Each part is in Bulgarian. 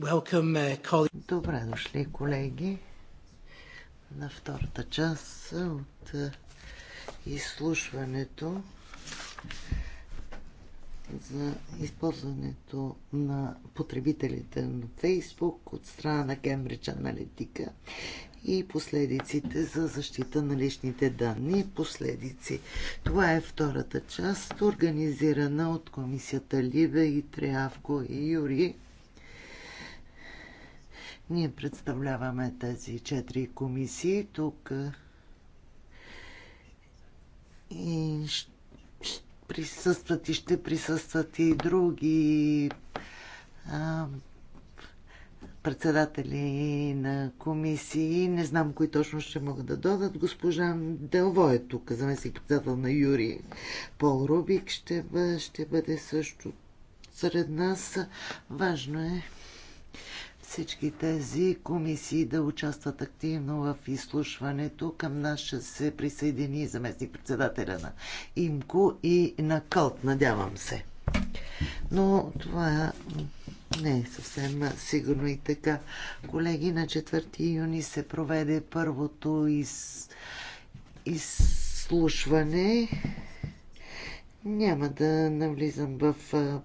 Uh, Добре дошли, колеги, на втората част от е, изслушването за използването на потребителите на Фейсбук от страна на Кембридж Аналитика и последиците за защита на личните данни последици. Това е втората част, организирана от комисията Либе и Триавко и Юри ние представляваме тези четири комисии тук и присъстват и ще присъстват и други а, председатели на комисии. Не знам кои точно ще могат да додат. Госпожа Делво е тук, заместник председател на Юрий Пол Рубик ще, ще бъде също сред нас. Важно е всички тези комисии да участват активно в изслушването. Към нас ще се присъедини заместник председателя на ИМКО и на КАЛТ, надявам се. Но това не е съвсем сигурно и така. Колеги, на 4 юни се проведе първото из... изслушване няма да навлизам в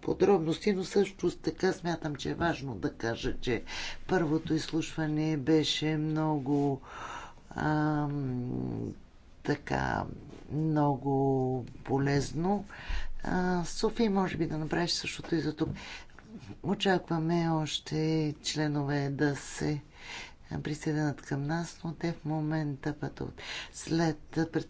подробности, но също така смятам, че е важно да кажа, че първото изслушване беше много ам, така много полезно. А, Софи, може би да направиш същото и за тук. Очакваме още членове да се присъединят към нас, но те в момента пътуват. След пред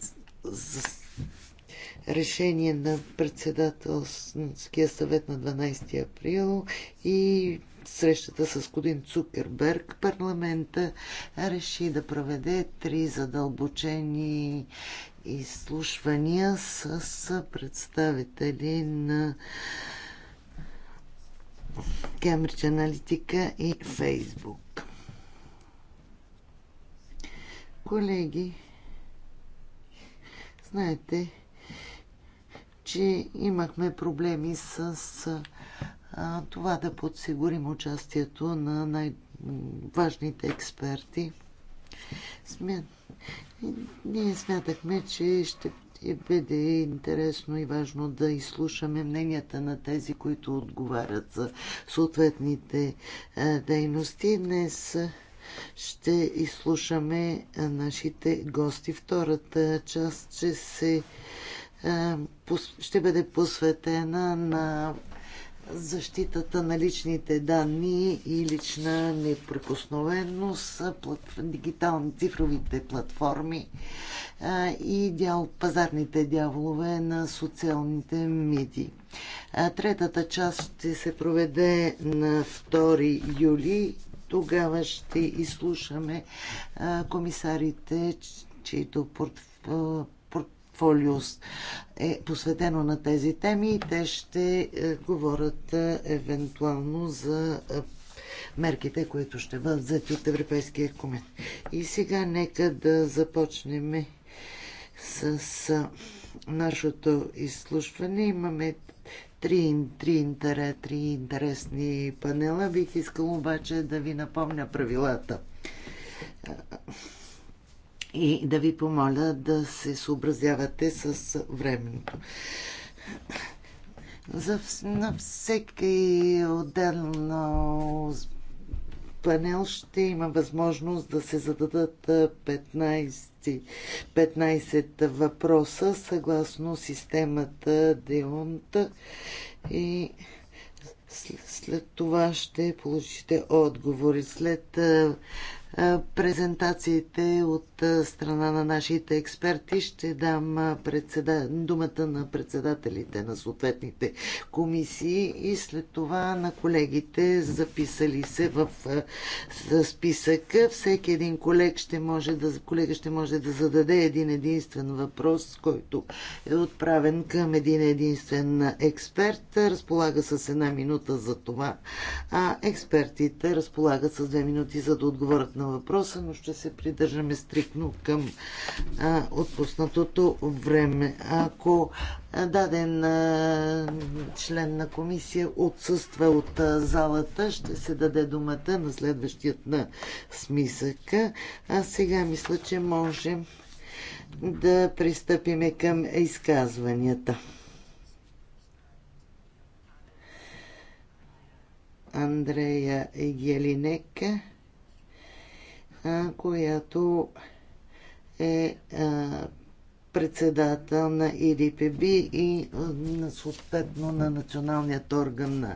решение на председателския съвет на 12 април и срещата с Кодин Цукерберг, парламента реши да проведе три задълбочени изслушвания с представители на Кембридж Аналитика и Фейсбук. Колеги, знаете, че имахме проблеми с а, това да подсигурим участието на най-важните експерти. Смят... Ние смятахме, че ще бъде интересно и важно да изслушаме мненията на тези, които отговарят за съответните дейности. Днес ще изслушаме нашите гости. Втората част ще се е, ще бъде посветена на защитата на личните данни и лична неприкосновеност, дигитални цифровите платформи е, и дял, пазарните дяволове на социалните медии. Е, третата част ще се проведе на 2 юли. Тогава ще изслушаме комисарите, чието портфел портфолио е посветено на тези теми и те ще е, говорят е, евентуално за е, мерките, които ще бъдат взети от Европейския комит. И сега нека да започнем с нашето изслушване. Имаме три, три, интерес, три интересни панела. Бих искал обаче да ви напомня правилата и да ви помоля да се съобразявате с времето. За, на всеки отделно панел ще има възможност да се зададат 15, 15 въпроса съгласно системата Деонта и след това ще получите отговори. След презентациите от страна на нашите експерти. Ще дам председа... думата на председателите на съответните комисии и след това на колегите, записали се в списъка. Всеки един колег ще може да... колега ще може да зададе един единствен въпрос, който е отправен към един единствен експерт. Разполага с една минута за това, а експертите разполагат с две минути за да отговорят на на въпроса, но ще се придържаме стрикно към а, отпуснатото време. Ако даден а, член на комисия отсъства от а, залата, ще се даде думата на следващият на смисъка. А сега мисля, че можем да пристъпиме към изказванията. Андрея Егелинека която е председател на ИДПБ и на, съответно на националният орган на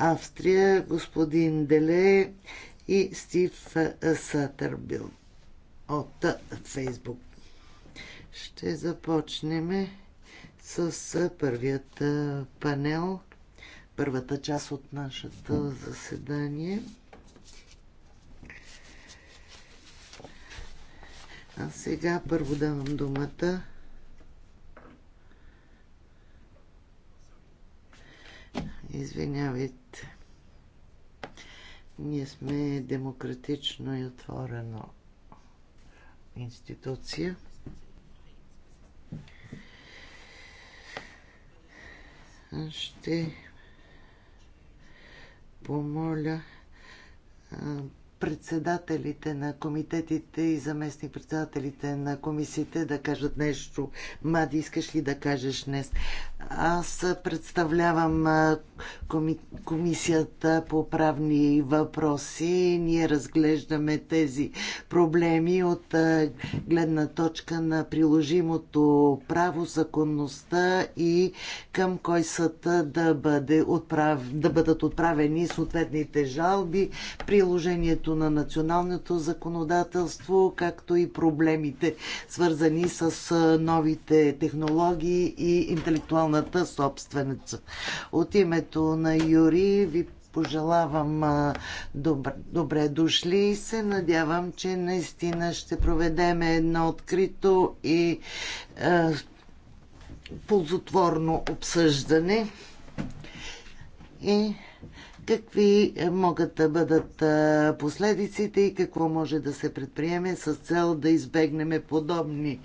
Австрия, господин Деле и Стив Сатърбил от Фейсбук. Ще започнем с първият панел, първата част от нашето заседание – А сега първо давам думата Извинявайте. Ние сме демократично и отворено институция. Ще помоля председателите на комитетите и заместник председателите на комисиите да кажат нещо. Мади, искаш ли да кажеш днес? Аз представлявам комисията по правни въпроси. Ние разглеждаме тези проблеми от гледна точка на приложимото право, законността и към кой съд да, бъде отправ... да бъдат отправени съответните жалби, приложението прилагането на националното законодателство, както и проблемите, свързани с новите технологии и интелектуалната собственица. От името на Юри ви пожелавам добре, добре дошли и се надявам, че наистина ще проведеме едно открито и е, ползотворно обсъждане. И какви е, могат да бъдат е, последиците и какво може да се предприеме с цел да избегнем подобни е,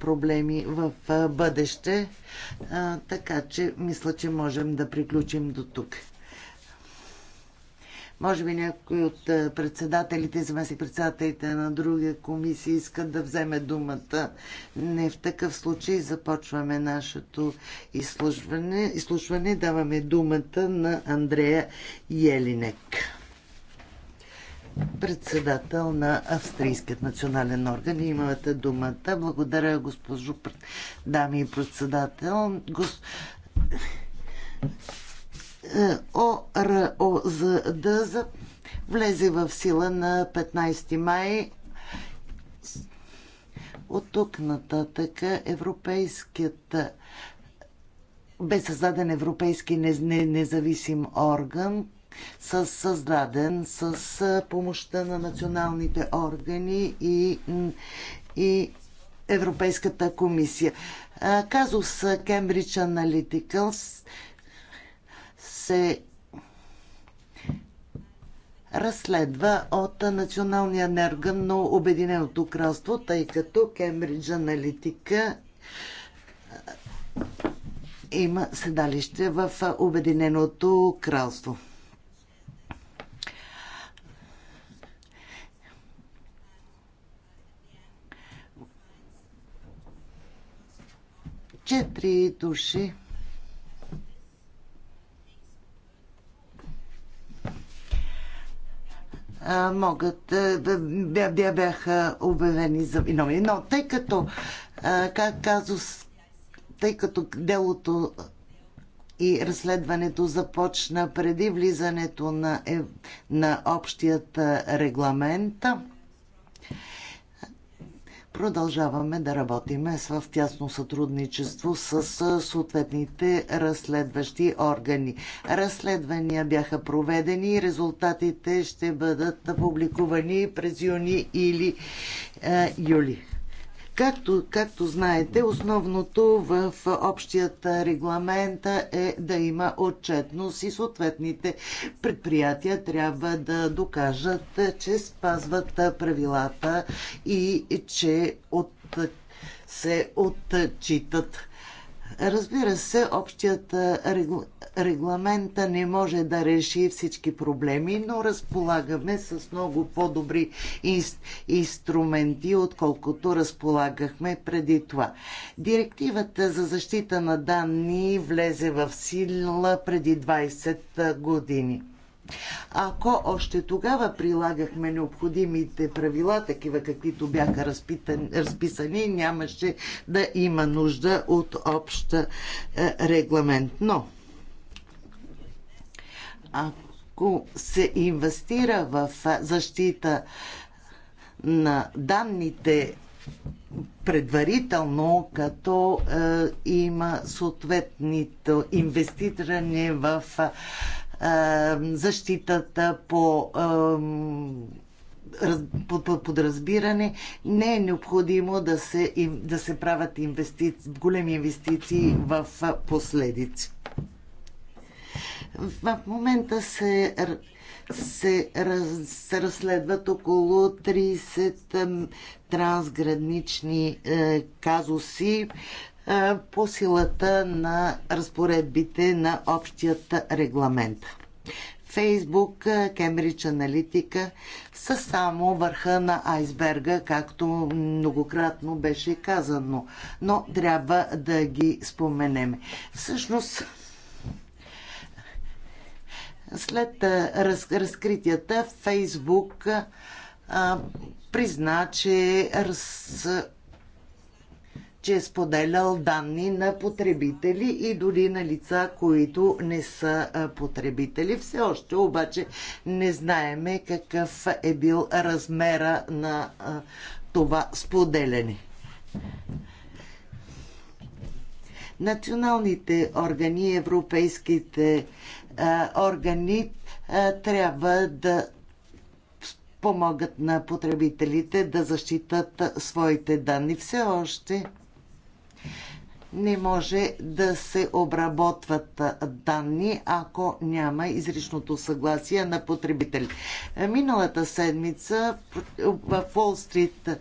проблеми в бъдеще. Така че мисля, че можем да приключим до тук. Може би някой от е, председателите, заместник председателите на друга комисия искат да вземе думата. Не в такъв случай започваме нашето изслушване. изслушване даваме думата на Андрея Елинек председател на Австрийският национален орган. И имате думата. Благодаря, госпожо дами и председател. Гос... ОРОЗД влезе в сила на 15 май. От тук нататък Европейският бе създаден Европейски независим орган, създаден с помощта на националните органи и, и Европейската комисия. Казус Кембридж Аналитикълс се разследва от Националния нерган на Обединеното кралство, тъй като Кембридж Аналитика е, има седалище в Обединеното кралство. Четири души могат да бя, бяха обявени за виновни. Но тъй като как казус, тъй като делото и разследването започна преди влизането на, е, на общият регламент, Продължаваме да работиме в тясно сътрудничество с съответните разследващи органи. Разследвания бяха проведени и резултатите ще бъдат публикувани през юни или е, юли. Както, както знаете, основното в общият регламент е да има отчетност и съответните предприятия трябва да докажат, че спазват правилата и че от, се отчитат. Разбира се, общият регламент регламента не може да реши всички проблеми, но разполагаме с много по-добри инструменти, отколкото разполагахме преди това. Директивата за защита на данни влезе в сила преди 20 години. Ако още тогава прилагахме необходимите правила, такива каквито бяха разписани, нямаше да има нужда от общ регламент. Но ако се инвестира в защита на данните предварително, като е, има съответното инвестиране в е, защитата по е, подразбиране, не е необходимо да се, да се правят инвестиции, големи инвестиции в последици. В момента се, се, раз, се разследват около 30 трансгранични е, казуси е, по силата на разпоредбите на общият регламент. Фейсбук, е, Кембридж Аналитика са само върха на айсберга, както многократно беше казано, но трябва да ги споменем. Всъщност, след раз, разкритията Фейсбук а, призна, че, раз, че е споделял данни на потребители и дори на лица, които не са потребители. Все още обаче не знаеме какъв е бил размера на а, това споделяне. Националните органи, европейските органи трябва да помогат на потребителите да защитат своите данни. Все още не може да се обработват данни, ако няма изричното съгласие на потребители. Миналата седмица в Wall Street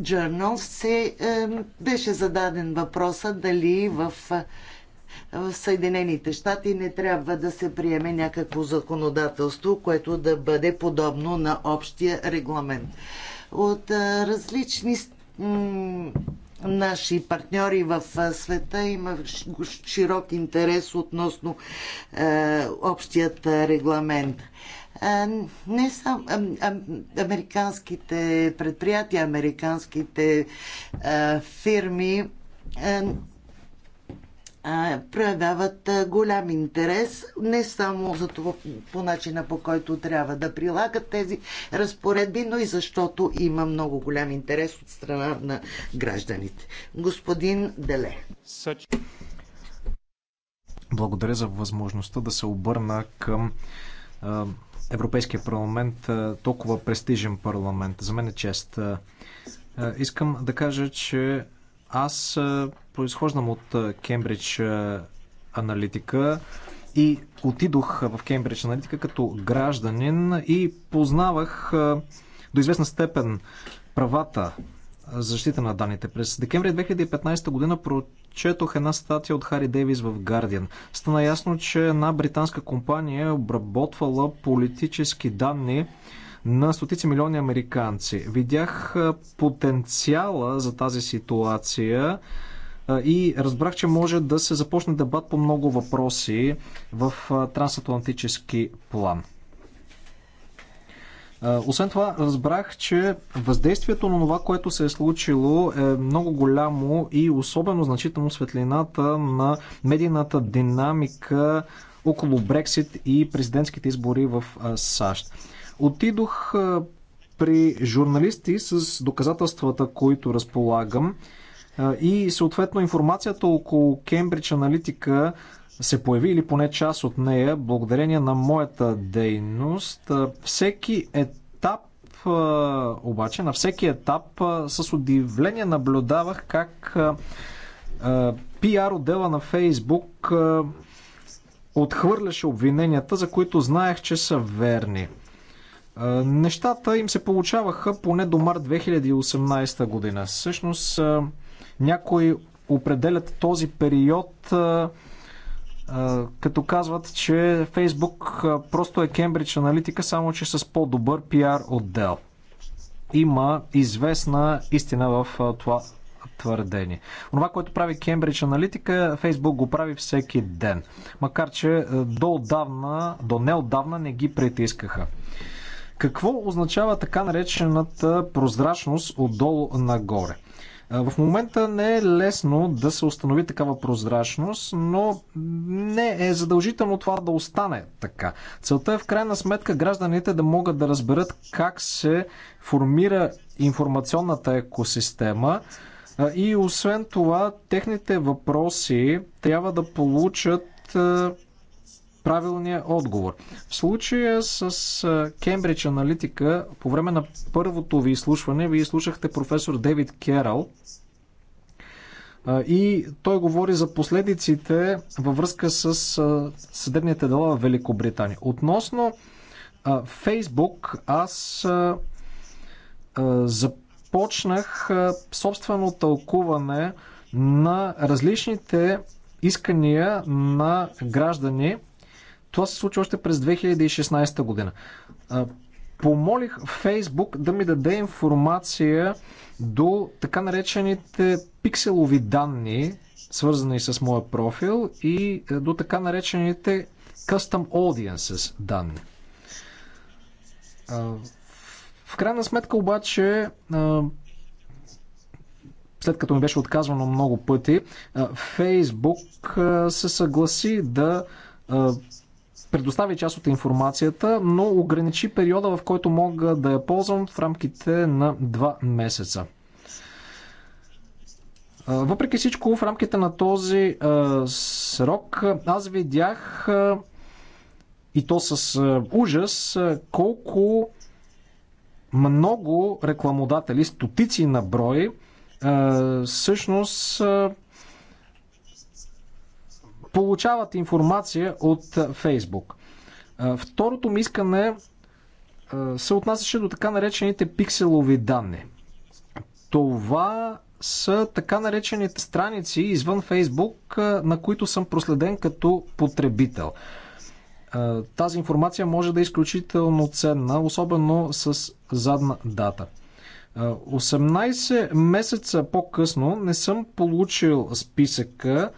Journal се е, беше зададен въпроса дали в в Съединените щати не трябва да се приеме някакво законодателство, което да бъде подобно на общия регламент. От различни наши партньори в света има широк интерес относно а, общият регламент. не само американските предприятия, американските фирми проявяват голям интерес не само за това, по начина по който трябва да прилагат тези разпоредби, но и защото има много голям интерес от страна на гражданите. Господин Деле. Благодаря за възможността да се обърна към Европейския парламент, толкова престижен парламент. За мен е чест. Искам да кажа, че аз произхождам от Кембридж аналитика и отидох в Кембридж аналитика като гражданин и познавах до известна степен правата защита на данните. През декември 2015 година прочетох една статия от Хари Дейвис в Guardian. Стана ясно, че една британска компания е обработвала политически данни на стотици милиони американци. Видях потенциала за тази ситуация и разбрах, че може да се започне дебат по много въпроси в трансатлантически план. Освен това, разбрах, че въздействието на това, което се е случило, е много голямо и особено значително светлината на медийната динамика около Брексит и президентските избори в САЩ. Отидох при журналисти с доказателствата, които разполагам и съответно информацията около Кембридж Аналитика се появи или поне част от нея благодарение на моята дейност. Всеки етап обаче на всеки етап с удивление наблюдавах как пиар отдела на Фейсбук отхвърляше обвиненията, за които знаех, че са верни. Нещата им се получаваха поне до март 2018 година. Всъщност някои определят този период като казват, че Фейсбук просто е Кембридж аналитика, само че с по-добър пиар отдел. Има известна истина в това твърдение. Това, което прави Кембридж аналитика, Фейсбук го прави всеки ден. Макар, че до отдавна, до неотдавна не ги притискаха. Какво означава така наречената прозрачност отдолу нагоре? В момента не е лесно да се установи такава прозрачност, но не е задължително това да остане така. Целта е в крайна сметка гражданите да могат да разберат как се формира информационната екосистема и освен това техните въпроси трябва да получат правилния отговор. В случая с Кембридж Аналитика, по време на първото ви изслушване, вие слушахте професор Дейвид Керал, и той говори за последиците във връзка с съдебните дела в Великобритания. Относно Фейсбук, аз започнах собствено тълкуване на различните искания на граждани това се случи още през 2016 година. Помолих Фейсбук да ми даде информация до така наречените пикселови данни, свързани с моя профил и до така наречените Custom Audiences данни. В крайна сметка обаче, след като ми беше отказвано много пъти, Фейсбук се съгласи да предостави част от информацията, но ограничи периода, в който мога да я ползвам в рамките на 2 месеца. Въпреки всичко, в рамките на този а, срок, аз видях а, и то с а, ужас а, колко много рекламодатели, стотици на брой, а, всъщност а, получават информация от Фейсбук. Второто ми искане се отнасяше до така наречените пикселови данни. Това са така наречените страници извън Фейсбук, на които съм проследен като потребител. Тази информация може да е изключително ценна, особено с задна дата. 18 месеца по-късно не съм получил списъка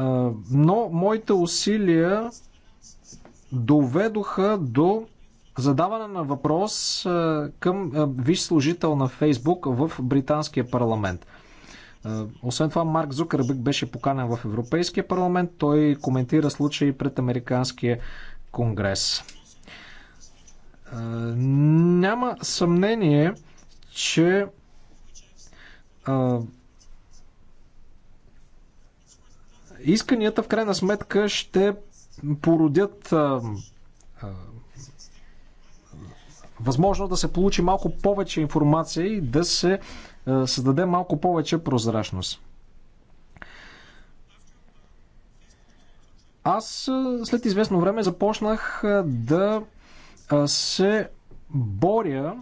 но моите усилия доведоха до задаване на въпрос към Виш служител на Фейсбук в британския парламент. Освен това, Марк Зукърбек беше поканен в Европейския парламент. Той коментира случаи пред Американския конгрес. Няма съмнение, че исканията в крайна сметка ще породят а, а, възможно да се получи малко повече информация и да се а, създаде малко повече прозрачност. Аз след известно време започнах да се боря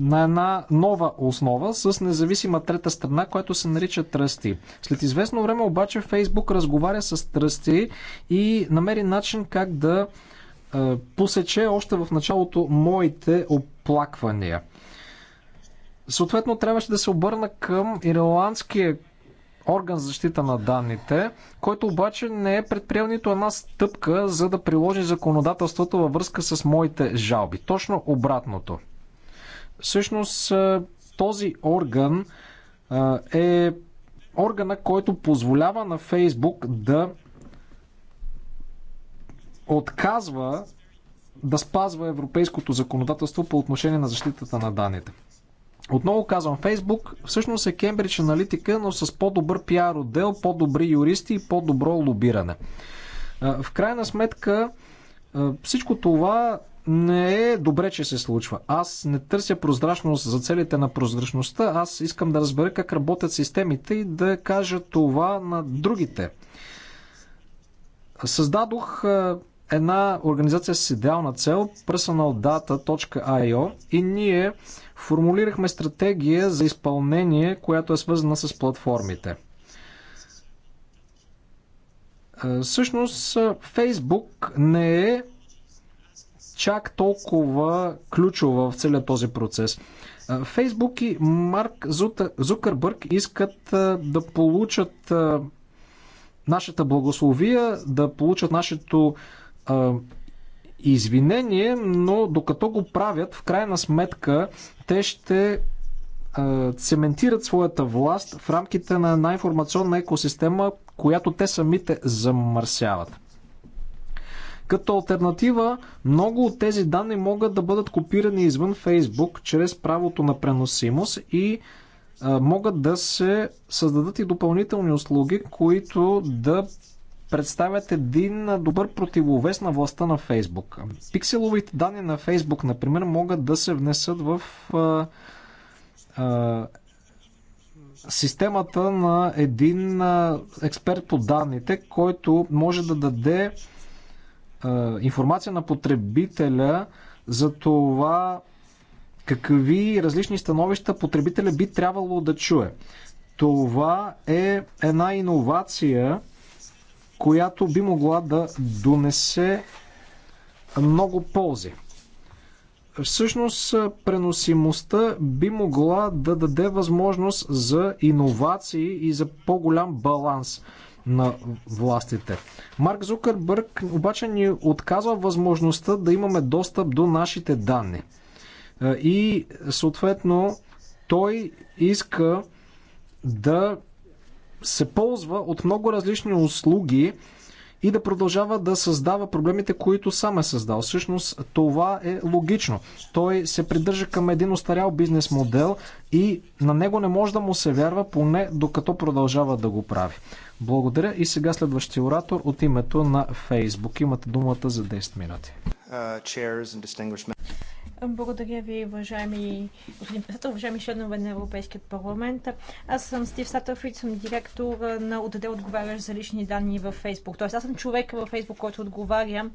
на една нова основа с независима трета страна, която се нарича тръсти. След известно време обаче Фейсбук разговаря с тръсти и намери начин как да е, посече още в началото моите оплаквания. Съответно, трябваше да се обърна към ирландския орган за защита на данните, който обаче не е предприел нито една стъпка за да приложи законодателството във връзка с моите жалби. Точно обратното. Всъщност този орган е органа, който позволява на Фейсбук да отказва да спазва европейското законодателство по отношение на защитата на данните. Отново казвам, Фейсбук всъщност е Кембридж аналитика, но с по-добър пиар отдел, по-добри юристи и по-добро лобиране. В крайна сметка всичко това не е добре, че се случва. Аз не търся прозрачност за целите на прозрачността. Аз искам да разбера как работят системите и да кажа това на другите. Създадох една организация с идеална цел, personaldata.io и ние формулирахме стратегия за изпълнение, която е свързана с платформите. Всъщност, Фейсбук не е чак толкова ключова в целият този процес. Фейсбук и Марк Зукърбърг искат да получат нашата благословия, да получат нашето извинение, но докато го правят, в крайна сметка те ще цементират своята власт в рамките на една информационна екосистема, която те самите замърсяват. Като альтернатива, много от тези данни могат да бъдат копирани извън Фейсбук чрез правото на преносимост и а, могат да се създадат и допълнителни услуги, които да представят един добър противовес на властта на Фейсбук. Пикселовите данни на Фейсбук, например, могат да се внесат в а, а, системата на един а, експерт по данните, който може да даде информация на потребителя за това какви различни становища потребителя би трябвало да чуе. Това е една иновация, която би могла да донесе много ползи. Всъщност, преносимостта би могла да даде възможност за иновации и за по-голям баланс на властите. Марк Зукърбърг обаче ни отказва възможността да имаме достъп до нашите данни. Е, и съответно той иска да се ползва от много различни услуги и да продължава да създава проблемите, които сам е създал. Всъщност това е логично. Той се придържа към един устарял бизнес модел и на него не може да му се вярва, поне докато продължава да го прави. Благодаря и сега следващия оратор от името на Фейсбук. Имате думата за 10 минути. Uh, chairs and distinguished благодаря ви, уважаеми господин председател, уважаеми членове на Европейския парламент. Аз съм Стив Сатърфрид, съм директор на отдел отговарящ за лични данни във Фейсбук. Тоест аз съм човек във Фейсбук, който отговаря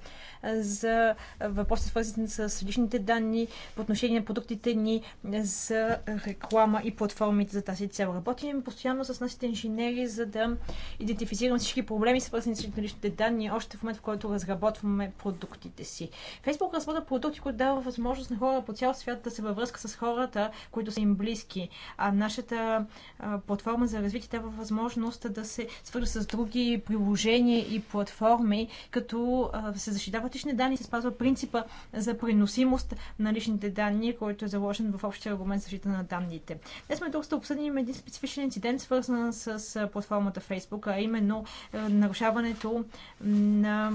за въпроси, свързани с личните данни по отношение на продуктите ни за реклама и платформите за тази цел. Работим постоянно с нашите инженери, за да идентифицираме всички проблеми, свързани с личните данни, още в момента, в който разработваме продуктите си. Фейсбук развода продукти, които дава възможност на хора по цял свят да се във връзка с хората, които са им близки. А нашата а, платформа за развитие дава възможност да се свързва с други приложения и платформи, като а, се защитават лични данни и се спазва принципа за преносимост на личните данни, който е заложен в общия аргумент за защита на данните. Днес сме тук да обсъдим един специфичен инцидент, свързан с платформата Фейсбук, а именно нарушаването на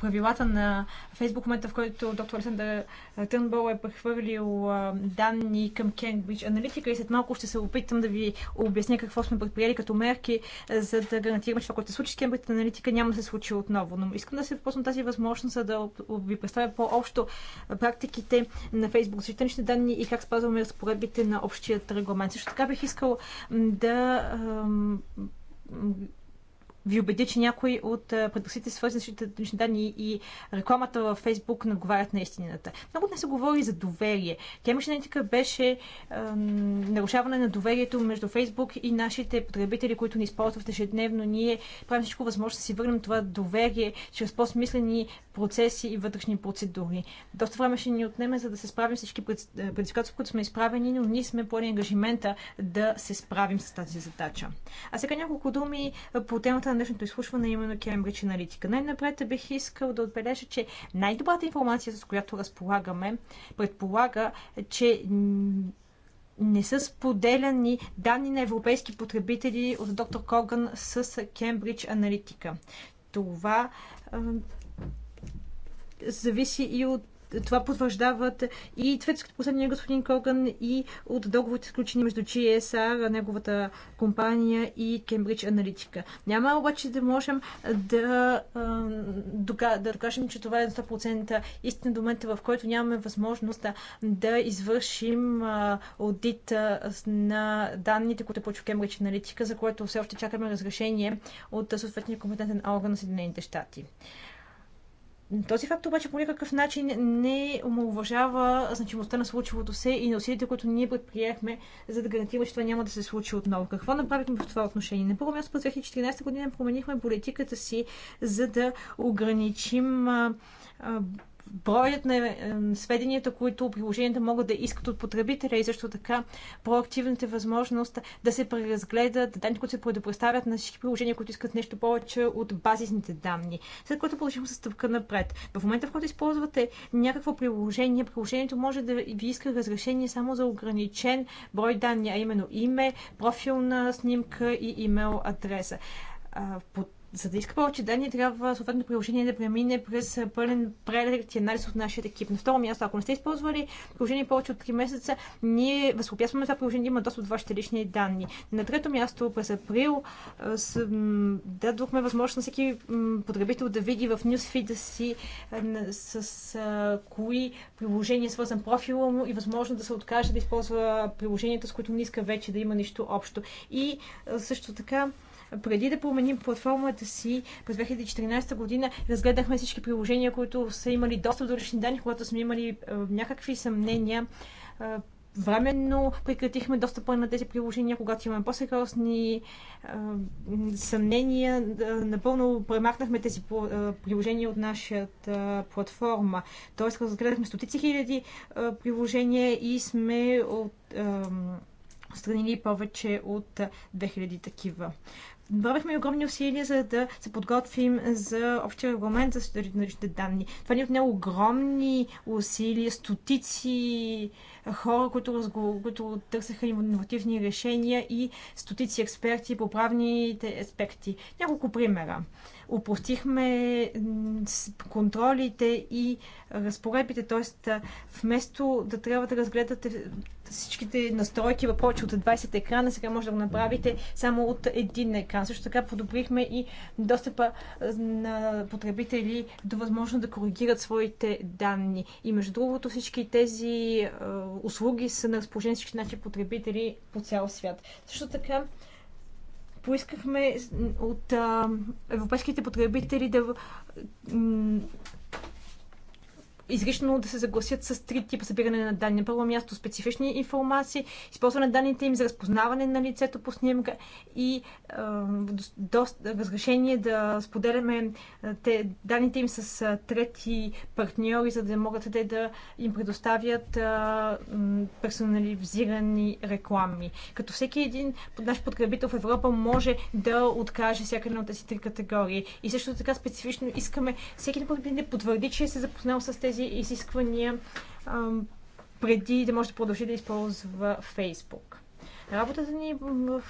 правилата на Фейсбук, момента в който доктор Александър Търнбол е прехвърлил данни към Кенбридж Аналитика и след малко ще се опитам да ви обясня какво сме предприели като мерки, за да гарантираме, че това, което се случи с Кембридж Аналитика, няма да се случи отново. Но искам да се впусна тази възможност, за да ви представя по-общо практиките на Фейсбук за лични данни и как спазваме разпоредбите на общият регламент. Също така бих искал да ви убедя, че някои от предпосите, свързани с лични данни и рекламата във Фейсбук, наговарят на истината. Много днес се говори за доверие. Тема етика беше е, нарушаване на доверието между Фейсбук и нашите потребители, които ни използват ежедневно. Ние правим всичко възможно да си върнем това доверие чрез по-смислени процеси и вътрешни процедури. Доста време ще ни отнеме, за да се справим всички предизвикателства, които сме изправени, но ние сме поели ангажимента да се справим с тази задача. А сега няколко думи по темата днешното изслушване, е именно Кембридж аналитика. Най-напред бих искал да отбележа, че най-добрата информация, с която разполагаме, предполага, че не са споделяни данни на европейски потребители от доктор Коган с Кембридж аналитика. Това зависи и от това потвърждават и Цветското последния господин Коган и от договорите сключени между GSR, неговата компания и Кембридж Аналитика. Няма обаче да можем да, да докажем, че това е 100% истина до момента, в който нямаме възможност да, да извършим аудит на данните, които получи Кембридж Аналитика, за което все още чакаме разрешение от съответния компетентен орган на Съединените щати. Този факт обаче по никакъв начин не омалуважава значимостта на случилото се и на усилията, които ние предприехме, за да гарантираме, че това няма да се случи отново. Какво направихме в това отношение? На първо място през 2014 година променихме политиката си, за да ограничим броят на е, сведенията, които приложенията могат да искат от потребителя и също така проактивната възможност да се преразгледат данни, които се предоставят на всички приложения, които искат нещо повече от базисните данни. След което продължим с стъпка напред. В момента, в който използвате някакво приложение, приложението може да ви иска разрешение само за ограничен брой данни, а именно име, профилна снимка и имейл адреса. По за да иска повече данни, трябва съответно приложение да премине през пълен прелект и анализ от нашия екип. На второ място, ако не сте използвали приложение повече от 3 месеца, ние възпрепятстваме това приложение да има достъп до вашите лични данни. На трето място, през април, дадохме възможност на всеки потребител да види в нюсфида си с кои приложения е свързан профила му и възможно да се откаже да използва приложенията, с които не иска вече да има нищо общо. И също така, преди да променим платформата си през 2014 година, разгледахме всички приложения, които са имали доста до лични данни, когато сме имали е, някакви съмнения е, временно прекратихме достъпа на тези приложения, когато имаме по-сериозни е, съмнения. Напълно премахнахме тези приложения от нашата платформа. Тоест, разгледахме стотици хиляди приложения и сме от, а, повече от 2000 такива. Добавихме огромни усилия, за да се подготвим за общия регламент за личните данни. Това ни е отне огромни усилия, стотици хора, които, разговор, които търсеха инновативни решения и стотици експерти по правните аспекти. Няколко примера. Опустихме контролите и разпоредбите, т.е. вместо да трябва да разгледате всичките настройки в повече от 20 екрана, сега може да го направите само от един екран. Също така подобрихме и достъпа на потребители до възможно да коригират своите данни. И между другото всички тези услуги са на разположение всички наши потребители по цял свят. Също така поискахме от европейските потребители да изрично да се съгласят с три типа събиране на данни. На първо място специфични информации, използване на данните им за разпознаване на лицето по снимка и е, до, разрешение да споделяме е, те, данните им с е, трети партньори, за да могат те да им предоставят е, персонализирани реклами. Като всеки един наш потребител в Европа може да откаже всяка една от тези три категории. И също така специфично искаме всеки да потвърди, че е се запознал с тези тези изисквания преди да може да продължи да използва Фейсбук. Работата ни в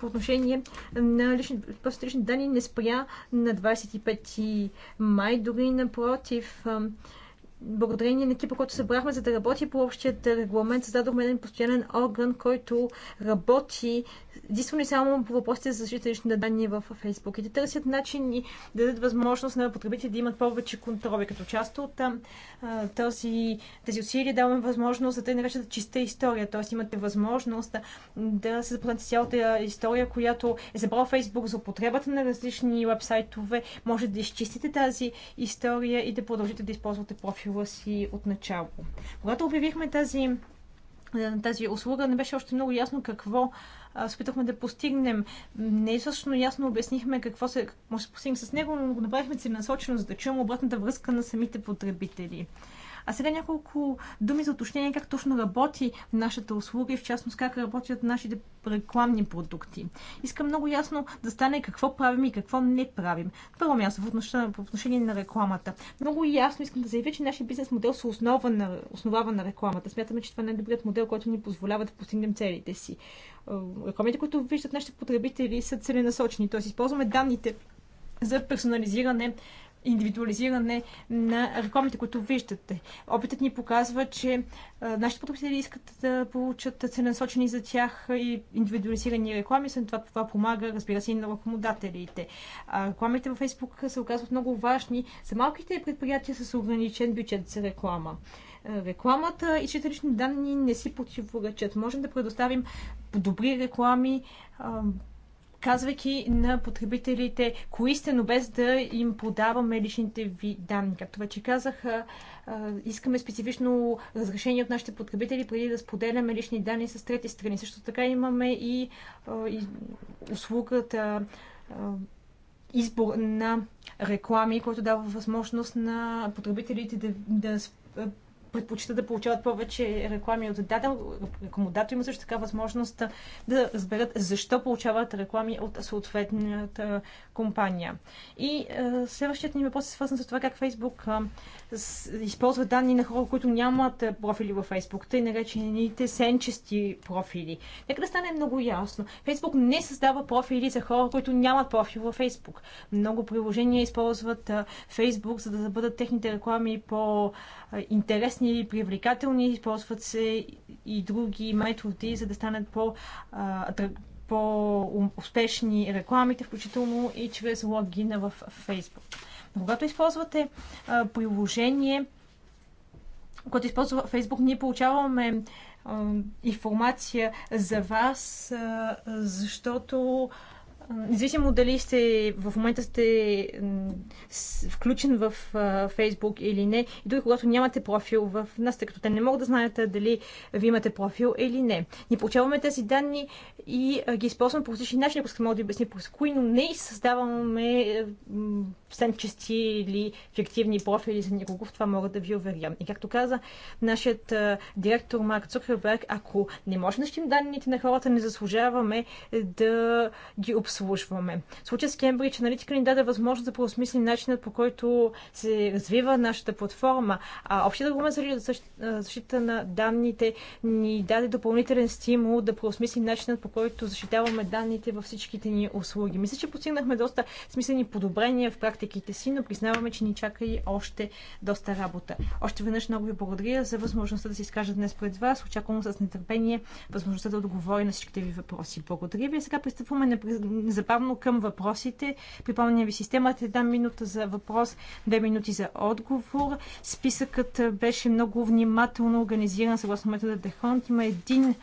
по отношение на лични, лични данни не спря на 25 май, дори напротив благодарение на екипа, който събрахме за да работи по общият регламент, създадохме един постоянен орган, който работи единствено и само по въпросите за защита лични данни в Facebook И да търсят начини да дадат възможност на потребителите да имат повече контроли. Като част от този, тези усилия даваме възможност за да те наречат чиста история. Т.е. имате възможност да се запознаете цялата история, която е забрала Фейсбук за употребата на различни вебсайтове. Може да изчистите тази история и да продължите да използвате профил профила си от начало. Когато обявихме тази, е, тази услуга, не беше още много ясно какво се опитахме да постигнем. Не е също ясно обяснихме какво се, може да постигнем с него, но го направихме целенасочено, за да чуем обратната връзка на самите потребители. А сега няколко думи за уточнение как точно работи нашата услуга и в частност как работят нашите рекламни продукти. Искам много ясно да стане какво правим и какво не правим. Първо място в отношение на рекламата. Много ясно искам да заявя, че нашия бизнес модел се основа на, основава на рекламата. Смятаме, че това е най-добрият модел, който ни позволява да постигнем целите си. Е, рекламите, които виждат нашите потребители, са целенасочени. Тоест, използваме данните за персонализиране индивидуализиране на рекламите, които виждате. Опитът ни показва, че нашите потребители искат да получат целенасочени за тях и индивидуализирани реклами, след това това помага, разбира се, и на рекламодателите. Рекламите във Facebook се оказват много важни за малките предприятия с ограничен бюджет за реклама рекламата и че лични данни не си противоречат. Можем да предоставим добри реклами, казвайки на потребителите кои сте, но без да им подаваме личните ви данни. Както вече казах, искаме специфично разрешение от нашите потребители преди да споделяме лични данни с трети страни. Също така имаме и, и услугата избор на реклами, който дава възможност на потребителите да, да предпочитат да получават повече реклами от даден рекламодател, има също така възможност да разберат защо получават реклами от съответната компания. И е, следващият ни въпрос е свързан с това как Фейсбук използват данни на хора, които нямат е, профили във Facebook, тъй наречените сенчести профили. Нека да стане много ясно. Фейсбук не създава профили за хора, които нямат профил във Фейсбук. Много приложения използват е, Фейсбук, за да бъдат техните реклами по-интересни е, и привлекателни. Използват се и други методи, за да станат по- по-успешни рекламите, включително и чрез логина в Фейсбук. Когато използвате а, приложение, когато използва Facebook, ние получаваме а, информация за вас, а, защото а, независимо дали сте, в момента сте включен в Фейсбук или не, и дори когато нямате профил в нас, тъй като те не могат да знаят дали ви имате профил или не. Ни получаваме тези данни и ги използваме по различни начини, ако мога да обясня по кои, но не и създаваме сенчести или фиктивни профили за никого, в това мога да ви уверя. И както каза нашият директор Марк Цукерберг, ако не можем да щим данните на хората, не заслужаваме да ги обсъждаме подслушваме. Случай с Кембридж аналитика ни даде възможност да преосмислим начинът по който се развива нашата платформа. А общият аргумент за защита на данните ни даде допълнителен стимул да преосмислим начинът по който защитаваме данните във всичките ни услуги. Мисля, че постигнахме доста смислени подобрения в практиките си, но признаваме, че ни чака и още доста работа. Още веднъж много ви благодаря за възможността да се изкажа днес пред вас. Очаквам с нетърпение възможността да отговоря на всичките ви въпроси. Благодаря ви. Сега пристъпваме на незабавно към въпросите. Припомням ви системата една минута за въпрос, две минути за отговор. Списъкът беше много внимателно организиран съгласно метода Дехонт. Има един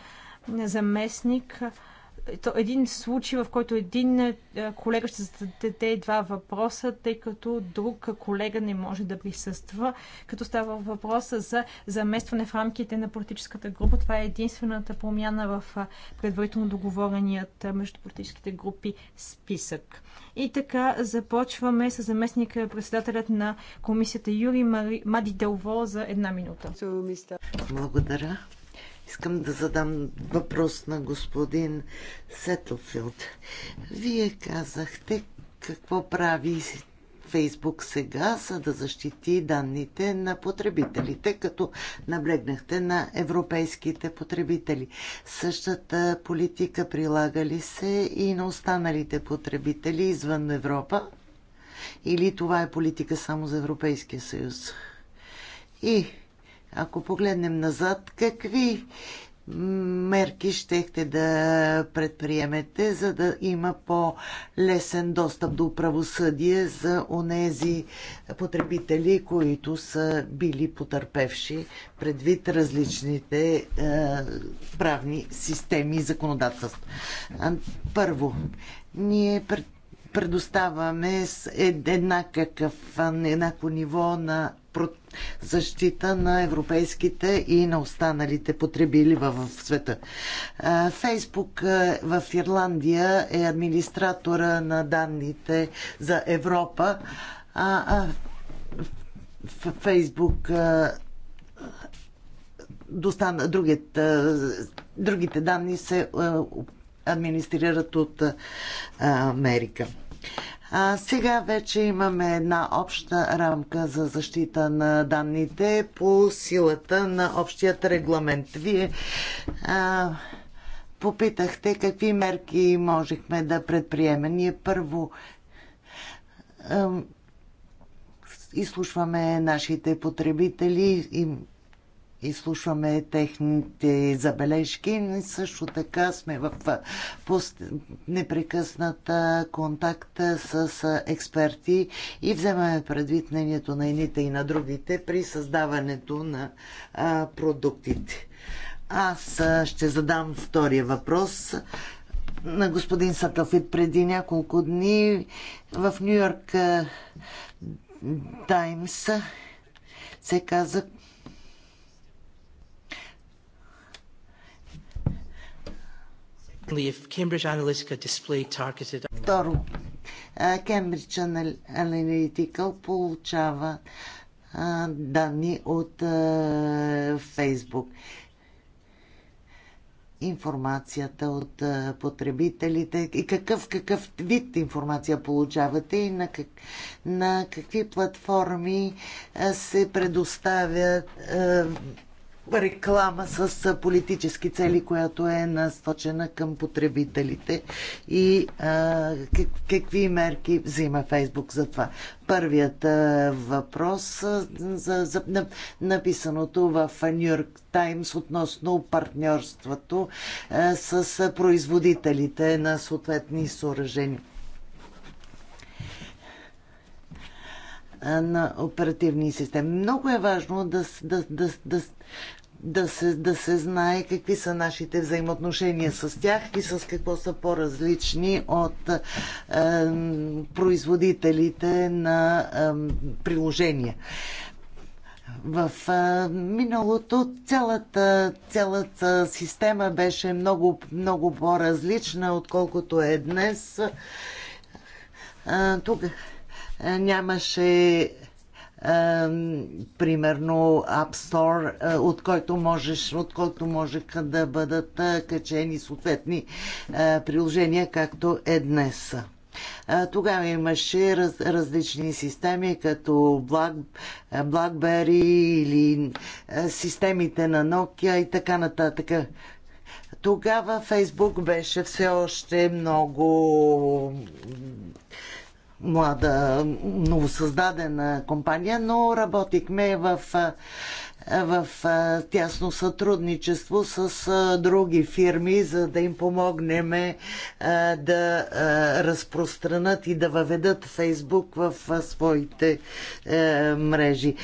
заместник един случай, в който един е, колега ще зададе два въпроса, тъй като друг колега не може да присъства, като става въпроса за заместване в рамките на политическата група. Това е единствената промяна в предварително договореният между политическите групи списък. И така започваме с заместник председателят на комисията Юри Мари... Мади Делво за една минута. Благодаря. Искам да задам въпрос на господин Сетлфилд. Вие казахте какво прави Фейсбук сега, за да защити данните на потребителите, като наблегнахте на европейските потребители. Същата политика прилага ли се и на останалите потребители извън Европа? Или това е политика само за Европейския съюз? И ако погледнем назад, какви мерки щехте да предприемете, за да има по-лесен достъп до правосъдие за онези потребители, които са били потърпевши предвид различните е, правни системи и законодателства. Първо, ние предоставяме предоставяме еднакъв, еднакво ниво на защита на европейските и на останалите потребили в света. Фейсбук в Ирландия е администратора на данните за Европа. Фейсбук достан... другите, другите данни се администрират от Америка. А, сега вече имаме една обща рамка за защита на данните по силата на общият регламент. Вие а, попитахте какви мерки можехме да предприемем. Ние първо а, изслушваме нашите потребители, и изслушваме техните забележки, но също така сме в непрекъсната контакт с експерти и вземаме предвид мнението на едните и на другите при създаването на продуктите. Аз ще задам втория въпрос на господин Сатафит преди няколко дни в Нью Йорк Таймс се каза, Второ, Кембридж Аналитикъл получава данни от Фейсбук. Информацията от потребителите и какъв, какъв вид информация получавате и на, как, на какви платформи се предоставят реклама с политически цели, която е насочена към потребителите и а, как, какви мерки взима Фейсбук за това. Първият а, въпрос а, за, за на, написаното в Нью Йорк Таймс относно партньорството а, с а, производителите на съответни съоръжения. на оперативни системи. Много е важно да, да, да, да, да се, да се знае какви са нашите взаимоотношения с тях и с какво са по-различни от е, производителите на е, приложения. В е, миналото цялата, цялата система беше много, много по-различна, отколкото е днес. Е, тук е, нямаше примерно App Store, от който, можеш, от който можеха да бъдат качени съответни приложения, както е днес. Тогава имаше раз, различни системи, като Black, BlackBerry или системите на Nokia и така нататък. Тогава Фейсбук беше все още много млада, новосъздадена компания, но работихме в, в тясно сътрудничество с други фирми, за да им помогнем да разпространят и да въведат Фейсбук в своите е, мрежи.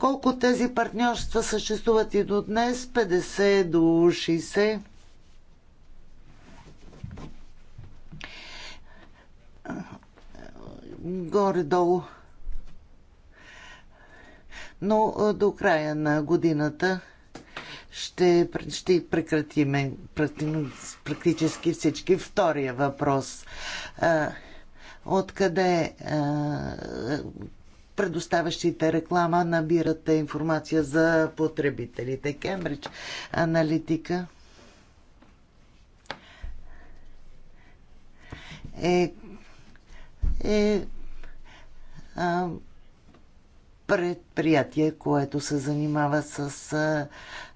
Колко тези партньорства съществуват и до днес? 50 до 60 горе-долу. Но до края на годината ще, ще прекратиме практически всички. Втория въпрос. Откъде предоставящите реклама набирате информация за потребителите? Кембридж аналитика е е а, предприятие, което се занимава с а,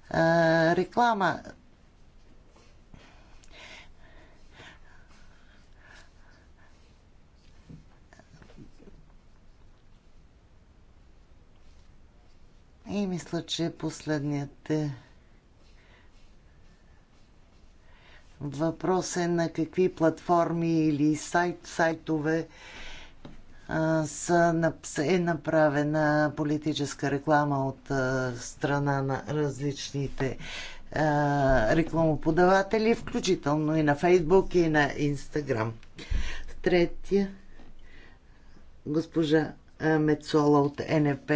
а, реклама. И мисля, че последният е Въпрос е на какви платформи или сайт, сайтове са, е направена политическа реклама от страна на различните рекламоподаватели, включително и на Фейсбук и на Инстаграм. Третия, госпожа Мецола от НП.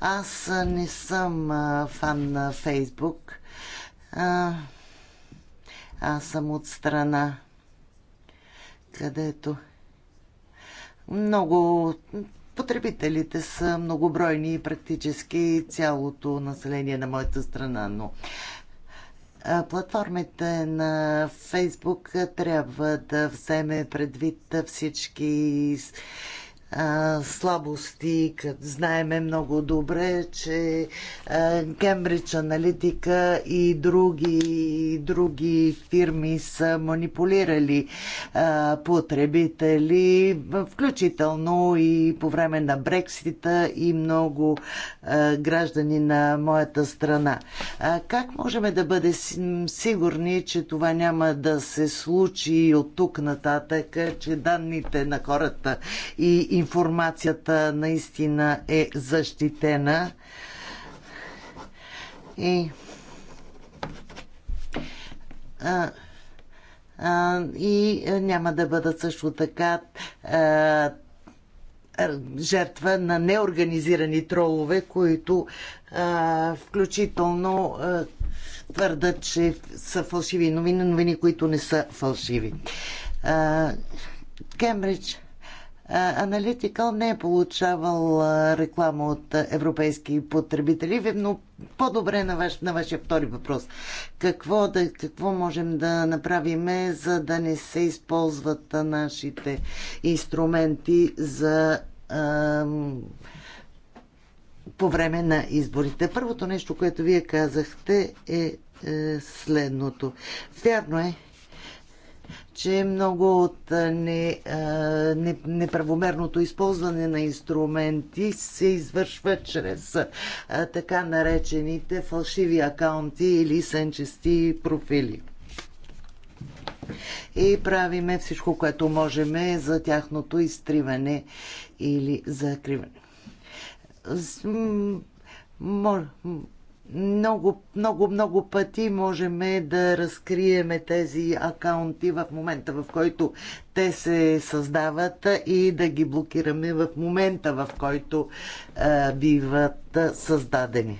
Аз не съм фан на Фейсбук. Аз съм от страна, където много потребителите са многобройни и практически цялото население на моята страна, но платформите на Фейсбук трябва да вземе предвид всички слабости. Знаеме много добре, че Кембридж Аналитика и други, други фирми са манипулирали потребители, включително и по време на Брексита и много граждани на моята страна. как можем да бъдем сигурни, че това няма да се случи от тук нататък, че данните на хората и информацията наистина е защитена. И а, а, и няма да бъдат също така а, жертва на неорганизирани тролове, които а, включително а, твърдат, че са фалшиви новини, новини, които не са фалшиви. А, Кембридж Аналитикъл не е получавал реклама от европейски потребители, но по-добре на, ваш, на вашия втори въпрос. Какво, да, какво можем да направим, за да не се използват нашите инструменти за ам, по време на изборите? Първото нещо, което вие казахте е, е следното. Вярно е, че много от не, не, неправомерното използване на инструменти се извършва чрез така наречените фалшиви акаунти или сенчести профили. И правиме всичко, което можем за тяхното изтриване или закриване много, много, много пъти можем да разкриеме тези акаунти в момента, в който те се създават и да ги блокираме в момента, в който а, биват създадени.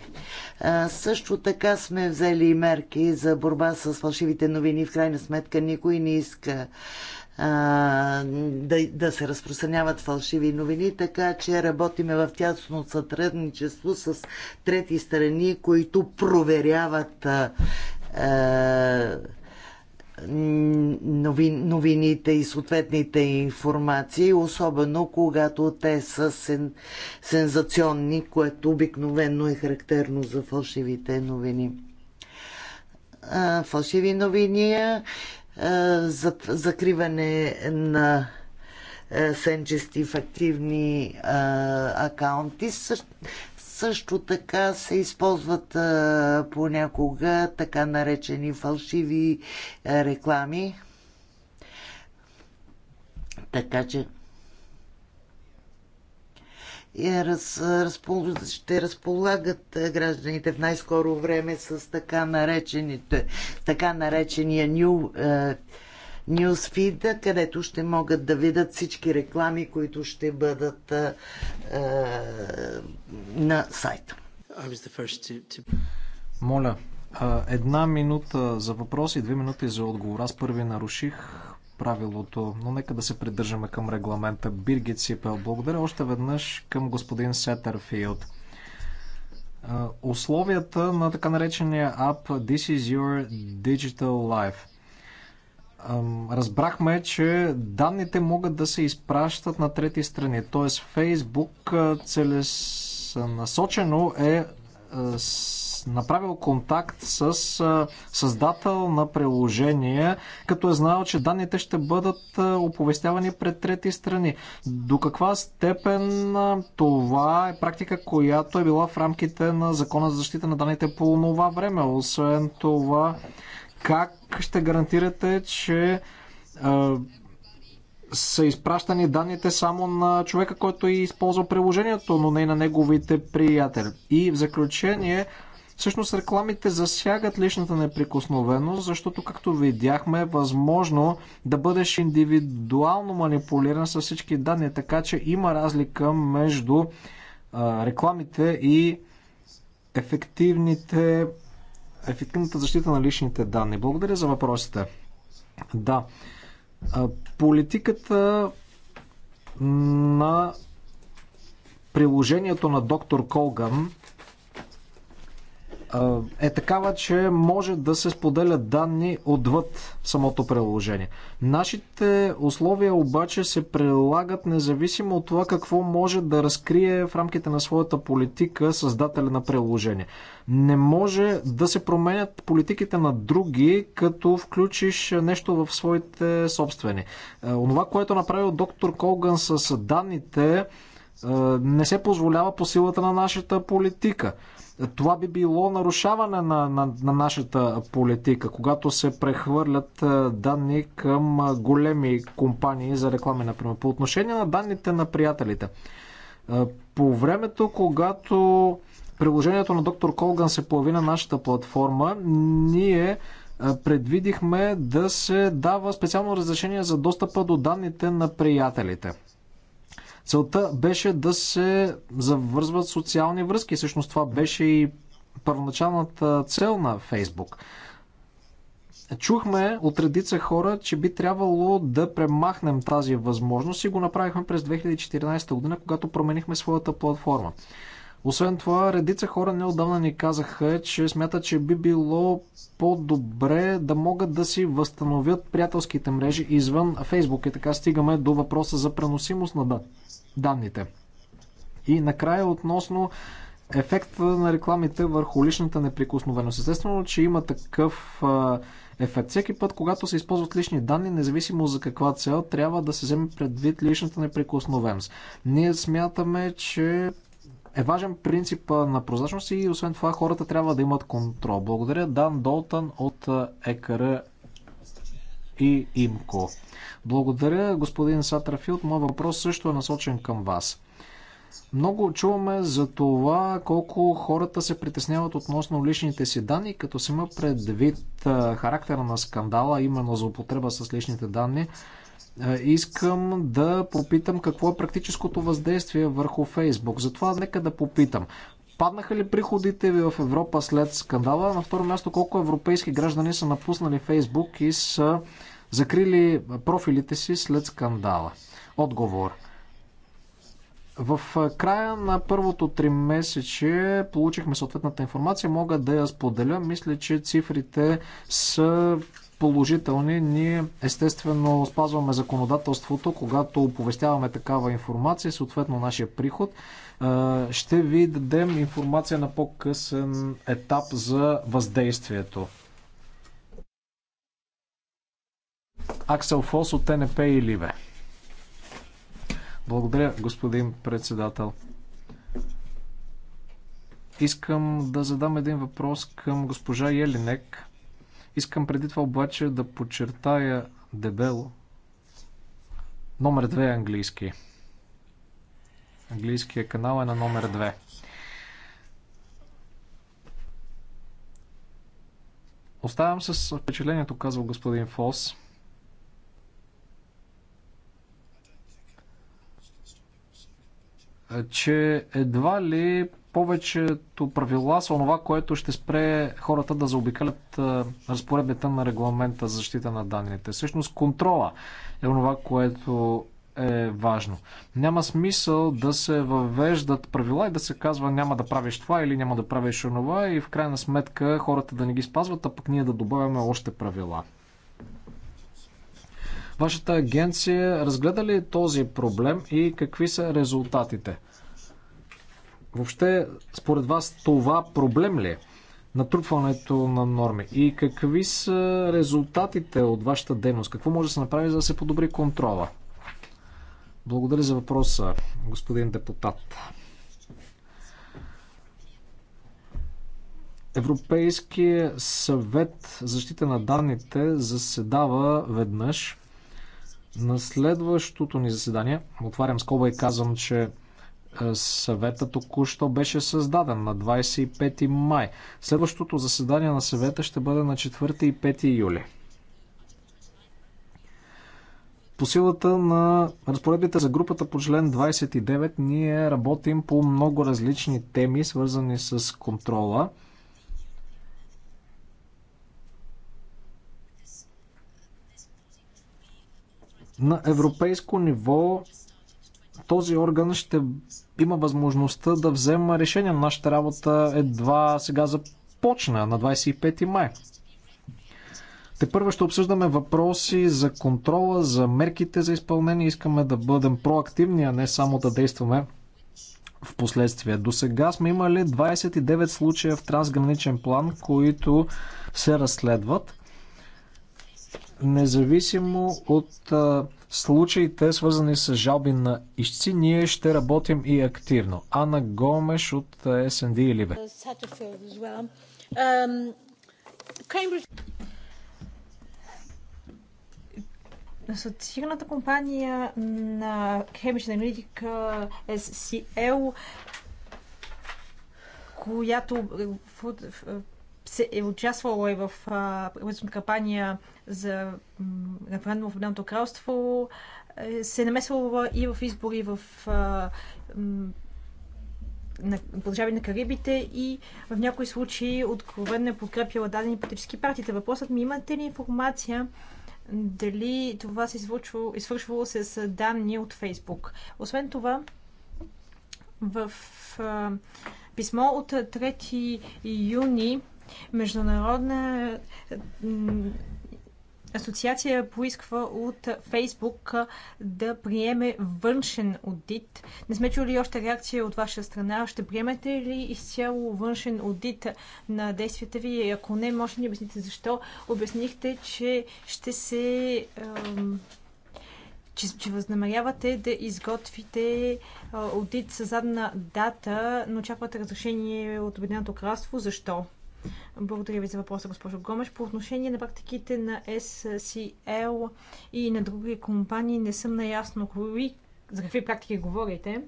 А, също така сме взели мерки за борба с фалшивите новини. В крайна сметка никой не иска да, да се разпространяват фалшиви новини, така че работиме в тясно сътрудничество с трети страни, които проверяват а, а, нови, новините и съответните информации, особено когато те са сен, сензационни, което обикновено е характерно за фалшивите новини. А, фалшиви новини е, за закриване на е, сенчести в активни е, акаунти. Също, също така се използват понякога така наречени фалшиви реклами. Така че е раз, разпол... ще разполагат е, гражданите в най-скоро време с така, наречените, така наречения New, uh, Newsfeed, където ще могат да видят всички реклами, които ще бъдат uh, на сайта. To... Моля, една минута за въпроси, две минути за отговор. Аз първи наруших правилото, но нека да се придържаме към регламента. Биргит Сипел, благодаря още веднъж към господин Сетърфилд. Условията на така наречения ап This is your digital life. Разбрахме, че данните могат да се изпращат на трети страни, т.е. Facebook целесънасочено е направил контакт с създател на приложение, като е знал, че данните ще бъдат оповестявани пред трети страни. До каква степен това е практика, която е била в рамките на Закона за защита на данните по това време? Освен това, как ще гарантирате, че са изпращани данните само на човека, който е използвал приложението, но не и на неговите приятели. И в заключение, Всъщност рекламите засягат личната неприкосновеност, защото както видяхме е възможно да бъдеш индивидуално манипулиран с всички данни, така че има разлика между рекламите и ефективните, ефективната защита на личните данни. Благодаря за въпросите. Да. Политиката на приложението на доктор Колган е такава, че може да се споделят данни отвъд самото приложение. Нашите условия обаче се прилагат независимо от това какво може да разкрие в рамките на своята политика създателя на приложение. Не може да се променят политиките на други, като включиш нещо в своите собствени. Е, онова, което е направил доктор Колган с данните, е, не се позволява по силата на нашата политика. Това би било нарушаване на, на, на нашата политика, когато се прехвърлят е, данни към е, големи компании за реклами, например. По отношение на данните на приятелите. Е, по времето, когато приложението на доктор Колган се появи на нашата платформа, ние предвидихме да се дава специално разрешение за достъпа до данните на приятелите. Целта беше да се завързват социални връзки. Всъщност това беше и първоначалната цел на Фейсбук. Чухме от редица хора, че би трябвало да премахнем тази възможност и го направихме през 2014 година, когато променихме своята платформа. Освен това, редица хора неодавна ни казаха, че смятат, че би било по-добре да могат да си възстановят приятелските мрежи извън Фейсбук. И така стигаме до въпроса за преносимост на данните. И накрая относно ефекта на рекламите върху личната неприкосновеност. Естествено, че има такъв ефект. Всеки път, когато се използват лични данни, независимо за каква цел, трябва да се вземе предвид личната неприкосновеност. Ние смятаме, че е важен принцип на прозрачност и освен това хората трябва да имат контрол. Благодаря Дан Долтан от ЕКР и ИМКО. Благодаря господин Сатрафилд. Моят въпрос също е насочен към вас. Много чуваме за това колко хората се притесняват относно личните си данни, като се има предвид характера на скандала, именно за употреба с личните данни. Е, искам да попитам какво е практическото въздействие върху Фейсбук. Затова нека да попитам. Паднаха ли приходите ви в Европа след скандала? На второ място, колко европейски граждани са напуснали Фейсбук и са закрили профилите си след скандала? Отговор. В края на първото три месече получихме съответната информация. Мога да я споделя. Мисля, че цифрите са положителни. Ние естествено спазваме законодателството, когато оповестяваме такава информация, съответно нашия приход. Ще ви дадем информация на по-късен етап за въздействието. Аксел Фос от ТНП и Ливе. Благодаря, господин председател. Искам да задам един въпрос към госпожа Елинек Искам преди това обаче да подчертая дебело. Номер 2 е английски. Английския канал е на номер 2. Оставам с впечатлението, казва господин Фос. че едва ли повечето правила са онова, което ще спре хората да заобикалят разпоредбите на регламента за защита на данните. Всъщност контрола е онова, което е важно. Няма смисъл да се въвеждат правила и да се казва няма да правиш това или няма да правиш онова и в крайна сметка хората да не ги спазват, а пък ние да добавяме още правила. Вашата агенция разгледа ли този проблем и какви са резултатите? Въобще, според вас това проблем ли е? Натрупването на норми. И какви са резултатите от вашата дейност? Какво може да се направи, за да се подобри контрола? Благодаря за въпроса, господин депутат. Европейския съвет защита на данните заседава веднъж. На следващото ни заседание, отварям скоба и казвам, че Съвета току-що беше създаден на 25 май. Следващото заседание на съвета ще бъде на 4 и 5 юли. По силата на разпоредбите за групата по член 29 ние работим по много различни теми, свързани с контрола. На европейско ниво този орган ще има възможността да взема решение. Нашата работа едва сега започна на 25 май. Те първо ще обсъждаме въпроси за контрола, за мерките за изпълнение. Искаме да бъдем проактивни, а не само да действаме в последствие. До сега сме имали 29 случая в трансграничен план, които се разследват. Независимо от случаите, свързани с жалби на ищци, ние ще работим и активно. Ана Гомеш от СНД е, и Либе. Um, Асоциираната компания на Cambridge Analytica SCL, която се е участвала и в предварителната кампания за референдум в Обединеното кралство, е, се е намесвала и в избори в на държави на Карибите и в някои случаи откровенно е подкрепила дадени политически партии. Въпросът ми имате ли информация дали това се извършвало, е извършвало с данни от Фейсбук? Освен това, в а, писмо от 3 юни Международна асоциация поисква от Фейсбук да приеме външен аудит. Не сме чули още реакция от ваша страна. Ще приемете ли изцяло външен аудит на действията ви? Ако не, може да ни обясните защо. Обяснихте, че ще се че, че възнамерявате да изготвите аудит със задна дата, но очаквате разрешение от Обединеното кралство. Защо? Благодаря ви за въпроса, госпожо Гомеш. По отношение на практиките на SCL и на други компании, не съм наясно кои, за какви практики говорите.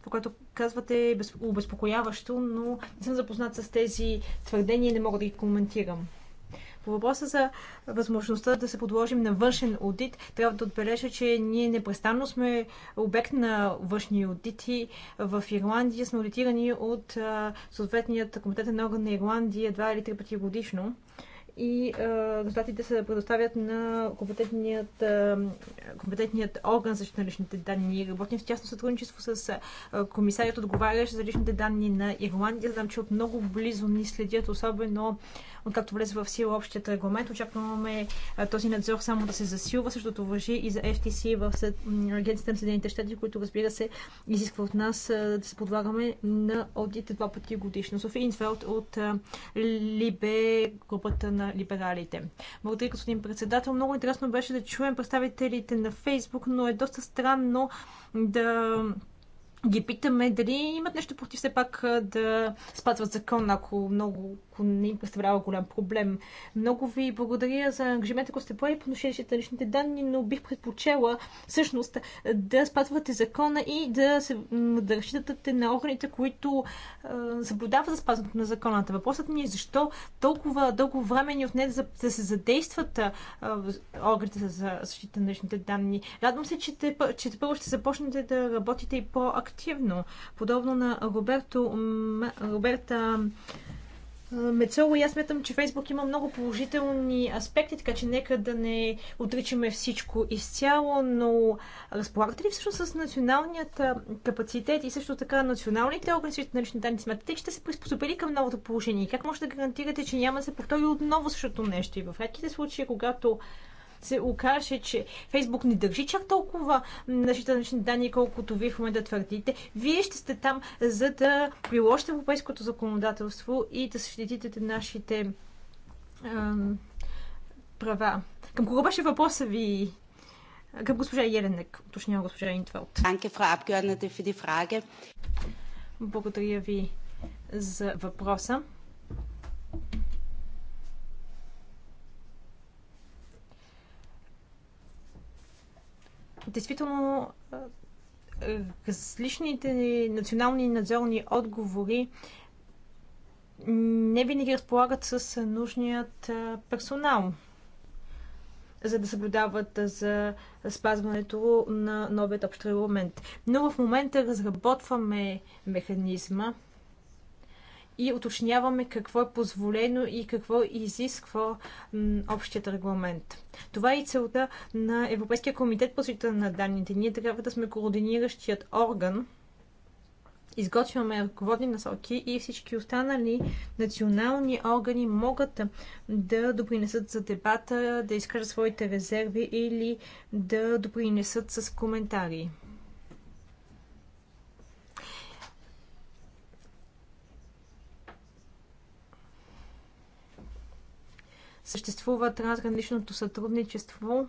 Това, което казвате е обезпокояващо, но не съм запознат с тези твърдения и не мога да ги коментирам. По въпроса за възможността да се подложим на външен аудит, трябва да отбележа, че ние непрестанно сме обект на външни аудити. В Ирландия сме аудитирани от съответният компетентен орган на Ирландия два или три пъти годишно и резултатите се предоставят на компетентният, компетентният орган за защита на личните данни. Работим в тясно сътрудничество с а, комисарият, отговарящ за личните данни на Ирландия. Знам, че от много близо ни следят, особено Откакто влезе в сила общият регламент, очакваме този надзор само да се засилва. Същото въжи и за FTC в Агенцията на Съединените щати, които разбира се изисква от нас да се подлагаме на одит два пъти годишно. Софи Инфелд от Либе, групата на либералите. Благодаря, господин председател. Много интересно беше да чуем представителите на Фейсбук, но е доста странно да ги питаме дали имат нещо против все пак да спазват закон, ако много ако не им представлява голям проблем. Много ви благодаря за ангажимента, който сте поели по отношение на личните данни, но бих предпочела всъщност да спазвате закона и да, се, да разчитате на органите, които е, съблюдават за спазването на законата. Въпросът ми е защо толкова дълго време ни отне да, да се задействат е, органите за защита на личните данни. Радвам се, че, те, че първо ще започнете да работите и по-активно. Подобно на Роберто, Роберта Мецело, и аз смятам, че Фейсбук има много положителни аспекти, така че нека да не отричаме всичко изцяло, но разполагате ли всъщност с националният капацитет и също така националните органи на лични данни? Смятате, че ще се приспособили към новото положение? Как може да гарантирате, че няма да се повтори отново същото нещо? И в редките случаи, когато се окаже, че Фейсбук не държи чак толкова нашите лични данни, колкото вие в момента твърдите, вие ще сте там, за да приложите европейското законодателство и да защитите нашите ам, права. Към кого беше въпроса ви? Към госпожа Еленек, уточнява госпожа Интвелт. Благодаря ви за въпроса. действително различните национални надзорни отговори не винаги разполагат с нужният персонал, за да съблюдават за спазването на новият общ регламент. Но в момента разработваме механизма, и уточняваме какво е позволено и какво изисква общият регламент. Това е и целта на Европейския комитет по защита на данните. Ние трябва да сме координиращият орган, изготвяме ръководни насоки и всички останали национални органи могат да допринесат за дебата, да изкажат своите резерви или да допринесат с коментари. съществува трансграничното сътрудничество,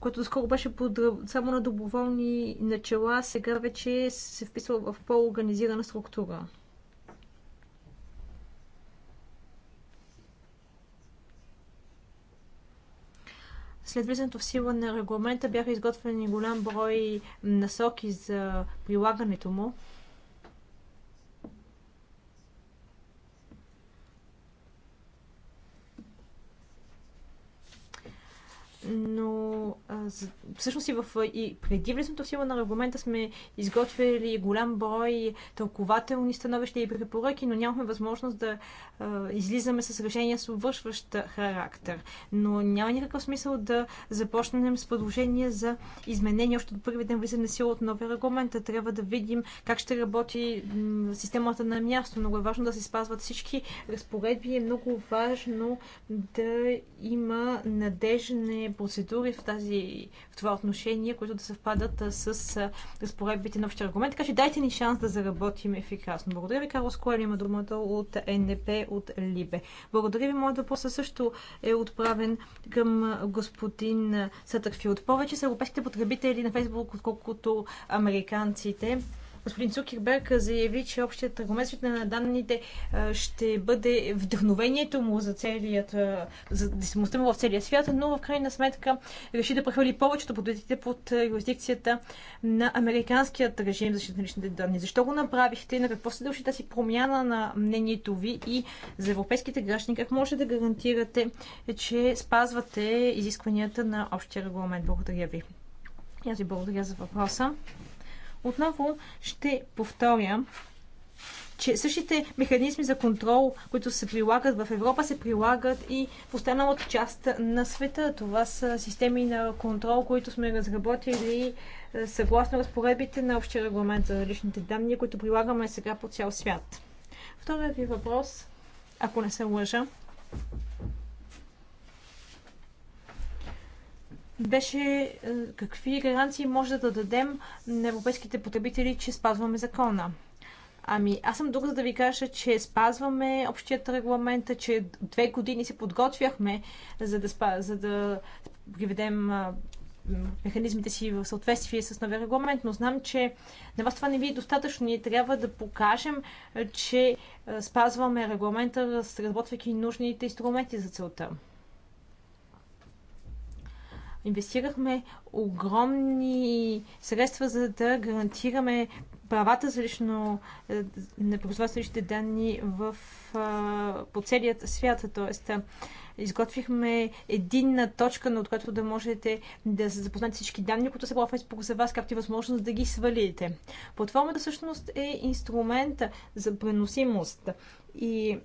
което скоро беше подръв... само на доброволни начала, сега вече се вписва в по-организирана структура. След влизането в сила на регламента бяха изготвени голям брой насоки за прилагането му. но всъщност и, в, и преди влизането в сила на регламента сме изготвили голям брой тълкователни становища и препоръки, но нямахме възможност да а, излизаме с решения с обвършващ характер. Но няма никакъв смисъл да започнем с предложение за изменение още до първи ден влизане на сила от новия регламент. Трябва да видим как ще работи системата на място. Много е важно да се спазват всички разпоредби. Е много важно да има надежне процедури в, тази, в това отношение, които да съвпадат с разпоредбите на общия аргумент. Така че дайте ни шанс да заработим ефикасно. Благодаря ви, Карлос Коел има думата от НДП, от Либе. Благодаря ви, моят въпрос също е отправен към господин Сътърфилд. Повече са европейските потребители на Фейсбук, отколкото американците. Господин Цукерберг заяви, че общият аргумент на данните ще бъде вдъхновението му за целият, за действителността му в целия свят, но в крайна сметка реши да прехвърли повечето подведите под юрисдикцията на американският режим за защита на личните данни. Защо го направихте? На какво се дължи тази промяна на мнението ви и за европейските граждани? Как може да гарантирате, че спазвате изискванията на общия регламент? Благодаря ви. Аз ви благодаря за въпроса. Отново ще повторя, че същите механизми за контрол, които се прилагат в Европа, се прилагат и в останалата част на света. Това са системи на контрол, които сме разработили е, съгласно разпоредбите на общия регламент за личните данни, които прилагаме сега по цял свят. Вторият ви въпрос, ако не се лъжа, беше е, какви гаранции може да дадем на европейските потребители, че спазваме закона. Ами, аз съм друга за да ви кажа, че спазваме общият регламент, че две години се подготвяхме, за да, спа, за да приведем механизмите си в съответствие с новия регламент, но знам, че на вас това не ви е достатъчно. Ние трябва да покажем, че спазваме регламента, разработвайки нужните инструменти за целта инвестирахме огромни средства, за да гарантираме правата за лично е, на производствените данни в, е, по целият свят. Тоест, изготвихме единна точка, на от която да можете да се запознаете всички данни, които са в Facebook за вас, както и възможност да ги свалите. Платформата всъщност е инструмент за преносимост и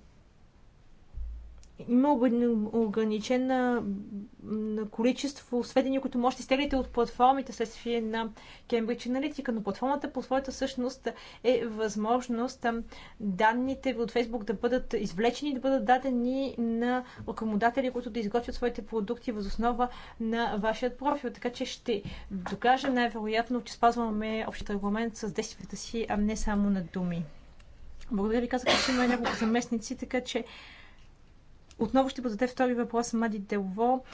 има ограничено на количество сведения, които можете да изтеглите от платформите следствие на Cambridge Analytica, но платформата по своята същност е възможност данните от Facebook да бъдат извлечени, да бъдат дадени на рекламодатели, които да изготвят своите продукти въз основа на вашият профил. Така че ще докажа най-вероятно, че спазваме общия регламент с действията си, а не само на думи. Благодаря ви, казах, че има няколко заместници, така че отново ще подаде втори въпрос Мади Делво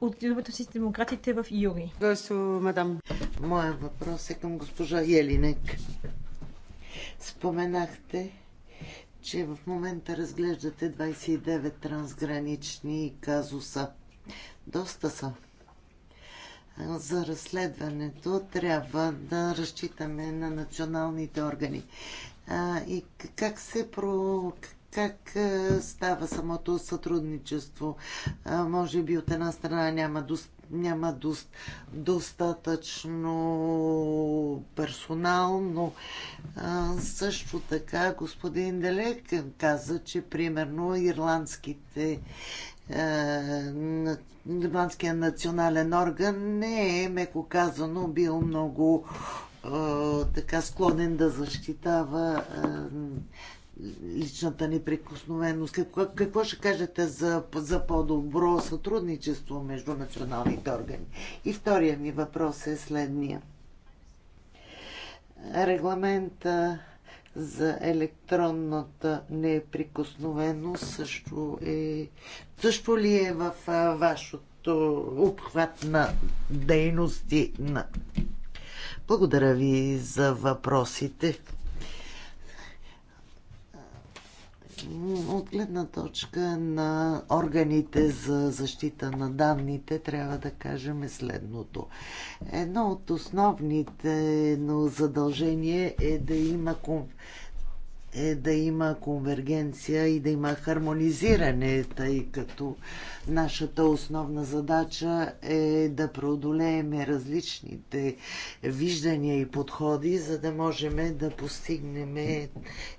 от Любата си демократите в Юри. мадам. Моя въпрос е към госпожа Елинек. Споменахте, че в момента разглеждате 29 трансгранични казуса. Доста са. За разследването трябва да разчитаме на националните органи. А, и как се, про как става самото сътрудничество. Може би от една страна няма, няма дост, достатъчно персонал, но също така господин Делек каза, че примерно ирландските Ирландския национален орган не е, меко казано, бил много така склонен да защитава личната неприкосновеност. Какво, какво ще кажете за, за по-добро сътрудничество между националните органи? И втория ми въпрос е следния. Регламента за електронната неприкосновеност също е също ли е в вашето обхват на дейности на Благодаря ви за въпросите. от гледна точка на органите за защита на данните трябва да кажем следното. Едно от основните задължение е да има е да има конвергенция и да има хармонизиране, тъй като нашата основна задача е да преодолеем различните виждания и подходи, за да можем да постигнем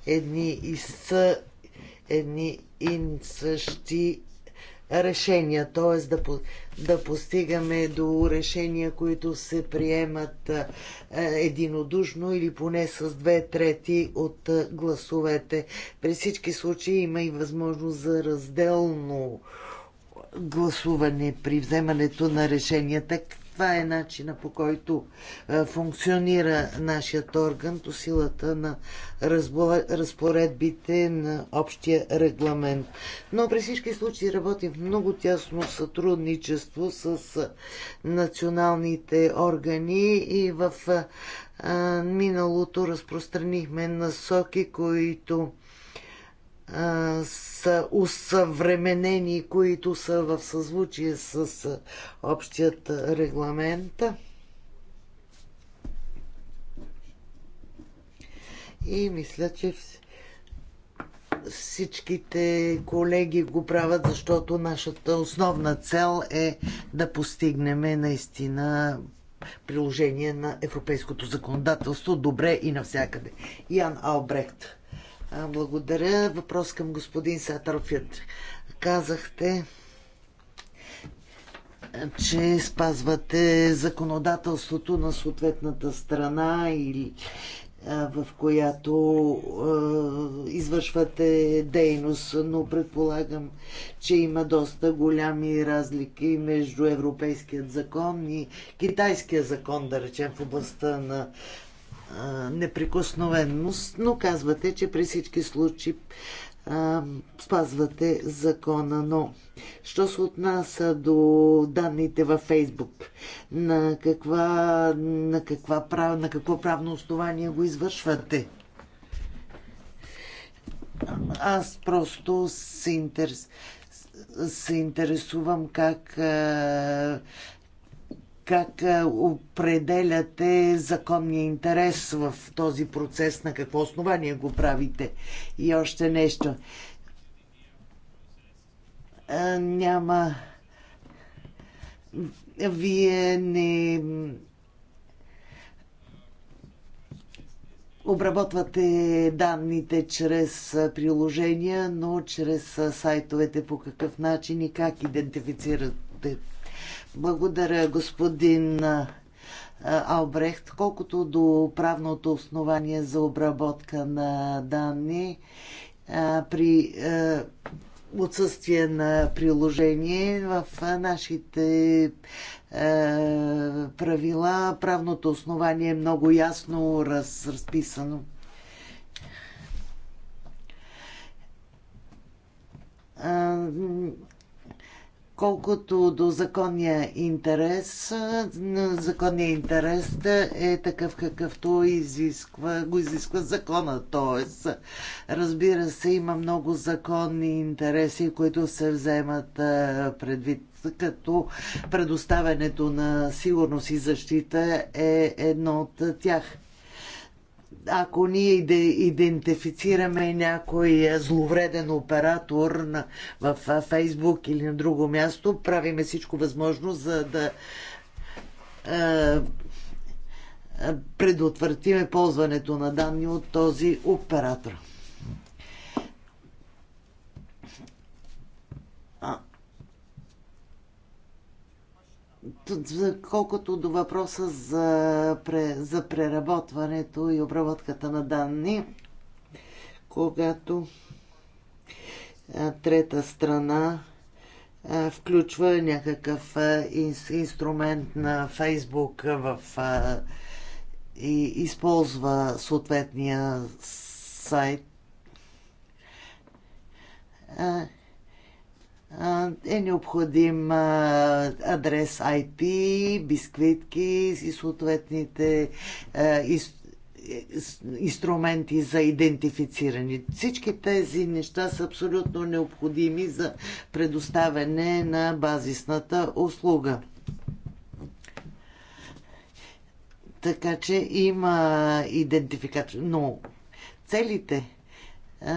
едни и с едни и същи решения, т.е. Да, по, да постигаме до решения, които се приемат е, единодушно или поне с две трети от е, гласовете. При всички случаи има и възможност за разделно гласуване при вземането на решенията. Това е начина по който е, функционира нашият орган по силата на разпоредбите на общия регламент. Но при всички случаи работим в много тясно сътрудничество с националните органи и в е, е, миналото разпространихме насоки, които са усъвременени, които са в съзвучие с общият регламент. И мисля, че всичките колеги го правят, защото нашата основна цел е да постигнем наистина приложение на европейското законодателство добре и навсякъде. Ян Албрехт. Благодаря. Въпрос към господин Сатърфилд. Казахте, че спазвате законодателството на съответната страна или в която е, извършвате дейност, но предполагам, че има доста голями разлики между европейският закон и китайския закон, да речем, в областта на неприкосновенност, но казвате, че при всички случаи а, спазвате закона. Но, що се отнася до данните във Фейсбук, на, каква, на, каква прав, на какво правно основание го извършвате? Аз просто се, интерес, се интересувам как а, как определяте законния интерес в този процес, на какво основание го правите и още нещо. Няма. Вие не обработвате данните чрез приложения, но чрез сайтовете по какъв начин и как идентифицирате благодаря, господин Албрехт. Колкото до правното основание за обработка на данни, при отсъствие на приложение в нашите правила правното основание е много ясно разписано. Колкото до законния интерес, законния интерес е такъв какъвто изисква, го изисква закона. Тоест, разбира се, има много законни интереси, които се вземат предвид като предоставянето на сигурност и защита е едно от тях ако ние идентифицираме някой е, зловреден оператор на, в Фейсбук или на друго място, правиме всичко възможно, за да е, е, предотвратиме ползването на данни от този оператор. колкото до въпроса за, за преработването и обработката на данни, когато трета страна включва някакъв инструмент на Фейсбук в и използва съответния сайт е необходим адрес IP, бисквитки и съответните инструменти за идентифициране. Всички тези неща са абсолютно необходими за предоставяне на базисната услуга. Така че има идентификация. Но целите е,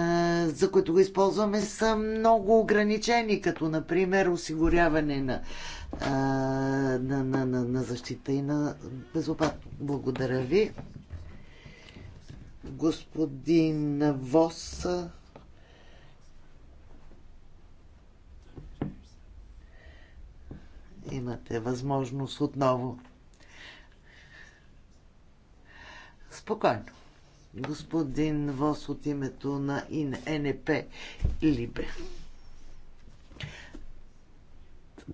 за които го използваме, са много ограничени, като например осигуряване на, е, на, на, на, на защита и на безопасност. Благодаря ви. Господин Вос. Имате възможност отново. Спокойно господин Вос от името на НП е Либе.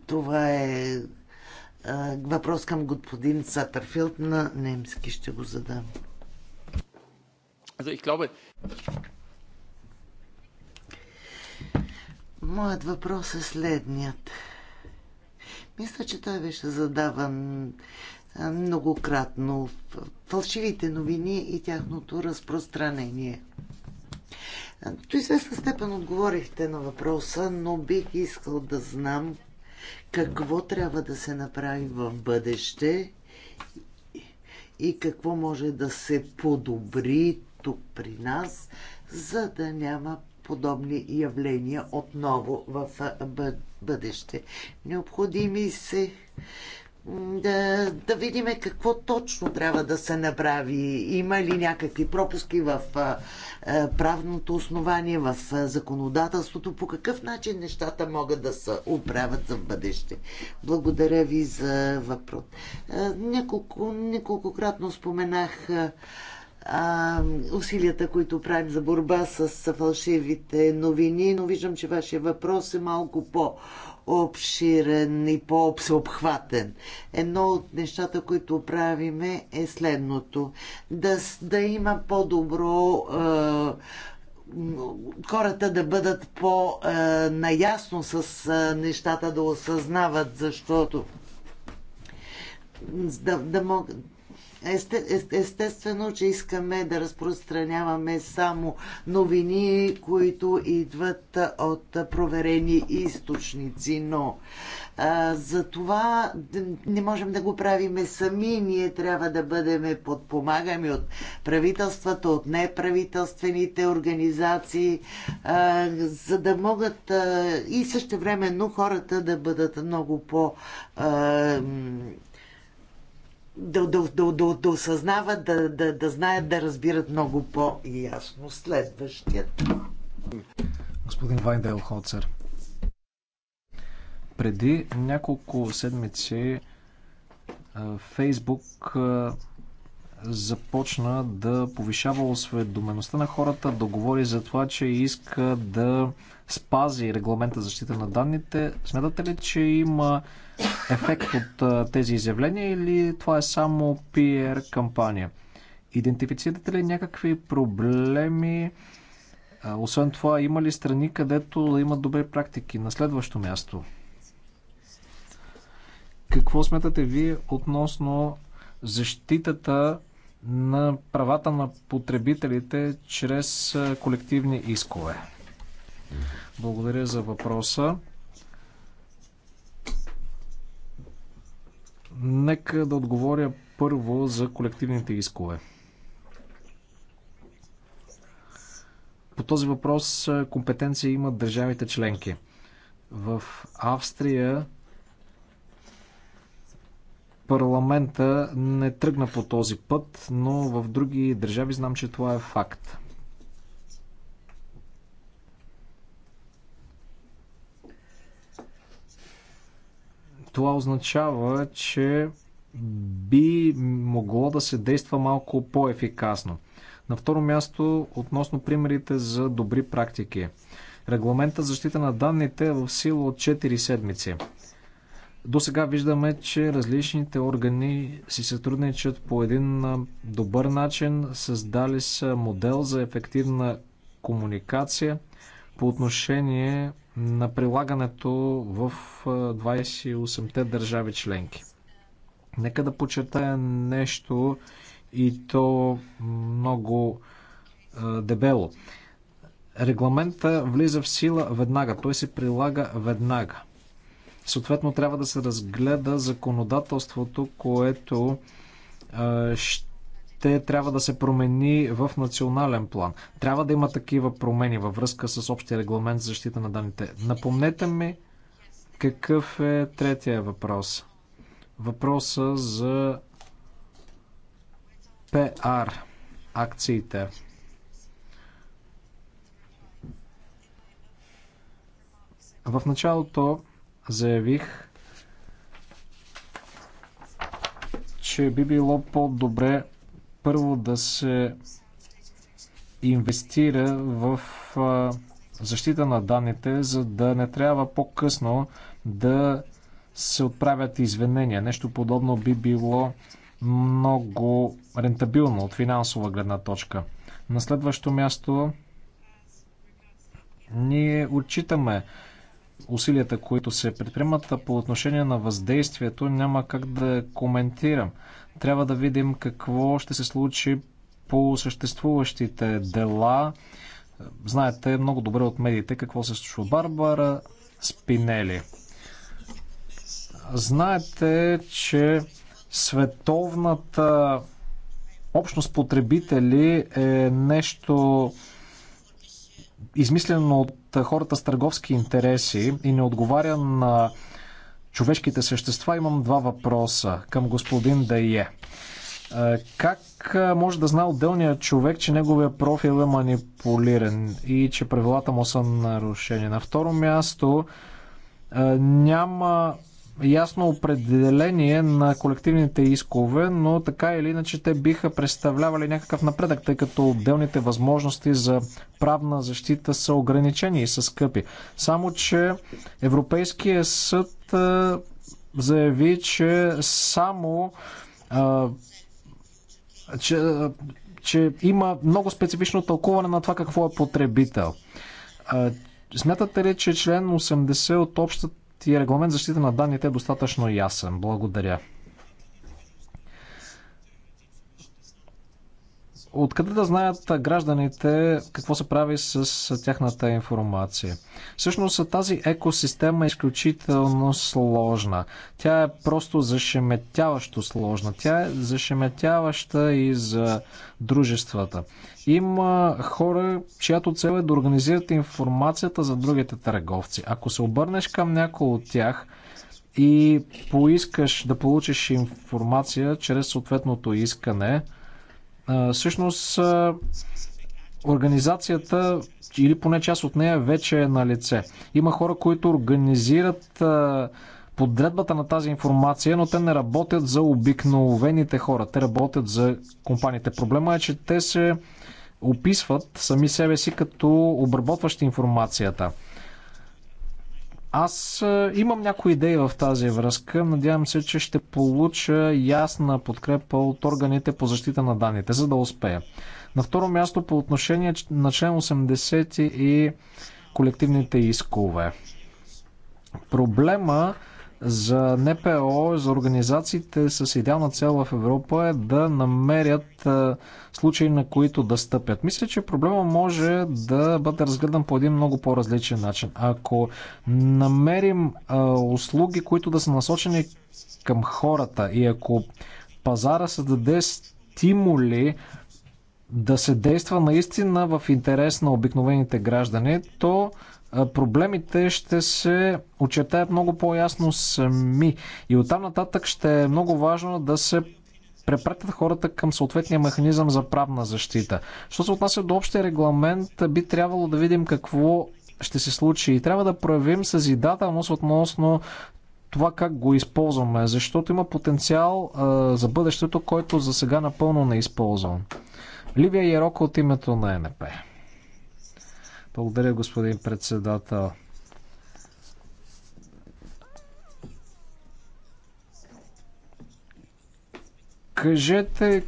Това е въпрос към господин Сатърфилд на немски. Ще го задам. Also ich Моят въпрос е следният. Мисля, че той беше задаван многократно фалшивите новини и тяхното разпространение. До известна степен отговорихте на въпроса, но бих искал да знам какво трябва да се направи в бъдеще и какво може да се подобри тук при нас, за да няма подобни явления отново в бъдеще. Необходими се да, да видим какво точно трябва да се направи. Има ли някакви пропуски в правното основание, в законодателството, по какъв начин нещата могат да се оправят за бъдеще. Благодаря ви за въпрос. Няколко, неколкократно споменах а, усилията, които правим за борба с фалшивите новини, но виждам, че вашия въпрос е малко по- обширен и по-всеобхватен. Едно от нещата, които правиме е следното. Да, да има по-добро е, хората да бъдат по-наясно е, с е, нещата, да осъзнават, защото да, да могат Естествено, че искаме да разпространяваме само новини, които идват от проверени източници, но а, за това не можем да го правиме сами. Ние трябва да бъдем подпомагани от правителствата, от неправителствените организации, а, за да могат а, и същевременно хората да бъдат много по- да, да, да, да, да осъзнават, да, да, да знаят, да разбират много по-ясно следващият. Господин Вайндел Холцер, преди няколко седмици Фейсбук започна да повишава осведомеността на хората, да говори за това, че иска да спази регламента за защита на данните. Смятате ли, че има ефект от тези изявления или това е само PR кампания? Идентифицирате ли някакви проблеми? Освен това, има ли страни, където да имат добри практики? На следващо място. Какво смятате вие относно защитата на правата на потребителите чрез колективни искове? Благодаря за въпроса. Нека да отговоря първо за колективните искове. По този въпрос компетенция имат държавите членки. В Австрия парламента не тръгна по този път, но в други държави знам, че това е факт. Това означава, че би могло да се действа малко по-ефикасно. На второ място, относно примерите за добри практики. Регламента защита на данните е в сила от 4 седмици. До сега виждаме, че различните органи си сътрудничат по един добър начин, създали са модел за ефективна комуникация по отношение на прилагането в 28-те държави членки. Нека да почетая нещо и то много дебело. Регламента влиза в сила веднага, той се прилага веднага. Съответно, трябва да се разгледа законодателството, което ще трябва да се промени в национален план. Трябва да има такива промени във връзка с общия регламент за защита на данните. Напомнете ми какъв е третия въпрос. Въпроса за ПР акциите. В началото заявих, че би било по-добре първо да се инвестира в защита на данните, за да не трябва по-късно да се отправят извинения. Нещо подобно би било много рентабилно от финансова гледна точка. На следващо място ние отчитаме усилията, които се предприемат, по отношение на въздействието няма как да коментирам. Трябва да видим какво ще се случи по съществуващите дела. Знаете много добре от медиите какво се случва. Барбара Спинели. Знаете, че световната общност потребители е нещо измислено от хората с търговски интереси и не отговаря на човешките същества, имам два въпроса към господин Дайе. Е, как е, може да знае отделният човек, че неговия профил е манипулиран и че правилата му са нарушени? На второ място, е, няма ясно определение на колективните искове, но така или иначе те биха представлявали някакъв напредък, тъй като отделните възможности за правна защита са ограничени и са скъпи. Само, че Европейския съд заяви, че само а, че, че има много специфично тълкуване на това какво е потребител. А, смятате ли, че член 80 от общата ти регламент защита на данните е достатъчно ясен. Благодаря. Откъде да знаят гражданите какво се прави с тяхната информация? Всъщност тази екосистема е изключително сложна. Тя е просто зашеметяващо сложна. Тя е зашеметяваща и за дружествата. Има хора, чиято цел е да организират информацията за другите търговци. Ако се обърнеш към някой от тях, и поискаш да получиш информация чрез съответното искане, всъщност организацията или поне част от нея вече е на лице. Има хора, които организират подредбата на тази информация, но те не работят за обикновените хора. Те работят за компаниите. Проблема е, че те се описват сами себе си като обработващи информацията. Аз е, имам някои идеи в тази връзка. Надявам се, че ще получа ясна подкрепа от органите по защита на данните, за да успея. На второ място по отношение на член 80 и колективните искове. Проблема за НПО, за организациите с идеална цел в Европа е да намерят е, случаи, на които да стъпят. Мисля, че проблема може да бъде разгледан по един много по-различен начин. Ако намерим е, услуги, които да са насочени към хората и ако пазара създаде стимули да се действа наистина в интерес на обикновените граждани, то проблемите ще се очертаят много по-ясно сами. И оттам нататък ще е много важно да се препратят хората към съответния механизъм за правна защита. Що се отнася до общия регламент, би трябвало да видим какво ще се случи. И трябва да проявим съзидателност относно това как го използваме, защото има потенциал а, за бъдещето, който за сега напълно не е използван. Ливия Ярока от името на НП. Благодаря, господин председател. Кажете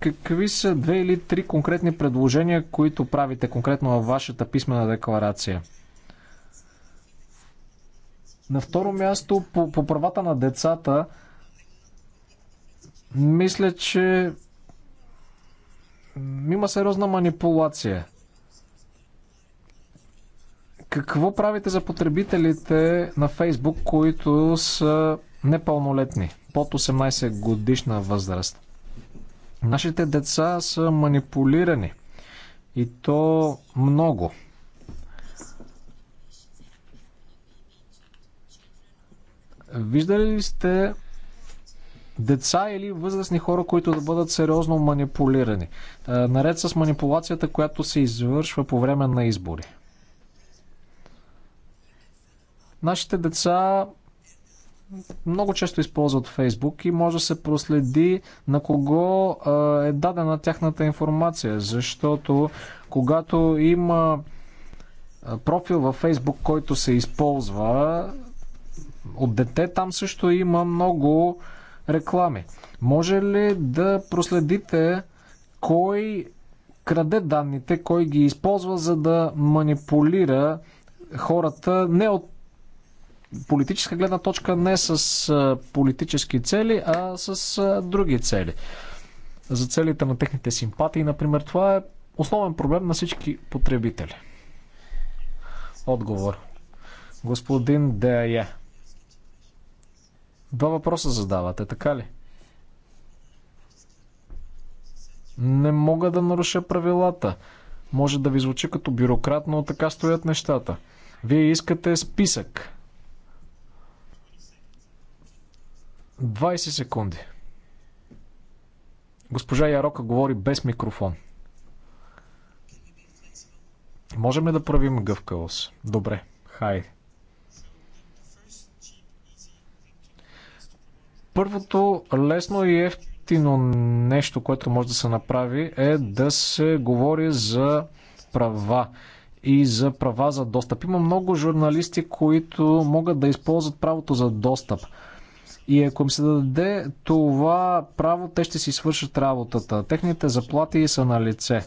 какви са две или три конкретни предложения, които правите конкретно във вашата писмена декларация? На второ място, по, по правата на децата, мисля, че има сериозна манипулация. Какво правите за потребителите на Фейсбук, които са непълнолетни, под 18 годишна възраст? Нашите деца са манипулирани и то много. Виждали ли сте деца или възрастни хора, които да бъдат сериозно манипулирани? Е, наред с манипулацията, която се извършва по време на избори. Нашите деца много често използват Фейсбук и може да се проследи на кого е дадена тяхната информация, защото когато има профил във Фейсбук, който се използва от дете, там също има много реклами. Може ли да проследите кой краде данните, кой ги използва, за да манипулира хората не от политическа гледна точка не с политически цели, а с други цели. За целите на техните симпатии, например, това е основен проблем на всички потребители. Отговор. Господин Дея. Два въпроса задавате, така ли? Не мога да наруша правилата. Може да ви звучи като бюрократ, но така стоят нещата. Вие искате списък 20 секунди. Госпожа Ярока говори без микрофон. Можем ли да правим гъвкавост? Добре, хайде. Първото лесно и ефтино нещо, което може да се направи е да се говори за права и за права за достъп. Има много журналисти, които могат да използват правото за достъп. И ако им се даде това право, те ще си свършат работата. Техните заплати са на лице.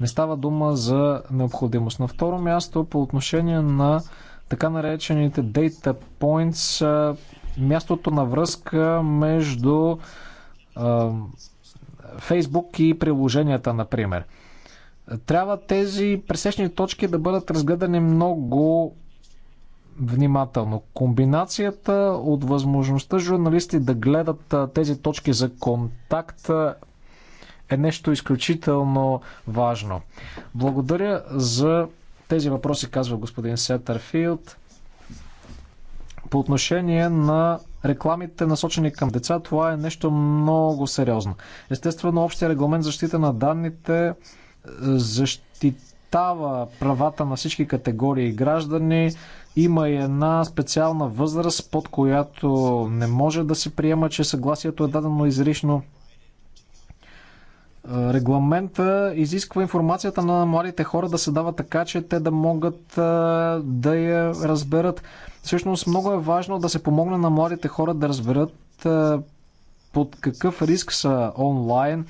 Не става дума за необходимост. На второ място, по отношение на така наречените data points, мястото на връзка между Facebook и приложенията, например. Трябва тези пресечни точки да бъдат разгледани много внимателно. Комбинацията от възможността журналисти да гледат тези точки за контакт е нещо изключително важно. Благодаря за тези въпроси, казва господин Сетърфилд. По отношение на рекламите, насочени към деца, това е нещо много сериозно. Естествено, общия регламент защита на данните защита защитава правата на всички категории граждани. Има и една специална възраст, под която не може да се приема, че съгласието е дадено изрично. Е, регламента изисква информацията на младите хора да се дава така, че те да могат е, да я разберат. Всъщност много е важно да се помогне на младите хора да разберат е, под какъв риск са онлайн.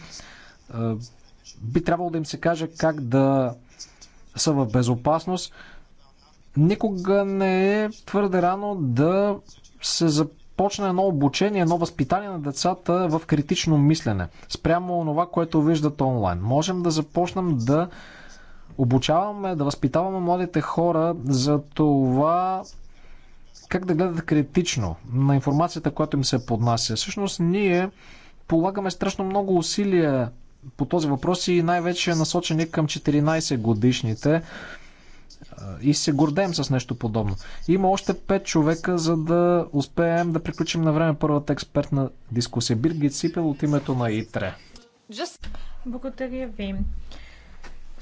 Би трябвало да им се каже как да са в безопасност. Никога не е твърде рано да се започне едно обучение, едно възпитание на децата в критично мислене, спрямо това, което виждат онлайн. Можем да започнем да обучаваме, да възпитаваме младите хора за това как да гледат критично на информацията, която им се поднася. Всъщност ние полагаме страшно много усилия по този въпрос и най-вече насочени към 14 годишните и се гордеем с нещо подобно. Има още 5 човека, за да успеем да приключим на време първата експертна дискусия. Биргит Сипел от името на ИТРЕ. Just... Благодаря ви.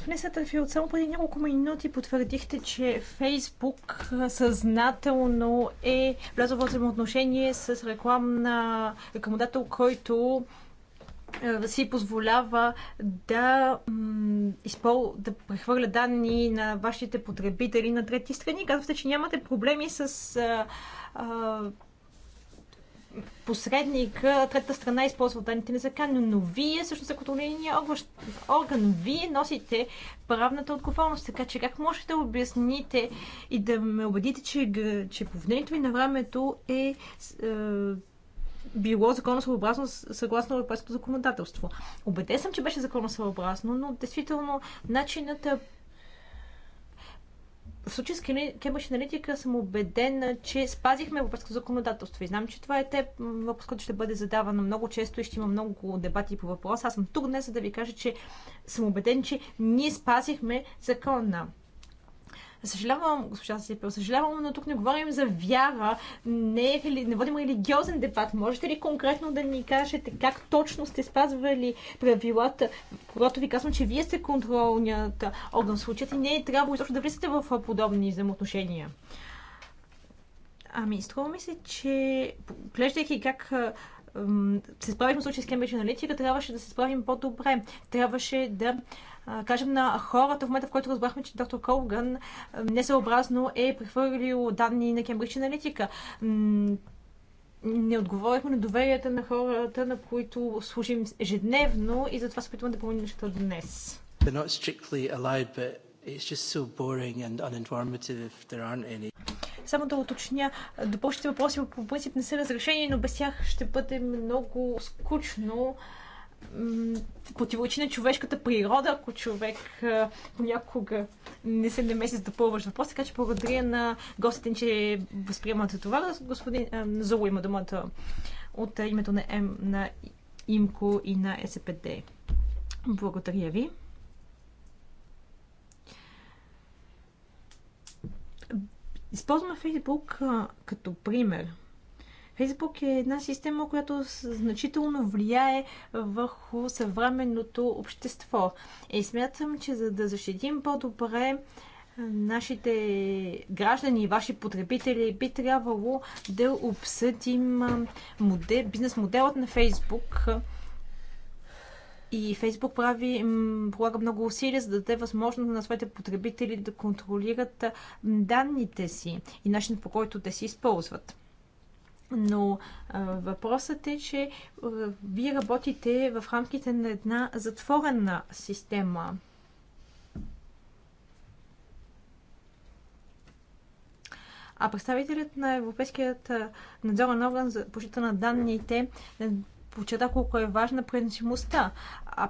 Внесата от само преди няколко минути потвърдихте, че Фейсбук съзнателно е влязъл в взаимоотношение с рекламна рекламодател, който е, си позволява да, изпол... да прехвърля данни на вашите потребители на трети страни. Казвате, че нямате проблеми с а, е, а, е, посредник, трета страна използва данните незаконно, но вие всъщност за контролирания орган, вие носите правната отговорност, така че как можете да обясните и да ме убедите, че, че повнението ви на времето е, е било законосъобразно съгласно европейското законодателство. Обеден съм, че беше законосъобразно, но действително начинът в случай с Cambridge аналитика съм убедена, че спазихме европейското законодателство. И знам, че това е те, въпрос, който ще бъде задаван много често и ще има много дебати по въпроса. Аз съм тук днес, за да ви кажа, че съм убеден, че ние спазихме закона. Съжалявам, госпожа Сипел, съжалявам, но тук не говорим за вяра, не, е не водим религиозен дебат. Можете ли конкретно да ни кажете как точно сте спазвали правилата, когато ви казвам, че вие сте контролният огън в случаят и не е трябва изобщо да влизате в подобни взаимоотношения? Ами, струва ми се, че глеждайки как се справихме с случай с Кембридж Аналитика, трябваше да се справим по-добре. Трябваше да кажем на хората в момента, в който разбрахме, че доктор Колган несъобразно е прехвърлил данни на Кембридж Аналитика не отговорихме на доверията на хората, на които служим ежедневно и затова се опитваме да помня нещата днес. Allowed, so Само да уточня, допълнителните въпроси по принцип не са разрешени, но без тях ще бъде много скучно противоречи на човешката природа, ако човек понякога не се намеси за допълващ въпрос. Така че благодаря на гостите, че възприемате това. Господин Золо има думата от името на, М, на ИМКО и на СПД. Благодаря ви. Използваме Фейсбук като пример – Фейсбук е една система, която значително влияе върху съвременното общество. И смятам, че за да защитим по-добре е, нашите граждани и ваши потребители, би трябвало да обсъдим е, модел, бизнес моделът на Фейсбук. И Фейсбук прави, полага много усилия, за да даде възможност на своите потребители да контролират данните си и начинът по който те си използват. Но а, въпросът е, че а, вие работите в рамките на една затворена система. А представителят на Европейският надзорен орган за защита на данните подчерта колко е важна преносимостта. А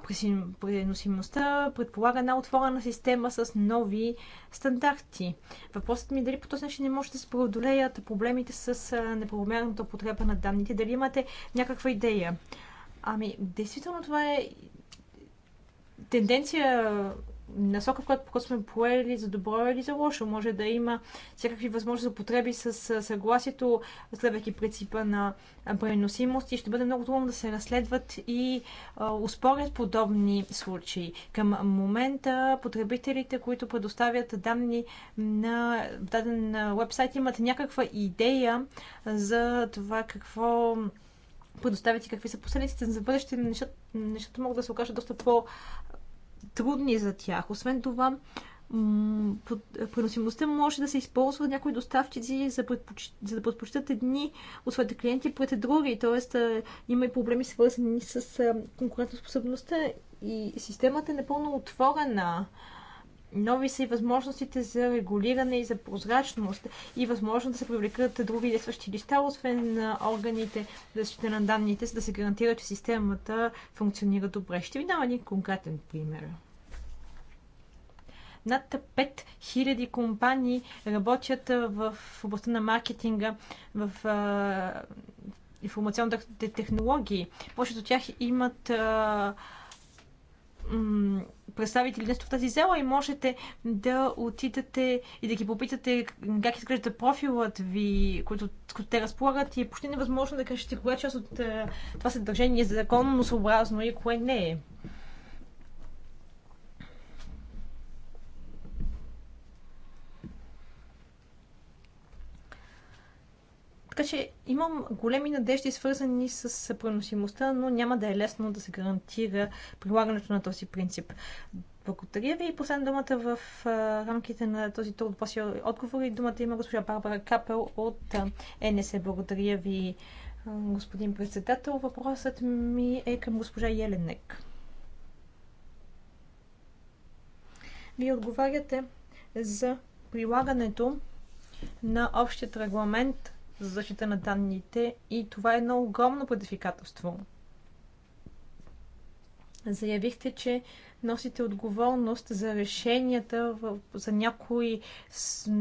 преносимостта предполага една отворена система с нови стандарти. Въпросът ми е дали по този начин не може да се преодолеят проблемите с неправомерната употреба на данните. Дали имате някаква идея? Ами, действително това е тенденция насока, в която, по сме поели за добро или за лошо. Може да има всякакви възможности за потреби с съгласието, следвайки принципа на преносимост и ще бъде много трудно да се разследват и успорят подобни случаи. Към момента потребителите, които предоставят данни на даден вебсайт, имат някаква идея за това какво предоставят и какви са последиците за бъдеще, нещата, нещата могат да се окажат доста по- трудни за тях. Освен това, преносимостта може да се използва някои доставчици за, предпоч... за да предпочитат едни от своите клиенти пред други, т.е. има и проблеми свързани с конкурентоспособността и системата е напълно отворена. Нови са и възможностите за регулиране и за прозрачност и възможност да се привлекат други действащи листа, освен на органите за защита на данните, за да се гарантира, че системата функционира добре. Ще ви дам един конкретен пример. Над 5000 компании работят в областта на маркетинга в информационните технологии. Повечето от тях имат представители днес в тази зала и можете да отидете и да ги попитате как изглежда профилът ви, който, който те разполагат и е почти невъзможно да кажете коя част от това съдържание е законно, съобразно и кое не е. Така че имам големи надежди, свързани с преносимостта, но няма да е лесно да се гарантира прилагането на този принцип. Благодаря ви и последна думата в рамките на този тур от после отговори. Думата има госпожа Барбара Капел от НС. Благодаря ви, господин председател. Въпросът ми е към госпожа Еленек. Вие отговаряте за прилагането на общият регламент за защита на данните и това е едно огромно предизвикателство. Заявихте, че носите отговорност за решенията за някои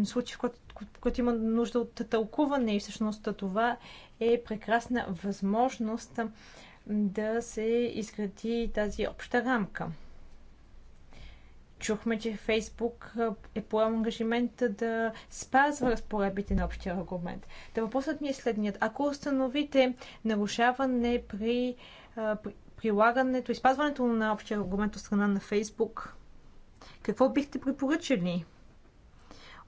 случаи, в които, които има нужда от тълкуване и всъщност това е прекрасна възможност да се изгради тази обща рамка. Чухме, че Фейсбук е поел ангажимент да спазва разпоредбите на общия регламент. Та въпросът ми е следният. Ако установите нарушаване при, при прилагането, изпазването на общия регламент от страна на Фейсбук, какво бихте препоръчали?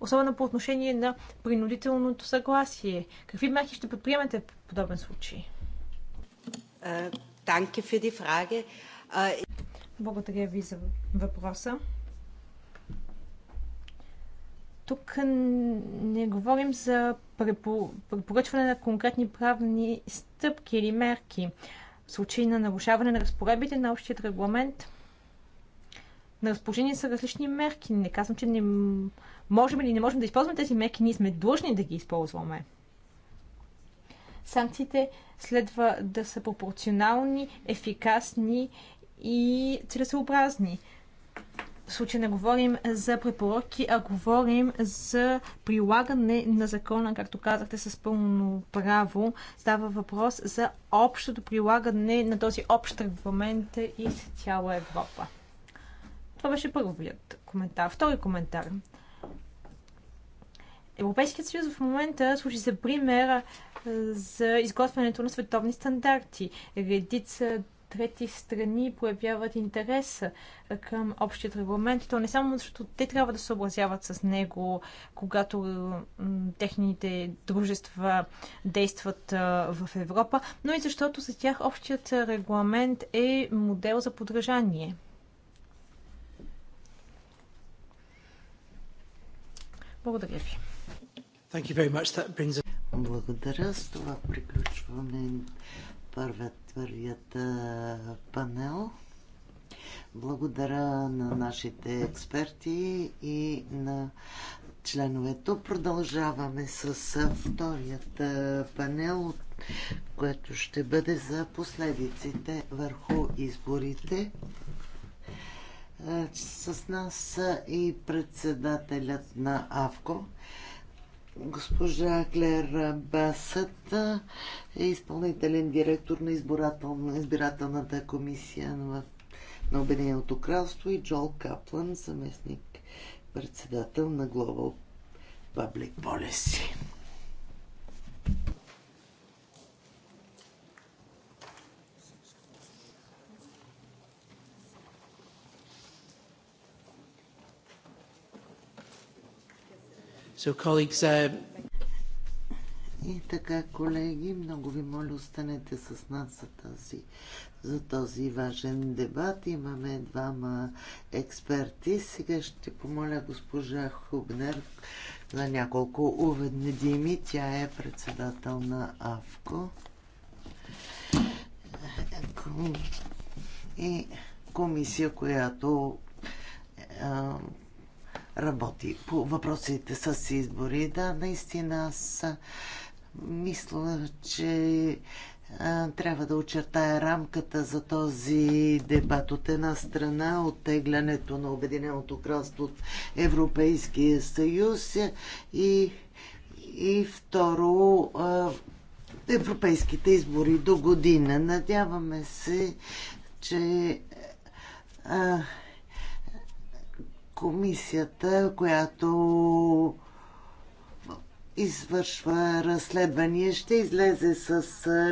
Особено по отношение на принудителното съгласие. Какви мерки ще предприемете в подобен случай? Е, е, Благодаря ви за въпроса. Тук не говорим за препоръчване на конкретни правни стъпки или мерки. В случай на нарушаване на разпоредбите на общият регламент, на разположение са различни мерки. Не казвам, че не можем или не можем да използваме тези мерки, ние сме длъжни да ги използваме. Санкциите следва да са пропорционални, ефикасни и целесообразни. В не говорим за препоръки, а говорим за прилагане на закона, както казахте, с пълно право. Става въпрос за общото прилагане на този общ регламент и с цяла Европа. Това беше първият коментар. Втори коментар. Европейският съюз в момента служи за пример за изготвянето на световни стандарти. Редица трети страни проявяват интерес към общият регламент, то не само защото те трябва да се образяват с него, когато техните дружества действат в Европа, но и защото за тях общият регламент е модел за подражание. Благодаря ви. Благодаря. С това приключваме първата първият панел. Благодаря на нашите експерти и на членовете. Продължаваме с вторият панел, което ще бъде за последиците върху изборите. С нас и председателят на АВКО. Госпожа Клер Басът е изпълнителен директор на избирателната комисия на Обединеното кралство и Джол Каплан, заместник председател на Global Public Policy. So, colleagues, uh... И така, колеги, много ви моля, останете с нас за този, за този важен дебат. Имаме двама експерти. Сега ще помоля госпожа Хубнер за няколко уведни дими. Тя е председател на АВКО. И комисия, която работи по въпросите с избори. Да, наистина аз мисля, че трябва да очертая рамката за този дебат. От една страна оттеглянето на Обединеното кралство от Европейския съюз и, и второ европейските избори до година. Надяваме се, че а, комисията, която извършва разследвания, ще излезе с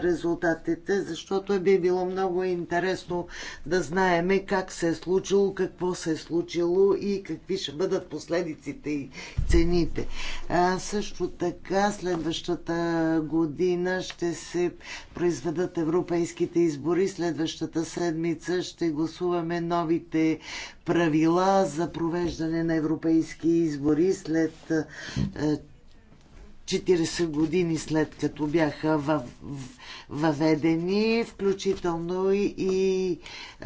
резултатите, защото би било много интересно да знаеме как се е случило, какво се е случило и какви ще бъдат последиците и цените. А, също така, следващата година ще се произведат европейските избори, следващата седмица ще гласуваме новите правила за провеждане на европейски избори след 40 години след като бяха въведени, включително и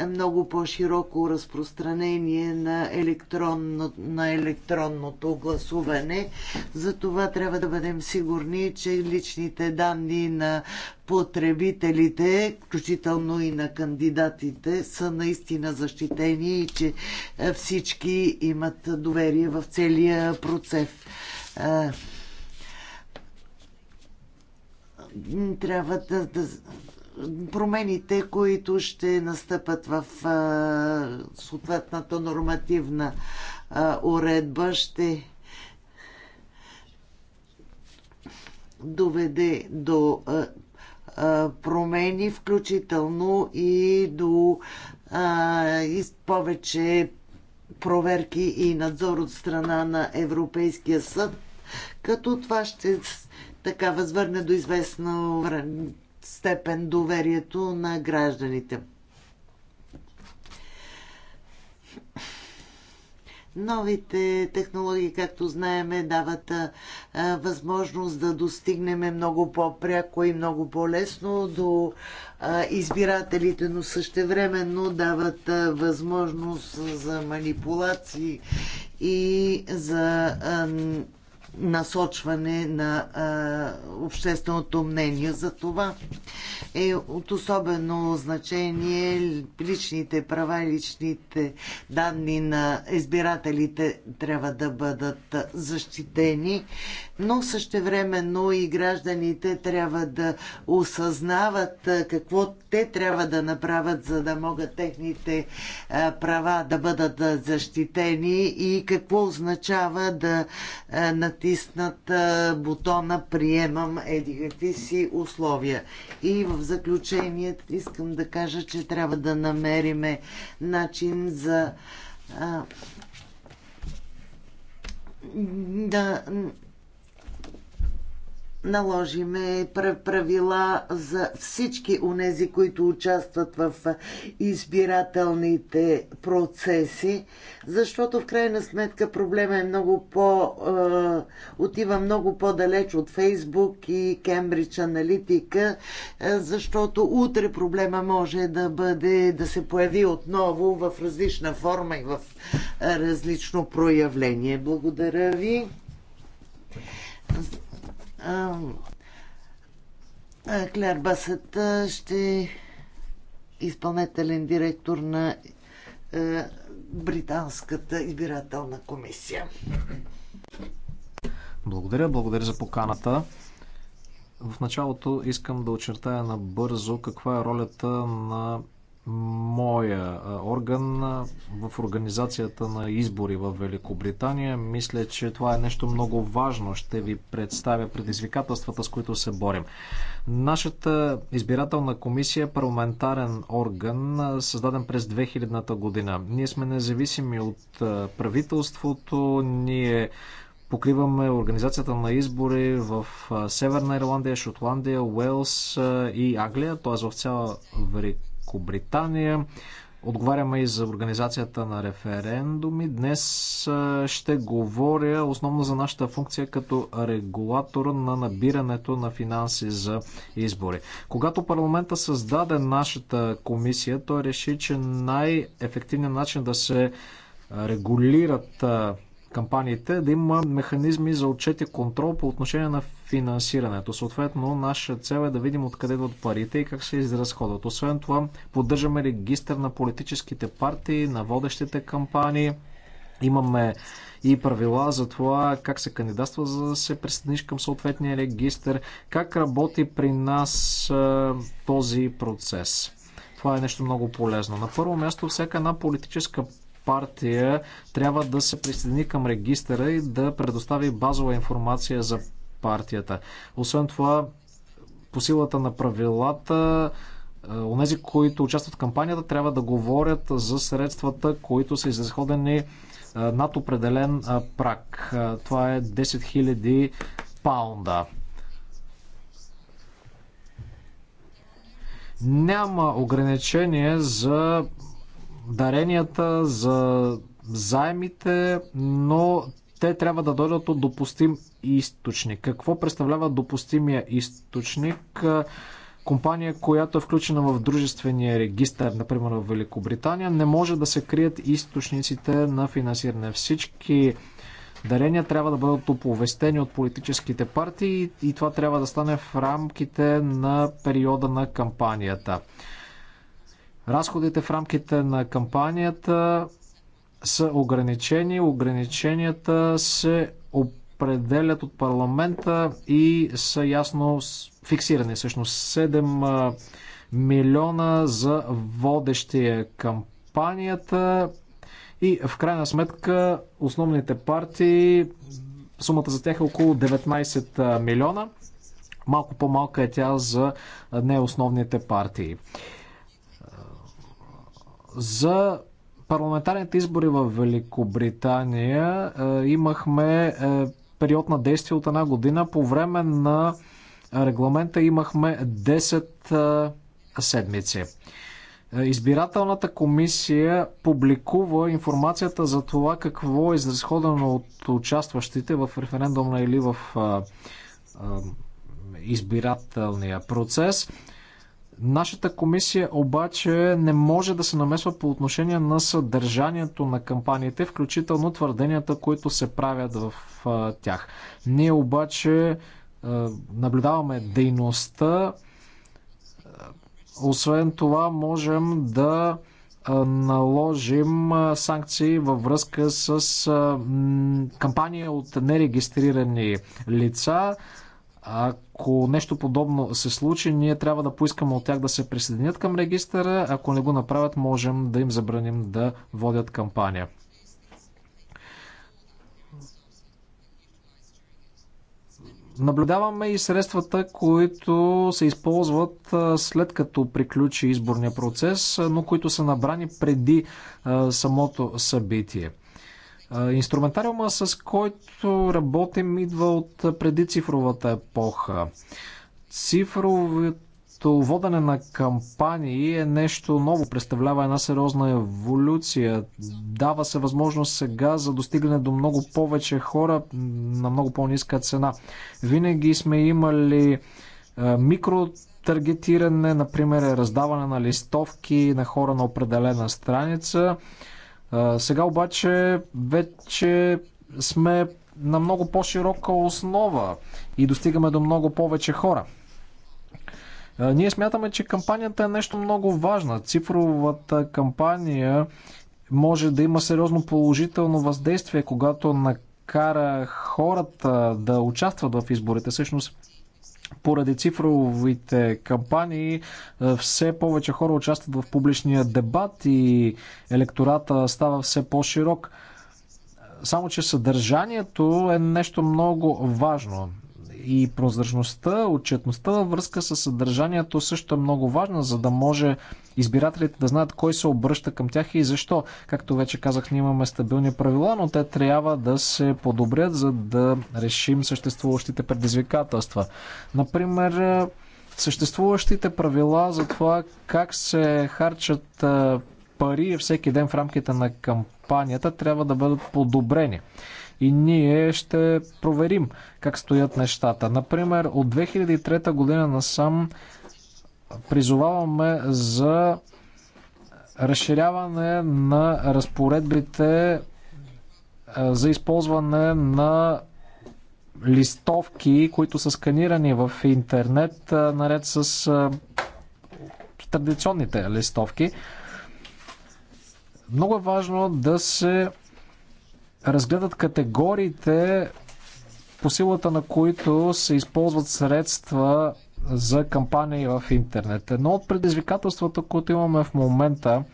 много по-широко разпространение на, електронно, на електронното гласуване. За това трябва да бъдем сигурни, че личните данни на потребителите, включително и на кандидатите, са наистина защитени и че е, всички имат доверие в целия процес е, трябва да, да промените, които ще настъпат в а, съответната нормативна а, уредба, ще доведе до а, а, промени, включително и до а, и повече проверки и надзор от страна на Европейския съд, като това ще така възвърне до известна степен доверието на гражданите. Новите технологии, както знаеме, дават а, възможност да достигнем много по-пряко и много по-лесно до а, избирателите, но същевременно дават а, възможност за манипулации и за а, насочване на а, общественото мнение. За това е от особено значение личните права и личните данни на избирателите трябва да бъдат защитени, но същевременно и гражданите трябва да осъзнават какво те трябва да направят, за да могат техните права да бъдат защитени и какво означава да на натиснат бутона приемам еди какви си условия. И в заключение искам да кажа, че трябва да намериме начин за а, да наложиме правила за всички унези, които участват в избирателните процеси, защото в крайна сметка проблема е много по... Е, отива много по-далеч от Фейсбук и Кембридж Аналитика, е, защото утре проблема може да бъде, да се появи отново в различна форма и в е, различно проявление. Благодаря ви. Клер Басет ще изпълнителен директор на Британската избирателна комисия. Благодаря, благодаря за поканата. В началото искам да очертая набързо каква е ролята на моя орган в организацията на избори в Великобритания. Мисля, че това е нещо много важно. Ще ви представя предизвикателствата, с които се борим. Нашата избирателна комисия е парламентарен орган, създаден през 2000-та година. Ние сме независими от правителството, ние покриваме организацията на избори в Северна Ирландия, Шотландия, Уелс и Англия, т.е. в цяла Великобритания Великобритания. Отговаряме и за организацията на референдуми. Днес ще говоря основно за нашата функция като регулатор на набирането на финанси за избори. Когато парламента създаде нашата комисия, той реши, че най-ефективният начин да се регулират кампаниите, да има механизми за отчет и контрол по отношение на финансирането. Съответно, наша цел е да видим откъде идват парите и как се изразходват. Освен това, поддържаме регистър на политическите партии, на водещите кампании. Имаме и правила за това как се кандидатства за да се присъединиш към съответния регистр, как работи при нас този процес. Това е нещо много полезно. На първо място, всяка една политическа партия трябва да се присъедини към регистъра и да предостави базова информация за партията. Освен това, по силата на правилата, е, онези, които участват в кампанията, трябва да говорят за средствата, които са изразходени е, над определен е, прак. Това е 10 000 паунда. Няма ограничение за даренията, за заемите, но те трябва да дойдат от допустим източник. Какво представлява допустимия източник? Компания, която е включена в дружествения регистр, например в Великобритания, не може да се крият източниците на финансиране. Всички дарения трябва да бъдат оповестени от политическите партии и това трябва да стане в рамките на периода на кампанията. Разходите в рамките на кампанията са ограничени. Ограниченията се определят от парламента и са ясно фиксирани. Всъщност 7 милиона за водещия кампанията и в крайна сметка основните партии, сумата за тях е около 19 милиона. Малко по-малка е тя за неосновните партии. За парламентарните избори в Великобритания е, имахме е, период на действие от една година. По време на регламента имахме 10 е, седмици. Избирателната комисия публикува информацията за това какво е изразходено от участващите в референдума или в избирателния процес. Нашата комисия обаче не може да се намесва по отношение на съдържанието на кампаниите, включително твърденията, които се правят в тях. Ние обаче наблюдаваме дейността. Освен това, можем да наложим санкции във връзка с кампания от нерегистрирани лица. Ако нещо подобно се случи, ние трябва да поискаме от тях да се присъединят към регистъра. Ако не го направят, можем да им забраним да водят кампания. Наблюдаваме и средствата, които се използват след като приключи изборния процес, но които са набрани преди самото събитие. Инструментариума, с който работим, идва от преди цифровата епоха. Цифровото водене на кампании е нещо ново, представлява една сериозна еволюция. Дава се възможност сега за достигане до много повече хора на много по-ниска цена. Винаги сме имали микро таргетиране, например раздаване на листовки на хора на определена страница. Сега обаче вече сме на много по-широка основа и достигаме до много повече хора. Ние смятаме, че кампанията е нещо много важно. Цифровата кампания може да има сериозно положително въздействие, когато накара хората да участват в изборите. Всъщност поради цифровите кампании е, все повече хора участват в публичния дебат и електората става все по-широк. Само, че съдържанието е нещо много важно и прозрачността, отчетността във връзка с съдържанието е също е много важна, за да може избирателите да знаят кой се обръща към тях и защо. Както вече казах, ние имаме стабилни правила, но те трябва да се подобрят, за да решим съществуващите предизвикателства. Например, е, съществуващите правила за това как се харчат е, пари всеки ден в рамките на кампанията трябва да бъдат подобрени и ние ще проверим как стоят нещата. Например, от 2003 година насам призоваваме за разширяване на разпоредбите за използване на листовки, които са сканирани в интернет, наред с традиционните листовки. Много е важно да се разгледат категориите, по силата на които се използват средства за кампании в интернет. Едно от предизвикателствата, които имаме в момента,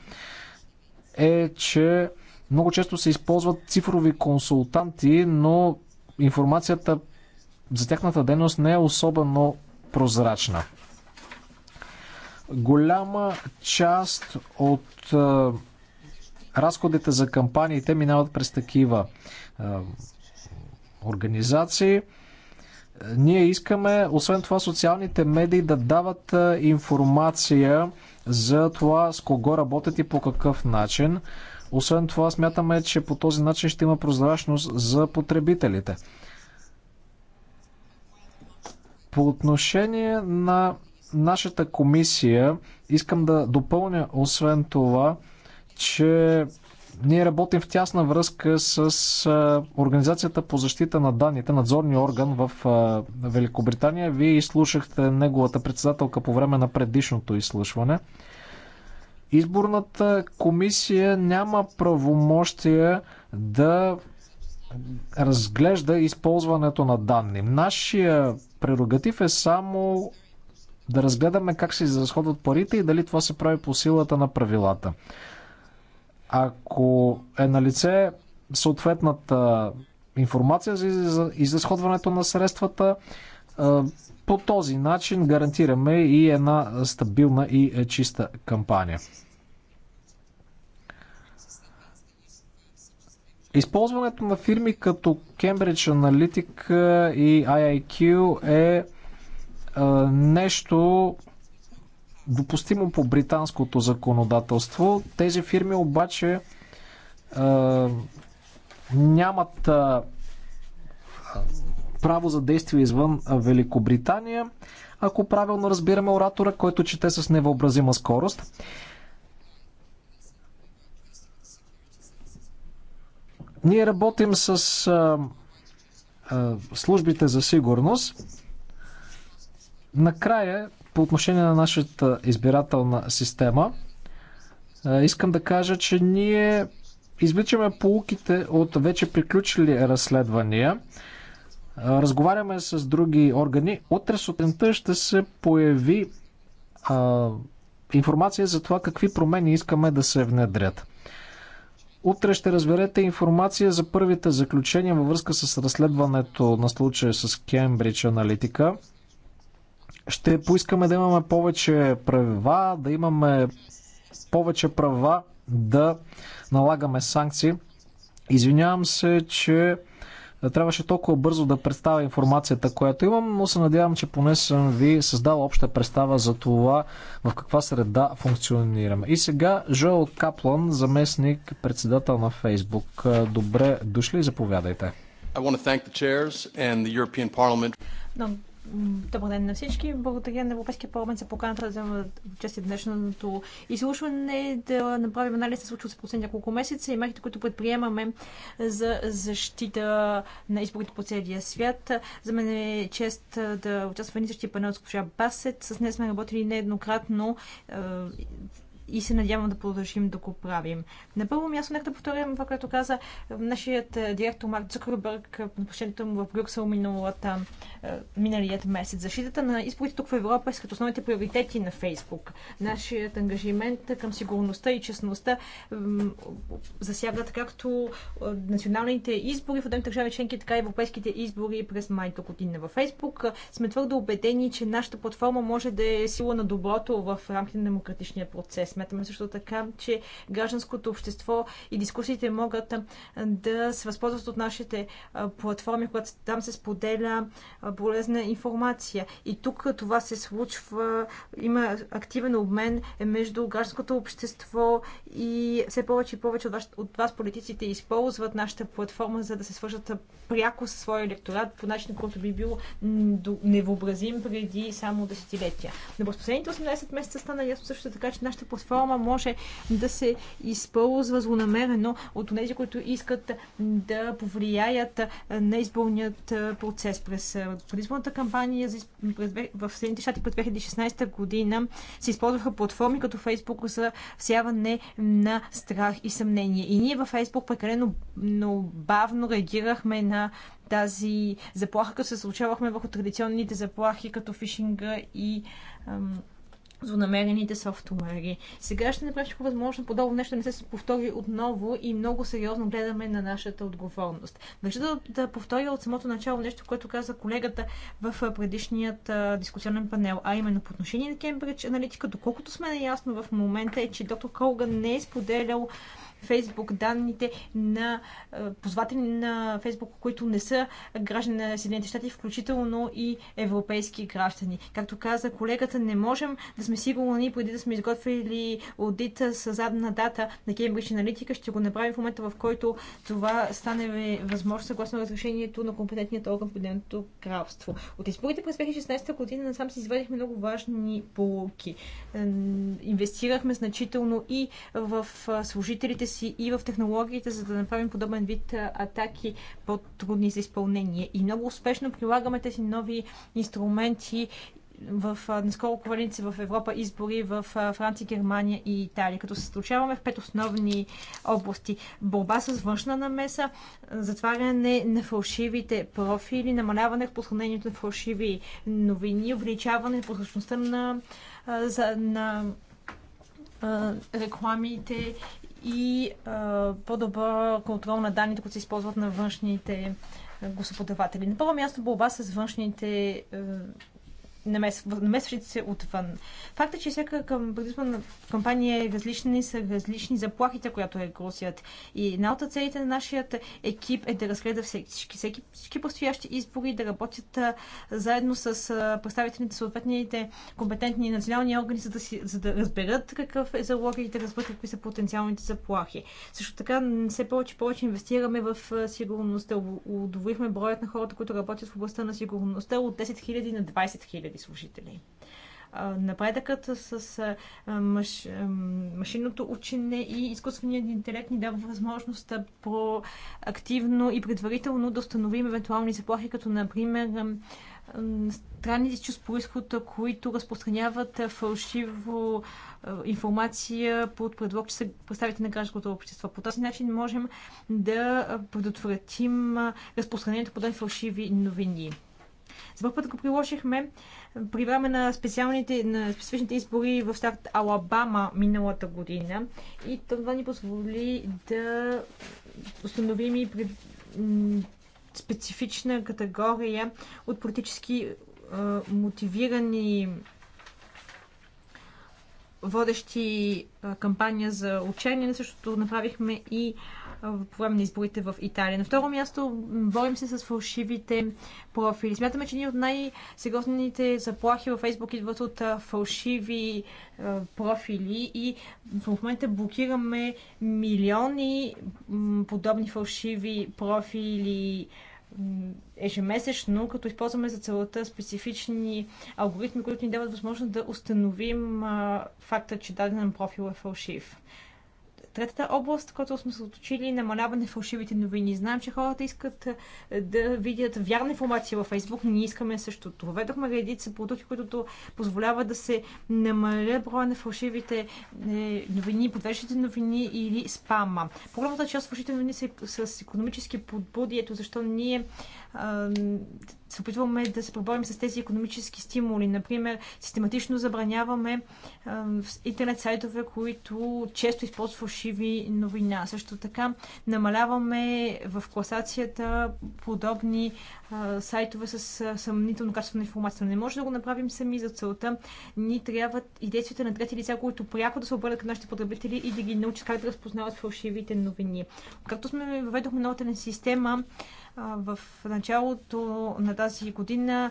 е, че много често се използват цифрови консултанти, но информацията за тяхната дейност не е особено прозрачна. Голяма част от разходите за кампаниите минават през такива е, организации. Ние искаме, освен това, социалните медии да дават информация за това с кого работят и по какъв начин. Освен това, смятаме, че по този начин ще има прозрачност за потребителите. По отношение на нашата комисия, искам да допълня, освен това, че ние работим в тясна връзка с Организацията по защита на данните, надзорния орган в Великобритания. Вие изслушахте неговата председателка по време на предишното изслушване. Изборната комисия няма правомощия да разглежда използването на данни. Нашия прерогатив е само да разгледаме как се изразходват парите и дали това се прави по силата на правилата. Ако е на лице съответната информация за изразходването на средствата, по този начин гарантираме и една стабилна и е, чиста кампания. Използването на фирми като Cambridge Analytica и IIQ е нещо, допустимо по британското законодателство. Тези фирми обаче а, нямат а, право за действие извън Великобритания, ако правилно разбираме оратора, който чете с невъобразима скорост. Ние работим с а, а, службите за сигурност. Накрая по отношение на нашата избирателна система, е, искам да кажа, че ние извличаме полуките от вече приключили разследвания. Е, разговаряме с други органи. Утре сутринта ще се появи а, е, информация за това какви промени искаме да се внедрят. Утре ще разберете информация за първите заключения във връзка с разследването на случая с Кембридж Аналитика ще поискаме да имаме повече правила, да имаме повече права да налагаме санкции. Извинявам се, че трябваше толкова бързо да представя информацията, която имам, но се надявам, че поне съм ви създал обща представа за това в каква среда функционираме. И сега Жоел Каплан, заместник председател на Фейсбук. Добре дошли и заповядайте. Много Добър ден на всички. Благодаря на Европейския парламент за поканата да взема участие в днешното изслушване, да направим анализ на случилото се последните няколко месеца и мерките, които предприемаме за защита на изборите по целия свят. За мен е чест да участвам в същия панел с госпожа Басет. С нея сме работили нееднократно и се надявам да продължим да го правим. На първо място, нека да повторим това, което каза нашият директор Марк Цукърбърг на посещението му в Брюксел миналата е, миналият месец. Защитата на изборите тук в Европа е сред основните приоритети на Фейсбук. Нашият ангажимент към сигурността и честността засягат както е, националните избори в отделните държави членки, така и европейските избори през май до година. Във Фейсбук е, сме твърдо убедени, че нашата платформа може да е сила на доброто в рамките на демократичния процес. Сметаме също така, че гражданското общество и дискусиите могат да се възползват от нашите платформи, когато там се споделя полезна информация. И тук това се случва, има активен обмен между гражданското общество и все повече и повече от вас, от вас политиците използват нашата платформа, за да се свържат пряко със своя електорат по начин, който би бил невообразим преди само десетилетия. Но в последните 18 месеца стана ясно също така, че нашата платформа може да се използва злонамерено от тези, които искат да повлияят на изборният процес през предизборната кампания в Съединените щати през 2016 година се използваха платформи като Фейсбук за всяване на страх и съмнение. И ние във Facebook прекалено но бавно реагирахме на тази заплаха, като се случавахме върху традиционните заплахи, като фишинга и ам, злонамерените софтуери. Сега ще направим всичко възможно подобно нещо не се повтори отново и много сериозно гледаме на нашата отговорност. Държа да, да повторя от самото начало нещо, което каза колегата в предишният а, дискусионен панел, а именно по отношение на Кембридж аналитика, доколкото сме наясно в момента е, че доктор Колга не е споделял Фейсбук данните на е, позватели на Фейсбук, които не са граждани на Съединените щати, включително и европейски граждани. Както каза колегата, не можем да сме сигурни, преди да сме изготвили аудита с задна дата на Кембридж аналитика, ще го направим в момента, в който това стане възможно съгласно разрешението на компетентният орган в Обединеното кралство. От изборите през 2016 година насам си извадихме много важни полуки. Инвестирахме значително и в служителите си си и в технологиите, за да направим подобен вид атаки по-трудни за изпълнение. И много успешно прилагаме тези нови инструменти в наскоро проведените в Европа избори в Франция, Германия и Италия, като се случаваме в пет основни области. Борба с външна намеса, затваряне на фалшивите профили, намаляване в разпространението на фалшиви новини, увеличаване на прозрачността на, на, на рекламите и по-добър контрол на данните, които се използват на външните господаватели. На първо място борба с външните намесващите се отвън. Факта, че всяка предизборна кампания е различна и са различни заплахите, която е Грузият. И една от целите на нашия екип е да разгледа всички, всеки, всички предстоящи избори, да работят заедно с представителите съответните компетентни национални органи, за да, си, за да разберат какъв е залог и да разберат какви са потенциалните заплахи. Също така, все повече повече инвестираме в сигурността. Удовихме броят на хората, които работят в областта на сигурността от 10 000 на 20 000 и служители. Напредъкът с маш... машинното учене и изкуственият интелект ни дава възможност проактивно и предварително да установим евентуални заплахи, като например страници чувств происход, които разпространяват фалшиво информация под предлог, че са представите на гражданското общество. По този начин можем да предотвратим разпространението по фалшиви новини. За първ път го приложихме при време на специалните, на специфичните избори в старт Алабама миналата година и това ни позволи да установим и пред, специфична категория от политически е, мотивирани водещи кампания за учение. Същото направихме и по време на изборите в Италия. На второ място борим се с фалшивите профили. Смятаме, че ние от най-сериозните заплахи във Фейсбук идват от фалшиви профили и в момента блокираме милиони подобни фалшиви профили ежемесечно, като използваме за целата специфични алгоритми, които ни дават възможност да установим факта, че даден профил е фалшив. Третата област, която сме се отучили, е намаляване фалшивите новини. Знаем, че хората искат е, да видят вярна информация във Фейсбук, ние искаме също това. Ведохме редица продукти, които позволяват да се намаля броя на фалшивите е, новини, подвеждащите новини или спама. По-голямата част от фалшивите новини са с економически подбуди, ето защо ние се опитваме да се преборим с тези економически стимули. Например, систематично забраняваме интернет сайтове, които често използват фалшиви новина. Също така намаляваме в класацията подобни сайтове с съмнително качество на информация. Не може да го направим сами за целта. Ни трябва и действията на трети лица, които пряко да се обърнат към нашите потребители и да ги научат как да разпознават фалшивите новини. Както сме въведохме новата система, в началото на тази година.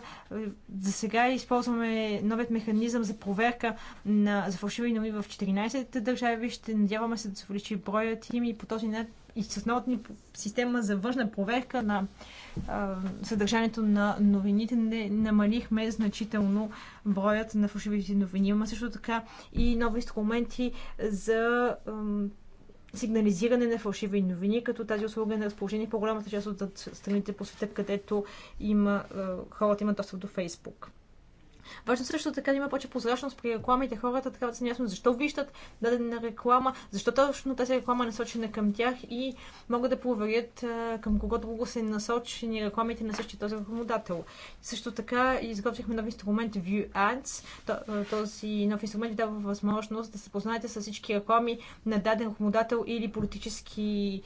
За сега използваме новият механизъм за проверка на, за фалшиви нови в 14 държави. Ще надяваме се да се увеличи броят им и по този начин и с основната система за външна проверка на съдържанието на новините не намалихме значително броят на фалшивите новини. Има също така и нови инструменти за сигнализиране на фалшиви новини, като тази услуга е на разположение по-голямата част от страните по света, където има, хората имат достъп до Фейсбук. Важно също така да има повече прозрачност при рекламите. Хората трябва да са ясно защо виждат дадена реклама, защо точно тази реклама е насочена към тях и могат да проверят към кого друго са насочени рекламите на същия този рекламодател. Също така изготвихме нов инструмент View Ads. Този нов инструмент дава възможност да се познаете с всички реклами на даден рекламодател или политически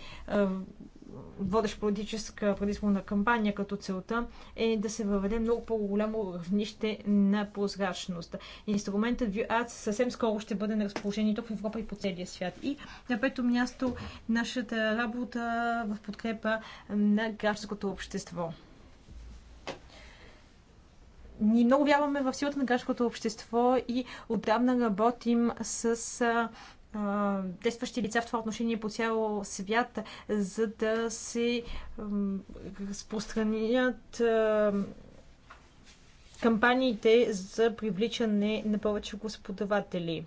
водещ политическа предизборна кампания, като целта е да се въведе много по-голямо равнище на прозрачност. Инструментът VUAD съвсем скоро ще бъде на разположение тук в Европа и по целия свят. И на пето място нашата работа в подкрепа на гражданското общество ние много вярваме в силата на гражданското общество и отдавна работим с действащи лица в това отношение по цял свят, за да се разпространят кампаниите за привличане на повече господаватели.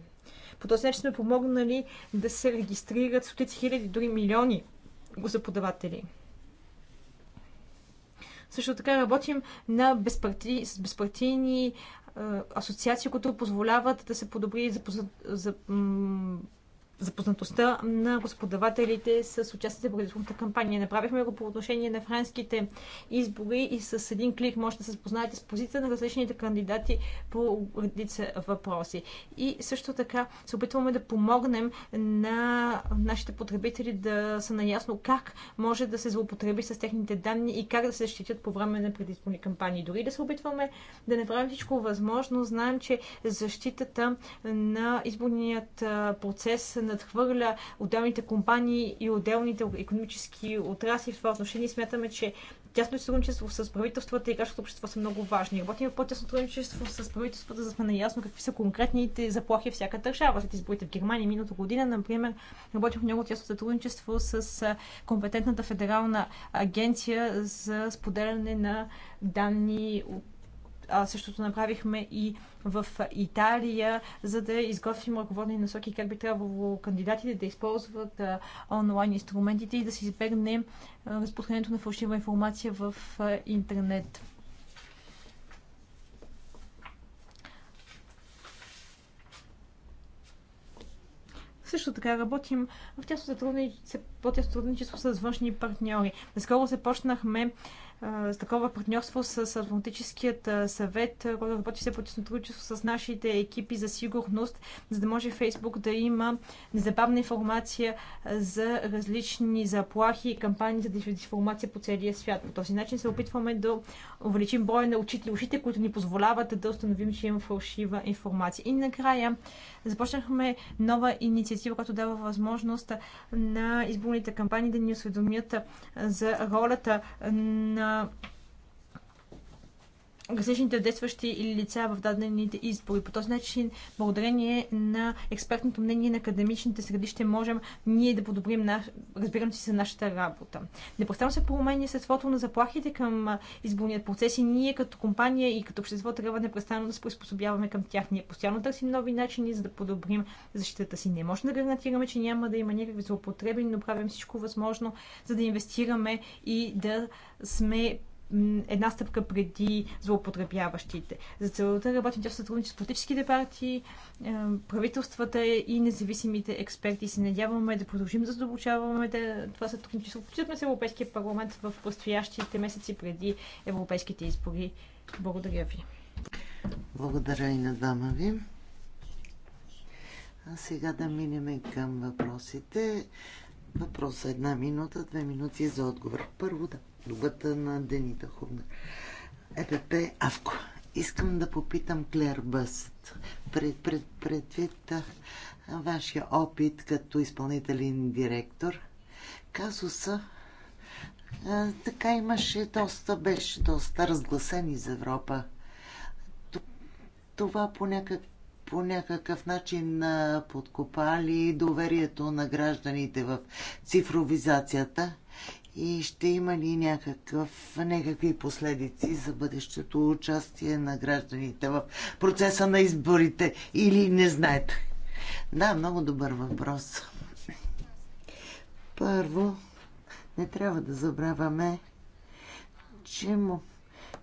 По този начин сме помогнали да се регистрират стотици хиляди, дори милиони господаватели. Също така работим на безпарти, с безпартийни асоциации, които позволяват да се подобри за, за, за запознатостта на господавателите с участите в предизборната кампания. Направихме го по отношение на франските избори и с един клик може да се запознаете с позиция на различните кандидати по редица въпроси. И също така се опитваме да помогнем на нашите потребители да са наясно как може да се злоупотреби с техните данни и как да се защитят по време на предизборни кампании. Дори да се опитваме да направим всичко възможно, знаем, че защитата на изборният процес на надхвърля отделните компании и отделните економически отрасли. В това отношение смятаме, че тясно сътрудничество с правителствата и гражданското общество са много важни. Работим в по-тясно сътрудничество с правителствата, за да сме наясно какви са конкретните заплахи в всяка държава. След изборите в Германия миналата година, например, работим в много тясно сътрудничество с компетентната федерална агенция за споделяне на данни от Същото направихме и в Италия, за да изготвим ръководни насоки как би трябвало кандидатите да използват онлайн инструментите и да се избегне разпространението на фалшива информация в интернет. Също така работим в тясно сътрудничество, по-тясно сътрудничество с външни партньори. Наскоро започнахме с такова партньорство с Атлантическият съвет, който работи все по сътрудничество с нашите екипи за сигурност, за да може Фейсбук да има незабавна информация за различни заплахи и кампании за дезинформация по целия свят. По този начин се опитваме да увеличим броя на очите, ушите, които ни позволяват да установим, че има фалшива информация. И накрая започнахме нова инициатива, която дава възможност на изборните кампании да ни осведомят за ролята на на различните действащи или лица в дадените избори. По този начин, благодарение на експертното мнение на академичните среди, ще можем ние да подобрим наш... разбирам си за нашата работа. Непостоянно се променя следството на заплахите към изборният процес и ние като компания и като общество трябва непрестанно да се приспособяваме към тях. Ние постоянно търсим нови начини, за да подобрим защитата си. Не можем да гарантираме, че няма да има някакви злоупотреби, но правим всичко възможно, за да инвестираме и да сме една стъпка преди злоупотребяващите. За целта работим тя в сътрудничество с политическите партии, е, правителствата и независимите експерти. Се надяваме да продължим да задълбочаваме да, това сътрудничество, включително с Европейския парламент в предстоящите месеци преди европейските избори. Благодаря ви. Благодаря и на двама ви. А сега да минем към въпросите. Въпрос една минута, две минути за отговор. Първо да Любата на Денита Хубна. ЕПП Авко. Искам да попитам Клер Бъст. Пред, пред, предвид вашия опит като изпълнителен директор, казуса а, така имаше доста, беше доста разгласен из Европа. Това по някак по някакъв начин подкопали доверието на гражданите в цифровизацията и ще има ли някакъв, някакви последици за бъдещето участие на гражданите в процеса на изборите или не знаете? Да, много добър въпрос. Първо, не трябва да забравяме, че,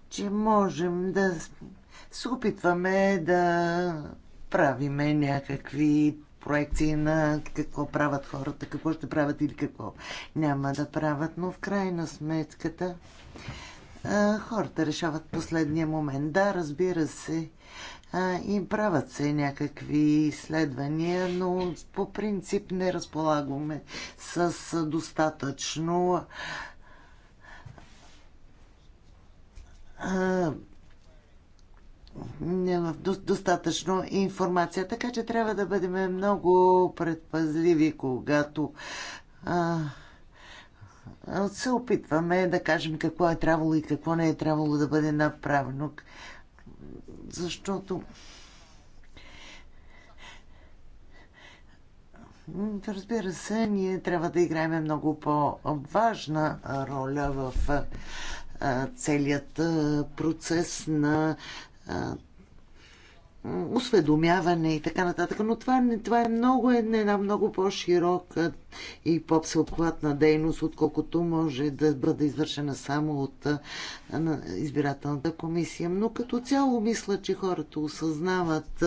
че можем да се опитваме да правиме някакви проекции на какво правят хората, какво ще правят или какво няма да правят, но в крайна сметката а, хората решават последния момент. Да, разбира се, а, и правят се някакви изследвания, но по принцип не разполагаме с достатъчно а, няма достатъчно информация. Така че трябва да бъдем много предпазливи, когато а, се опитваме да кажем какво е трябвало и какво не е трябвало да бъде направено. Защото. Разбира се, ние трябва да играем много по-важна роля в целият процес на осведомяване и така нататък. Но това, това е много е една много по-широка и по-всеобхватна дейност, отколкото може да бъде извършена само от на избирателната комисия. Но като цяло мисля, че хората осъзнават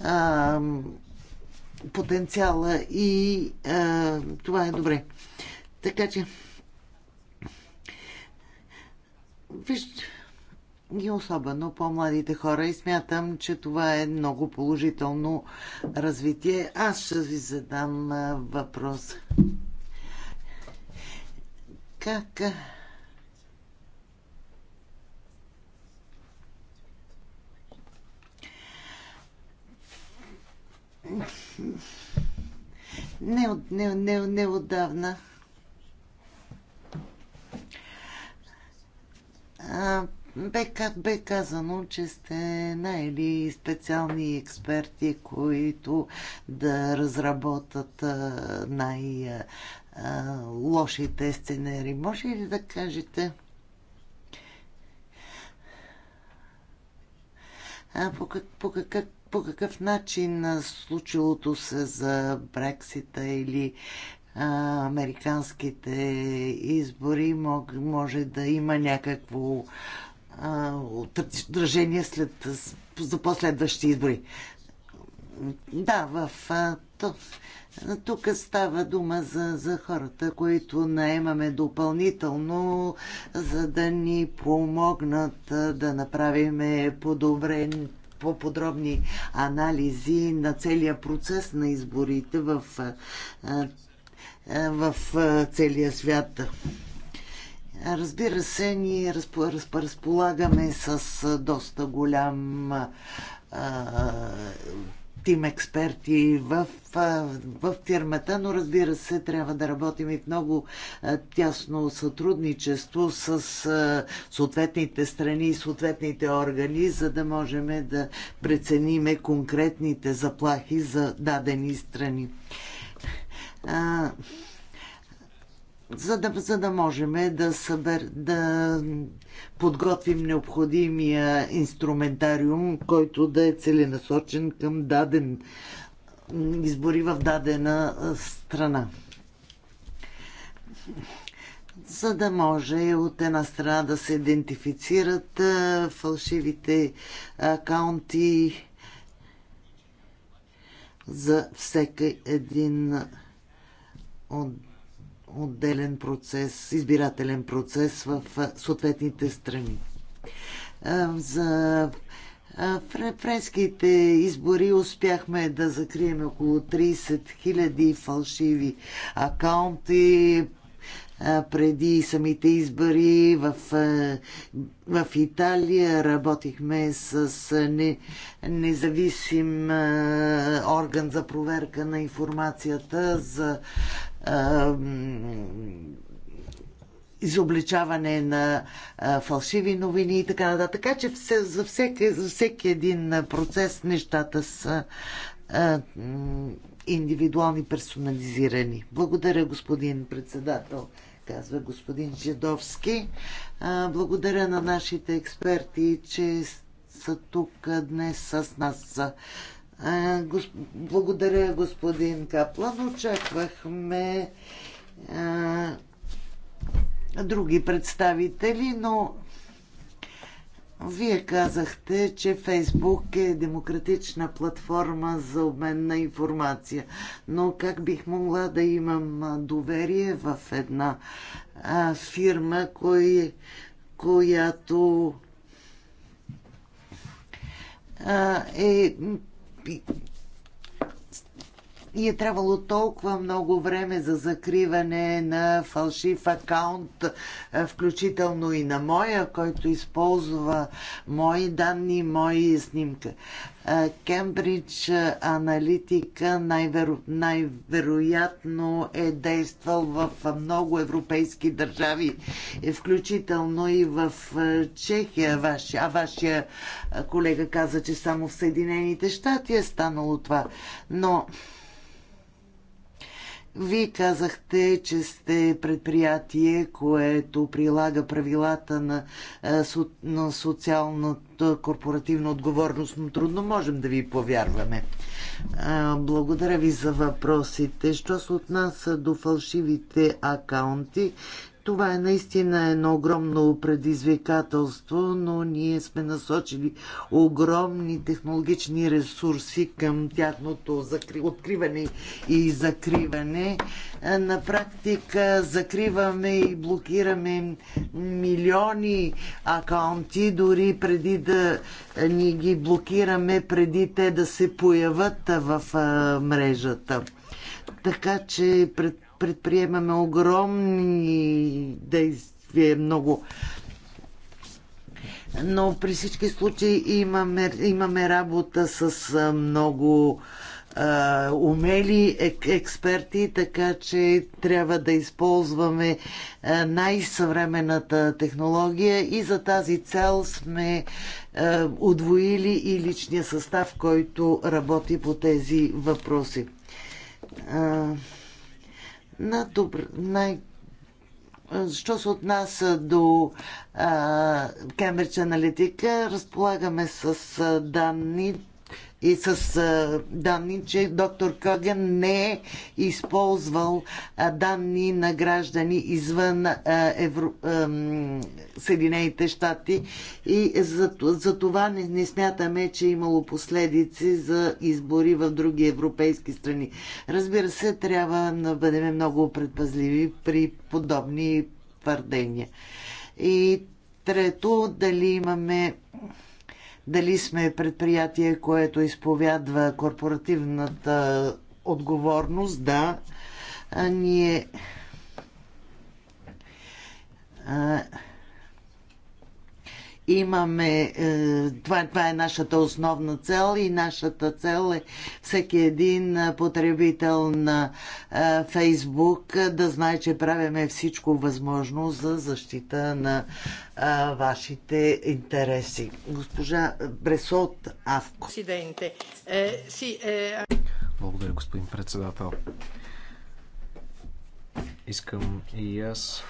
а, потенциала и а, това е добре. Така че. Вижте и особено по-младите хора. И смятам, че това е много положително развитие. Аз ще ви задам въпрос. Как? Не, не, не, не отдавна. А, бе, бе казано, че сте най-ли специални експерти, които да разработат най-лошите сценари Може ли да кажете? А по, как, по, какъв, по какъв начин случилото се за Брексита или а, американските избори мог, може да има някакво отражение след, за последващи избори. Да, в то, тук става дума за, за хората, които наемаме допълнително, за да ни помогнат да направим по-добре, по-подробни анализи на целия процес на изборите в, в целия свят. Разбира се, ние разполагаме с доста голям тим експерти в, в фирмата, но разбира се, трябва да работим и в много тясно сътрудничество с съответните страни и съответните органи, за да можем да прецениме конкретните заплахи за дадени страни за да, за да можем да, събер, да подготвим необходимия инструментариум, който да е целенасочен към даден избори в дадена страна. За да може от една страна да се идентифицират фалшивите акаунти за всеки един от отделен процес, избирателен процес в съответните страни. За френските избори успяхме да закрием около 30 000 фалшиви акаунти преди самите избори в, в Италия. Работихме с не, независим орган за проверка на информацията за изобличаване на а, фалшиви новини и така нататък. Така че все, за, всеки, за всеки един процес нещата са а, индивидуални, персонализирани. Благодаря, господин председател, казва господин Жедовски. А, благодаря на нашите експерти, че са тук днес с нас. Гос... Благодаря, господин Каплан. Очаквахме а, други представители, но вие казахте, че Фейсбук е демократична платформа за обмен на информация. Но как бих могла да имам доверие в една а, фирма, кой, която а, е и е трябвало толкова много време за закриване на фалшив акаунт, е, включително и на моя, който използва мои данни, мои снимки. Кембридж аналитика най-веро, най-вероятно е действал в много европейски държави, е, включително и в Чехия. Ваш, а вашия колега каза, че само в Съединените щати е станало това. Но вие казахте, че сте предприятие, което прилага правилата на, на социалната корпоративна отговорност, но трудно можем да ви повярваме. Благодаря ви за въпросите. Що се отнася до фалшивите акаунти, това е наистина едно огромно предизвикателство, но ние сме насочили огромни технологични ресурси към тяхното закри... откриване и закриване. Е, на практика закриваме и блокираме милиони акаунти, дори преди да ни ги блокираме, преди те да се появат в е, мрежата. Така че пред предприемаме огромни действия, много но при всички случаи имаме, имаме работа с много а, умели ек, експерти, така че трябва да използваме най-съвременната технология и за тази цел сме а, удвоили и личния състав, който работи по тези въпроси. А, на добр... най... Що се отнася до Кембридж Аналитика, разполагаме с данни и с данни, че доктор Коген не е използвал данни на граждани извън Евро... Съединените щати и за, за това не, не смятаме, че е имало последици за избори в други европейски страни. Разбира се, трябва да бъдем много предпазливи при подобни твърдения. И трето, дали имаме дали сме предприятие, което изповядва корпоративната отговорност, да, а ние а, имаме, е, това, това е нашата основна цел и нашата цел е всеки един е, потребител на е, Фейсбук да знае, че правиме всичко възможно за защита на вашите интереси. Госпожа Бресот Авко. Благодаря, господин председател. Искам и аз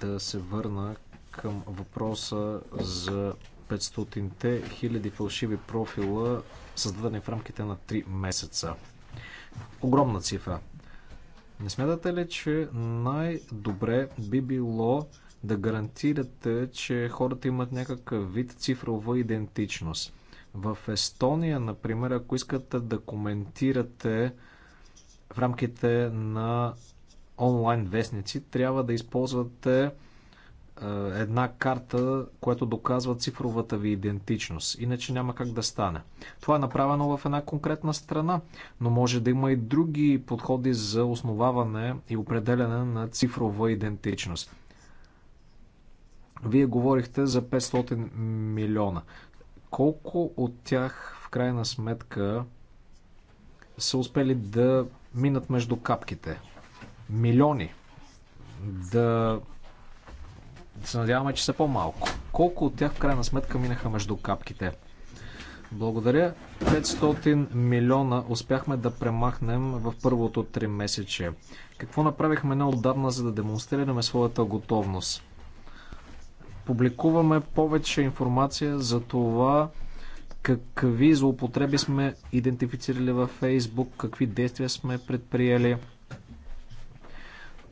да се върна към въпроса за 500-те хиляди фалшиви профила, създадени в рамките на 3 месеца. Огромна цифра. Не смятате ли, че най-добре би било да гарантирате, че хората имат някакъв вид цифрова идентичност? В Естония, например, ако искате да коментирате в рамките на онлайн вестници, трябва да използвате е, една карта, която доказва цифровата ви идентичност. Иначе няма как да стане. Това е направено в една конкретна страна, но може да има и други подходи за основаване и определяне на цифрова идентичност. Вие говорихте за 500 милиона. Колко от тях в крайна сметка са успели да минат между капките? Милиони да да се надяваме, че са по-малко. Колко от тях в крайна сметка минаха между капките? Благодаря. 500 милиона успяхме да премахнем в първото три месече. Какво направихме неотдавна, за да демонстрираме своята готовност? Публикуваме повече информация за това какви злоупотреби сме идентифицирали във Фейсбук, какви действия сме предприели.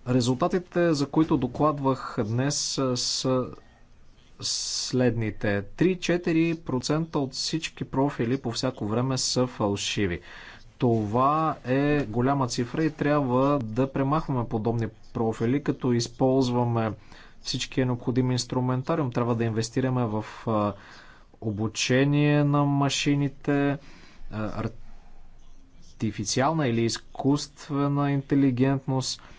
Резултатите, за които докладвах днес, са следните. 3-4% от всички профили по всяко време са фалшиви. Това е голяма цифра и трябва да премахваме подобни профили, като използваме всички необходими инструментариум. Трябва да инвестираме в обучение на машините, артифициална или изкуствена интелигентност –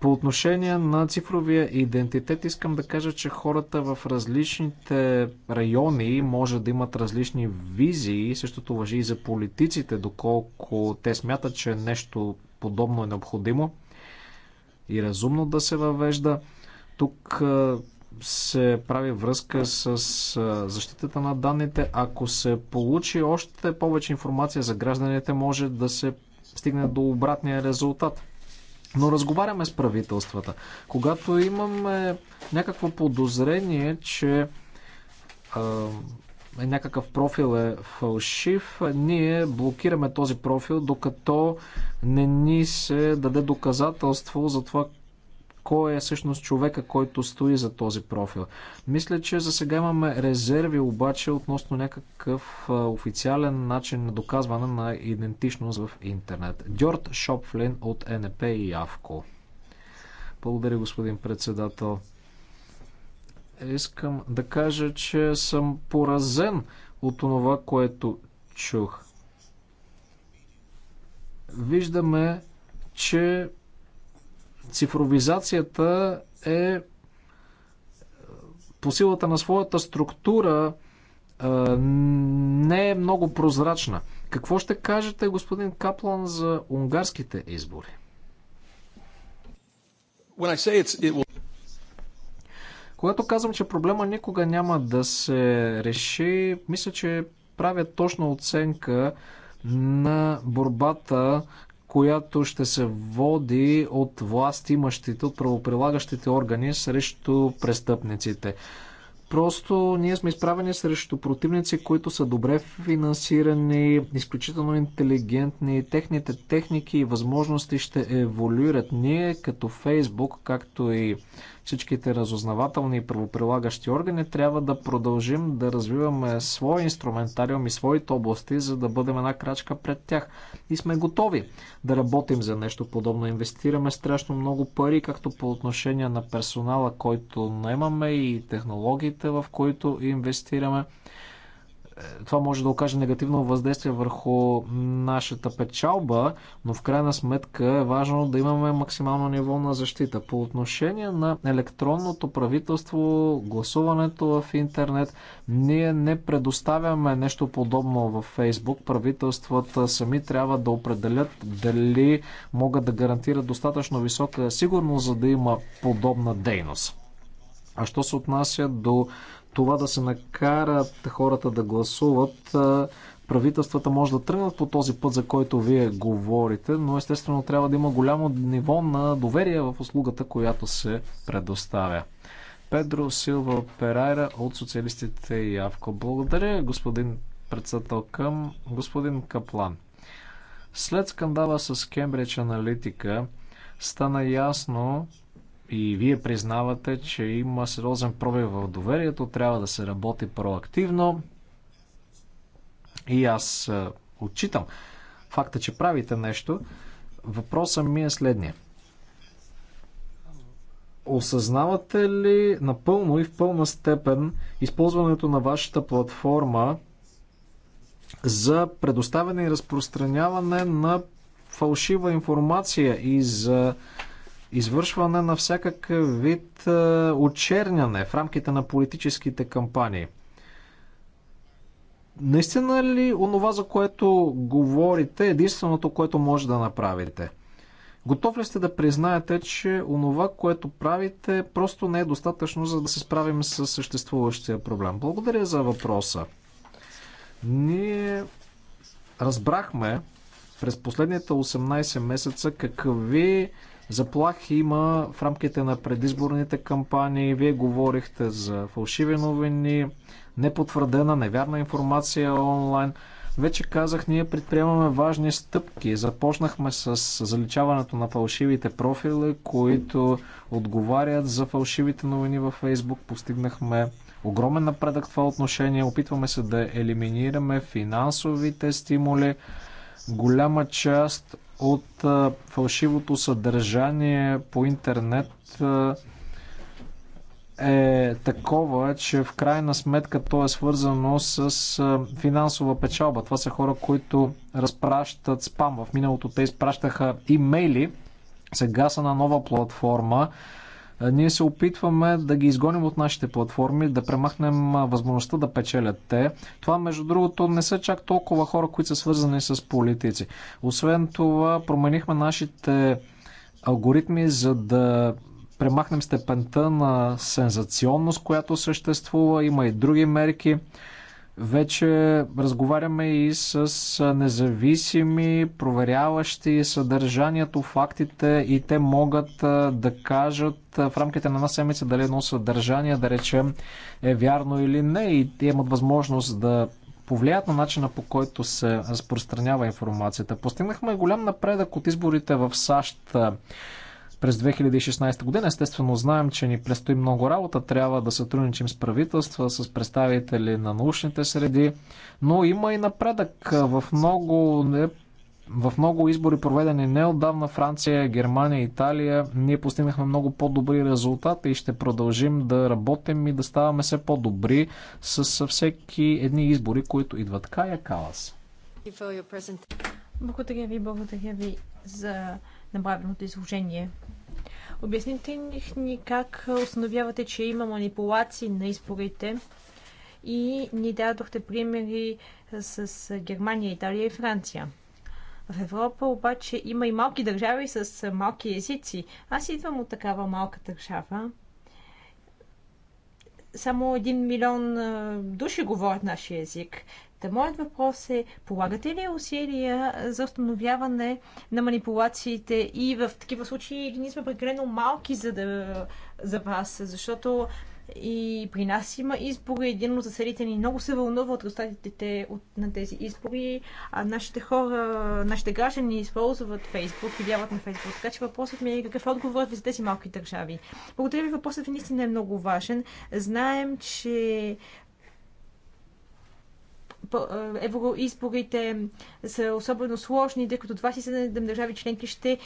по отношение на цифровия идентитет искам да кажа, че хората в различните райони може да имат различни визии. Същото въжи и за политиците, доколко те смятат, че нещо подобно е необходимо и разумно да се въвежда. Тук се прави връзка с защитата на данните. Ако се получи още повече информация за гражданите, може да се стигне до обратния резултат. Но разговаряме с правителствата. Когато имаме някакво подозрение, че е, някакъв профил е фалшив, ние блокираме този профил, докато не ни се даде доказателство за това кой е всъщност човека, който стои за този профил. Мисля, че за сега имаме резерви обаче относно някакъв официален начин на доказване на идентичност в интернет. Дьорд Шопфлин от НП и АВКО. Благодаря, господин председател. Искам да кажа, че съм поразен от това, което чух. Виждаме, че Цифровизацията е по силата на своята структура е, не е много прозрачна. Какво ще кажете, господин Каплан, за унгарските избори? Когато казвам, че проблема никога няма да се реши, мисля, че правя точна оценка на борбата която ще се води от власт имащите, от правоприлагащите органи срещу престъпниците. Просто ние сме изправени срещу противници, които са добре финансирани, изключително интелигентни. Техните техники и възможности ще еволюират. Ние като Фейсбук, както и всичките разузнавателни и правоприлагащи органи, трябва да продължим да развиваме своя инструментариум и своите области, за да бъдем една крачка пред тях. И сме готови да работим за нещо подобно. Инвестираме страшно много пари, както по отношение на персонала, който наймаме и технологиите, в които инвестираме това може да окаже негативно въздействие върху нашата печалба, но в крайна сметка е важно да имаме максимално ниво на защита. По отношение на електронното правителство, гласуването в интернет, ние не предоставяме нещо подобно във Фейсбук. Правителствата сами трябва да определят дали могат да гарантират достатъчно висока сигурност, за да има подобна дейност. А що се отнася до това да се накарат хората да гласуват, правителствата може да тръгнат по този път, за който вие говорите, но естествено трябва да има голямо ниво на доверие в услугата, която се предоставя. Педро Силва Перайра от Социалистите и Авко. Благодаря, господин председател към господин Каплан. След скандала с Кембридж Аналитика стана ясно, и вие признавате, че има сериозен пробив в доверието, трябва да се работи проактивно. И аз отчитам факта, че правите нещо. Въпросът ми е следния. Осъзнавате ли напълно и в пълна степен използването на вашата платформа за предоставяне и разпространяване на фалшива информация и за извършване на всякакъв вид е, очерняне в рамките на политическите кампании. Наистина е ли онова, за което говорите, е единственото, което може да направите? Готов ли сте да признаете, че онова, което правите, просто не е достатъчно, за да се справим с съществуващия проблем? Благодаря за въпроса. Ние разбрахме през последните 18 месеца какви заплахи има в рамките на предизборните кампании. Вие говорихте за фалшиви новини, непотвърдена, невярна информация онлайн. Вече казах, ние предприемаме важни стъпки. Започнахме с заличаването на фалшивите профили, които отговарят за фалшивите новини във Фейсбук. Постигнахме огромен напредък в това отношение. Опитваме се да елиминираме финансовите стимули. Голяма част от фалшивото съдържание по интернет е такова, че в крайна сметка то е свързано с финансова печалба. Това са хора, които разпращат спам. В миналото те изпращаха имейли, сега са на нова платформа ние се опитваме да ги изгоним от нашите платформи, да премахнем възможността да печелят те. Това, между другото, не са чак толкова хора, които са свързани с политици. Освен това, променихме нашите алгоритми, за да премахнем степента на сензационност, която съществува. Има и други мерки. Вече разговаряме и с независими, проверяващи съдържанието, фактите и те могат да кажат в рамките на една седмица дали едно съдържание, да речем, е вярно или не и те имат възможност да повлият на начина по който се разпространява информацията. Постигнахме голям напредък от изборите в САЩ през 2016 година. Естествено знаем, че ни предстои много работа. Трябва да сътрудничим с правителства, с представители на научните среди, но има и напредък в много в много избори, проведени неотдавна Франция, Германия, Италия, ние постигнахме много по-добри резултати и ще продължим да работим и да ставаме все по-добри с всеки едни избори, които идват. Кая Калас. Благодаря ви, благодаря ви за направеното изложение. Обясните ни как установявате, че има манипулации на изборите и ни дадохте примери с Германия, Италия и Франция. В Европа обаче има и малки държави с малки езици. Аз идвам от такава малка държава. Само един милион души говорят нашия език. Та моят въпрос е, полагате ли усилия за установяване на манипулациите и в такива случаи или ние сме прекалено малки за, да, за вас, защото и при нас има избори. Един от заседите ни много се вълнува от резултатите на тези избори. А нашите хора, нашите граждани използват Фейсбук и вярват на Фейсбук. Така че въпросът ми е какъв е отговорът ви за тези малки държави. Благодаря ви, въпросът ви наистина е много важен. Знаем, че е, евроизборите са особено сложни, тъй като 27 държави членки ще е,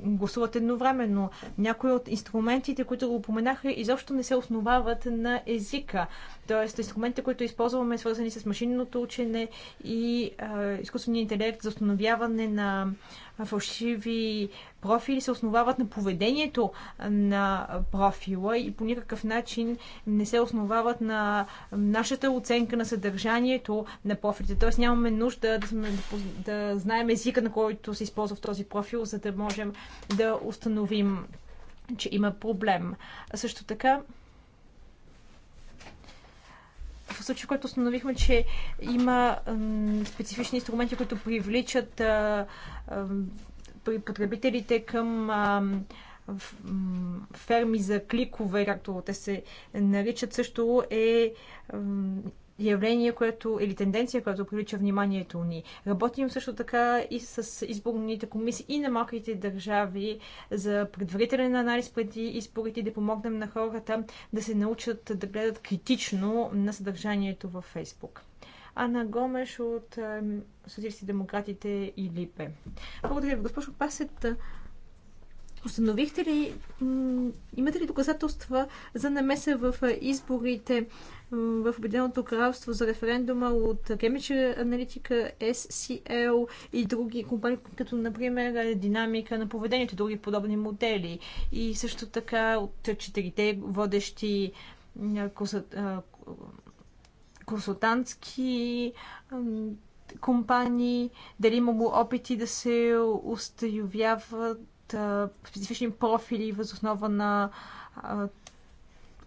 гласуват едновременно. Някои от инструментите, които го упоменаха, изобщо не се основават на езика. Тоест, инструментите, които използваме, е свързани с машинното учене и а, изкуствения интелект за установяване на фалшиви профили, се основават на поведението на профила и по никакъв начин не се основават на нашата оценка на съдържанието на профилите. Тоест, нямаме нужда да, сме, да знаем езика, на който се използва в този профил, за да можем да установим, че има проблем. А също така, в случай, в който установихме, че има специфични инструменти, които привличат потребителите към ферми за кликове, както те се наричат, също е явление, което или тенденция, която привлича вниманието ни. Работим също така и с изборните комисии и на малките държави за предварителен анализ преди изборите и да помогнем на хората да се научат да гледат критично на съдържанието във Фейсбук. Ана Гомеш от Социалисти демократите и Липе. Благодаря ви, госпожо Пасет. Установихте ли, имате ли доказателства за намеса в е, изборите в Обединеното кралство за референдума от Cambridge Analytica, SCL и други компании, като например динамика на поведението и други подобни модели. И също така от четирите водещи консултантски компании, дали имало опити да се установяват специфични профили въз основа на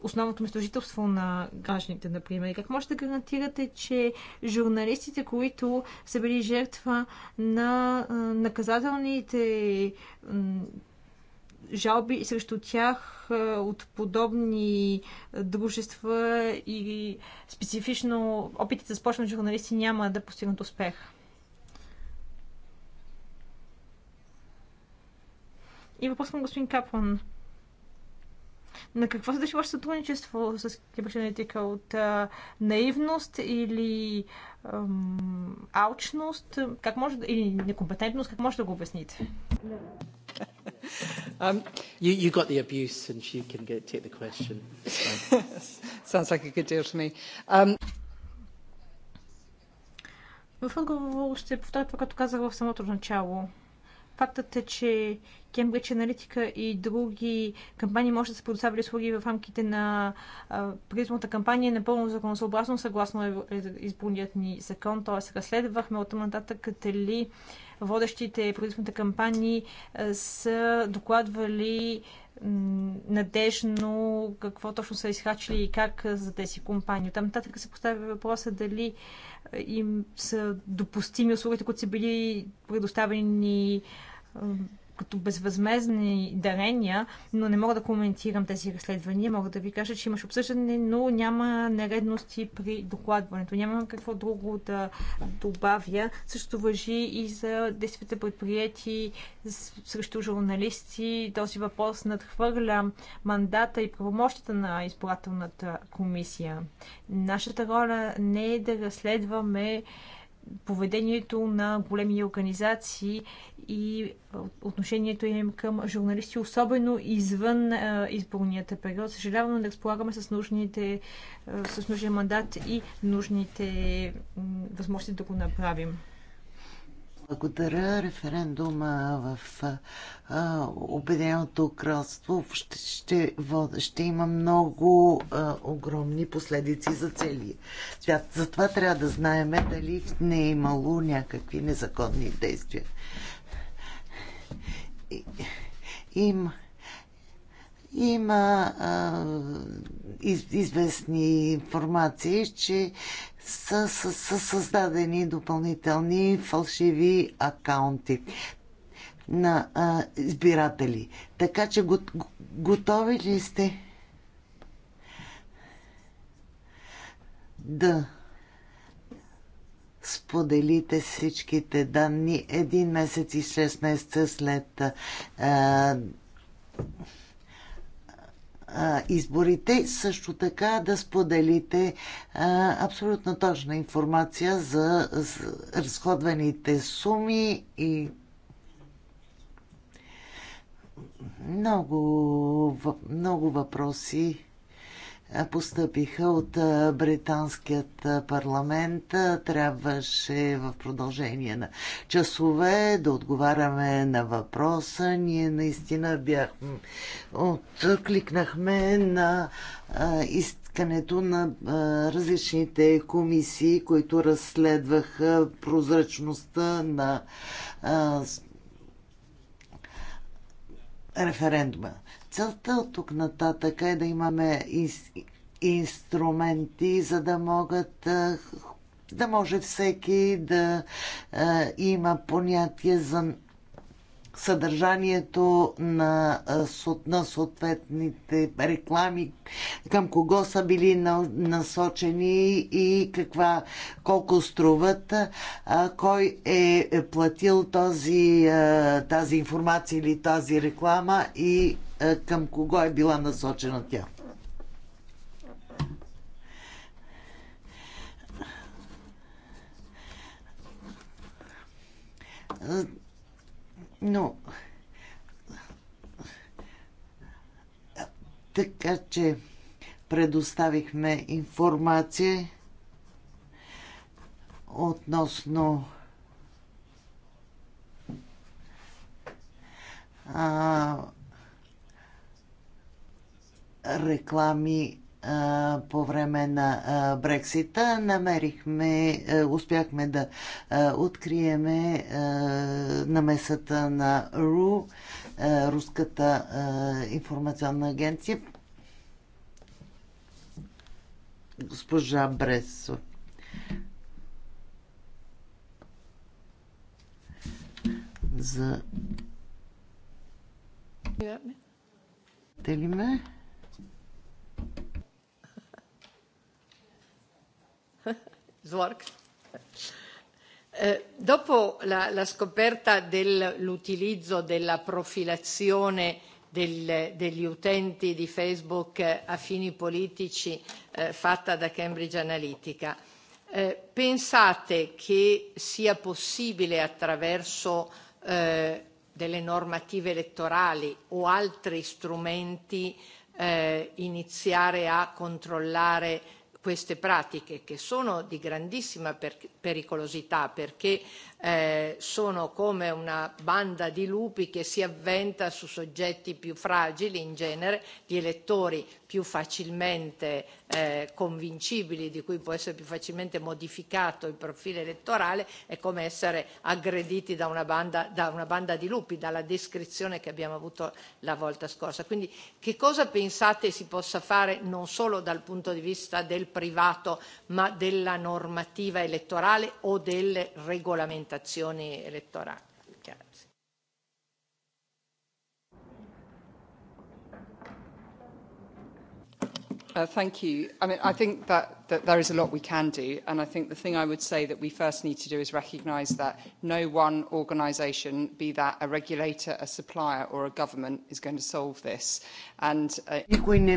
основното местожителство на гражданите, например? Как може да гарантирате, че журналистите, които са били жертва на наказателните жалби срещу тях от подобни дружества и специфично опитите за започнат журналисти няма да постигнат успех? И въпрос към господин Каплан. На какво се ваше сътрудничество с Cambridge От а, наивност или ам, алчност? Как може, да, или некомпетентност? Как може да го обясните? Um, you, you got the abuse, and you can get, take the question. Sounds like a good deal to me. Um... В отговор ще повторя това, като казах в самото начало. Фактът е, че Кембридж Аналитика и други кампании може да са предоставили услуги в рамките на призмата кампания е напълно законосъобразно, съгласно изборният ни закон. Тоест, разследвахме от нататък дали водещите предизборните кампании са докладвали надежно какво точно са изхачили и как за тези компании. Там нататък се поставя въпроса дали им са допустими услугите, които са били предоставени като безвъзмезни дарения, но не мога да коментирам тези разследвания. Мога да ви кажа, че имаш обсъждане, но няма нередности при докладването. Нямам какво друго да добавя. Също въжи и за действията предприяти срещу журналисти. Този въпрос надхвърля мандата и правомощите на избирателната комисия. Нашата роля не е да разследваме поведението на големи организации и отношението им към журналисти, особено извън изборнията период. Съжалявам да разполагаме с, нужните, с нужния мандат и нужните възможности да го направим. Благодаря. Референдума в а, Обединеното кралство ще, ще, ще има много а, огромни последици за целия свят. Затова трябва да знаеме дали не е имало някакви незаконни действия. И, им, има а, из, известни информации, че са, са, са създадени допълнителни фалшиви акаунти на а, избиратели. Така че го, готови ли сте да споделите всичките данни един месец и 6 месеца след а, изборите, също така да споделите а, абсолютно точна информация за, за разходваните суми и много, много въпроси постъпиха от британският парламент. Трябваше в продължение на часове да отговаряме на въпроса. Ние наистина бяхме, откликнахме на искането на различните комисии, които разследваха прозрачността на референдума. Целта от тук нататък е да имаме из, инструменти, за да могат да може всеки да а, има понятие за съдържанието на, на съответните реклами, към кого са били насочени и каква, колко струват, кой е, е платил този, тази информация или тази реклама и е, към кого е била насочена тя. Е, но. Така че предоставихме информация относно а, реклами по време на Брексита. Намерихме, успяхме да откриеме намесата на РУ, Руската информационна агенция. Госпожа Бресо. За... Те ли ме? Dopo la, scoperta dell'utilizzo della profilazione degli utenti di Facebook a fini politici fatta da Cambridge Analytica, pensate che sia possibile attraverso delle normative elettorali o altri strumenti eh, iniziare a controllare queste pratiche che sono di grandissima pericolosità perché sono come una banda di lupi che si avventa su soggetti più fragili in genere, gli elettori più facilmente convincibili, di cui può essere più facilmente modificato il profilo elettorale, è come essere aggrediti da una banda, da una banda di lupi, dalla descrizione che abbiamo avuto la volta scorsa. Quindi che cosa pensate si possa fare non solo dal punto di vista del privato, ma della normativa elettorale o delle regolamentazioni? frammentazioni elettorali. Uh, thank you. I mean, I think that that there is a lot we can do. And I think the thing I would say that we first need to do is recognise that no one organisation, be that a regulator, a supplier or a government, is going to solve this. And, uh... Никой не...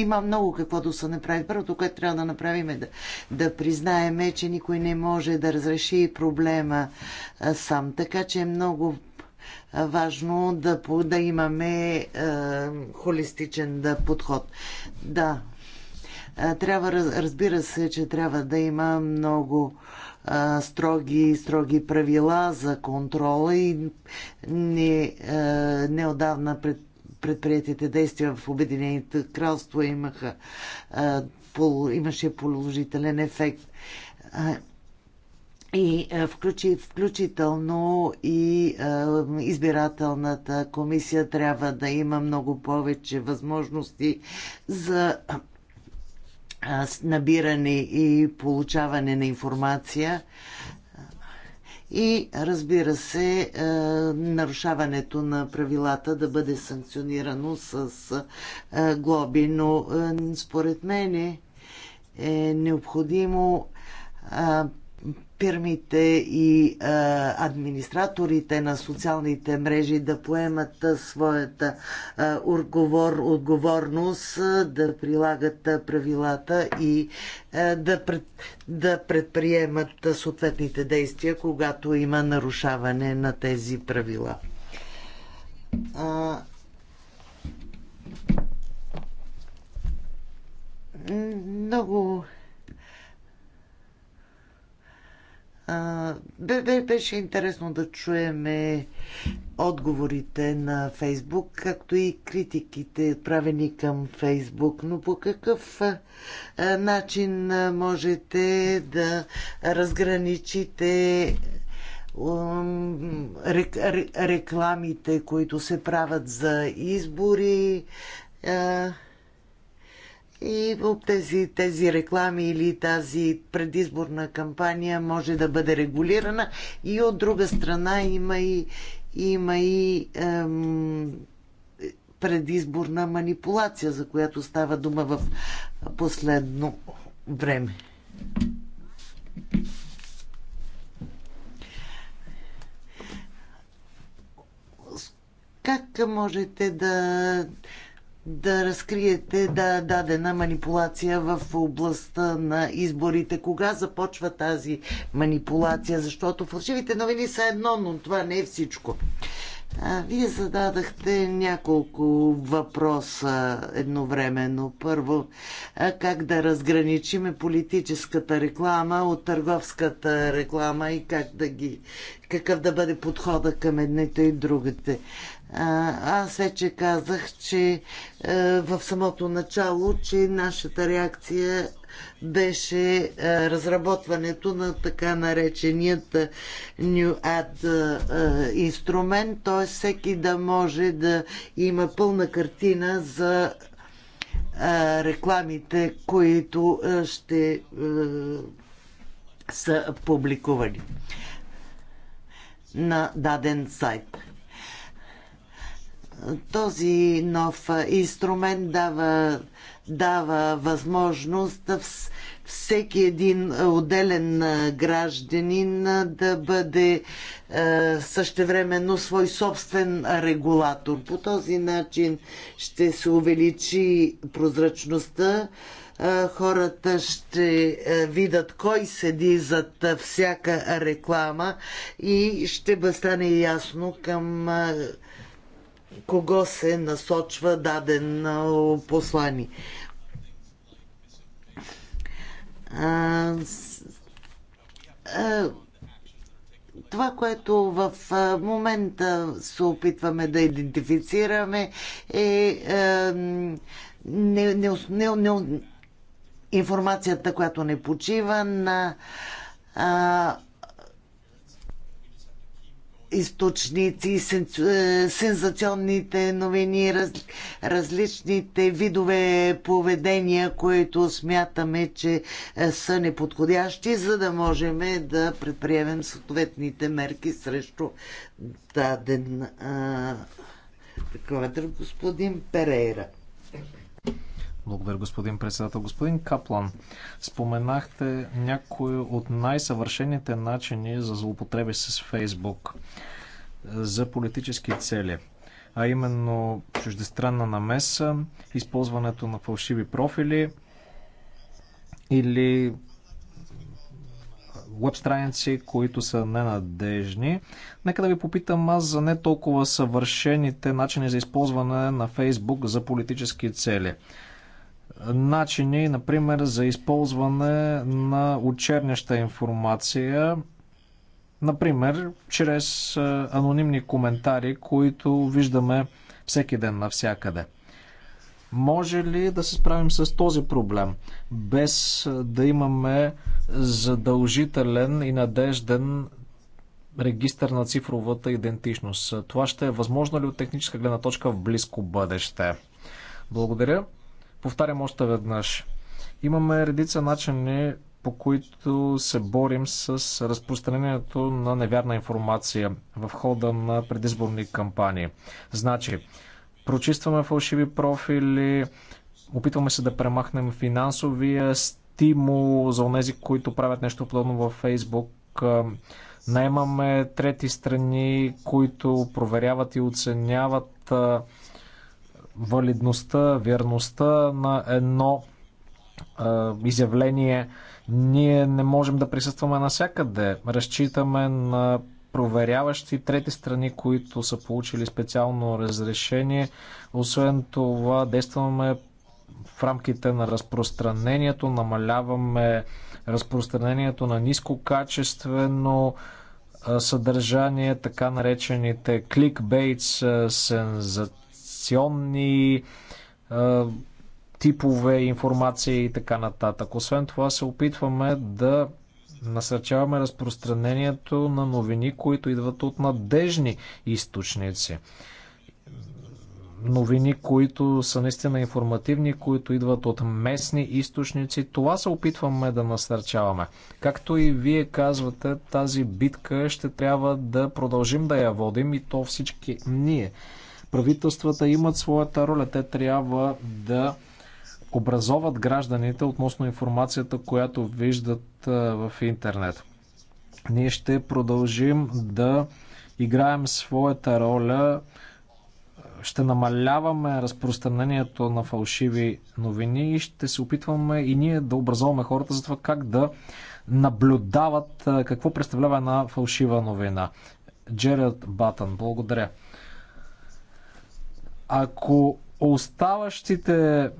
Има много какво да се направи. Първото, което трябва да направим е да, да признаем, е, че никой не може да разреши проблема сам. Така че е много важно да, да имаме е, холистичен да, подход. Да, трябва, разбира се, че трябва да има много строги, строги правила за контрола и не, неодавна пред, предприятите действия в Обединените кралство имаха, имаше положителен ефект и включи, включително и а, избирателната комисия трябва да има много повече възможности за набиране и получаване на информация и разбира се нарушаването на правилата да бъде санкционирано с глоби. Но според мен е необходимо фирмите и а, администраторите на социалните мрежи да поемат своята а, отговор, отговорност, да прилагат правилата и а, да, пред, да предприемат съответните действия, когато има нарушаване на тези правила. А, много Беше интересно да чуеме отговорите на Фейсбук, както и критиките, правени към Фейсбук. Но по какъв начин можете да разграничите рекламите, които се правят за избори? И от тези, тези реклами или тази предизборна кампания може да бъде регулирана. И от друга страна има и, има и ем, предизборна манипулация, за която става дума в последно време. Как можете да да разкриете да, дадена манипулация в областта на изборите. Кога започва тази манипулация? Защото фалшивите новини са едно, но това не е всичко. А, вие зададахте няколко въпроса едновременно. Първо, как да разграничиме политическата реклама от търговската реклама и как да ги, какъв да бъде подхода към едните и другите. Аз вече казах, че е, в самото начало, че нашата реакция беше е, разработването на така нареченият New Ad е, инструмент, т.е. всеки да може да има пълна картина за рекламите, които ще са публикувани на даден сайт. Този нов инструмент дава, дава възможност всеки един отделен гражданин да бъде същевременно свой собствен регулатор. По този начин ще се увеличи прозрачността, хората ще видят кой седи зад всяка реклама и ще стане ясно към кого се насочва даден послание. А, а, това, което в момента се опитваме да идентифицираме е, не, не, не, не, информацията, която не почива на а, източници, е, сензационните новини, раз, различните видове поведения, които смятаме, че е, са неподходящи, за да можем да предприемем съответните мерки срещу даден а, е, такова, господин Перейра. Благодаря, господин председател. Господин Каплан, споменахте някои от най-съвършените начини за злоупотреби с Фейсбук е, за политически цели, а именно чуждестранна намеса, използването на фалшиви профили или веб страници, които са ненадежни. Нека да ви попитам аз за не толкова съвършените начини за използване на Фейсбук за политически цели начини, например, за използване на очерняща информация, например, чрез анонимни коментари, които виждаме всеки ден навсякъде. Може ли да се справим с този проблем, без да имаме задължителен и надежден регистър на цифровата идентичност? Това ще е възможно ли от техническа гледна точка в близко бъдеще? Благодаря. Повтарям още веднъж. Имаме редица начини по които се борим с разпространението на невярна информация в хода на предизборни кампании. Значи, прочистваме фалшиви профили, опитваме се да премахнем финансовия стимул за онези, които правят нещо подобно във Фейсбук. Наемаме трети страни, които проверяват и оценяват валидността, верността на едно изявление. Ние не можем да присъстваме навсякъде. Разчитаме на проверяващи трети страни, които са получили специално разрешение. Освен това, действаме в рамките на разпространението, намаляваме разпространението на нискокачествено съдържание, така наречените кликбейтс, сензат информационни типове информация и така нататък. Освен това се опитваме да насърчаваме разпространението на новини, които идват от надежни източници. Новини, които са наистина информативни, които идват от местни източници. Това се опитваме да насърчаваме. Както и вие казвате, тази битка ще трябва да продължим да я водим и то всички ние Правителствата имат своята роля. Те трябва да образоват гражданите относно информацията, която виждат в интернет. Ние ще продължим да играем своята роля, ще намаляваме разпространението на фалшиви новини и ще се опитваме и ние да образоваме хората за това как да наблюдават какво представлява една фалшива новина. Джеред Батън, благодаря. Ако оставащите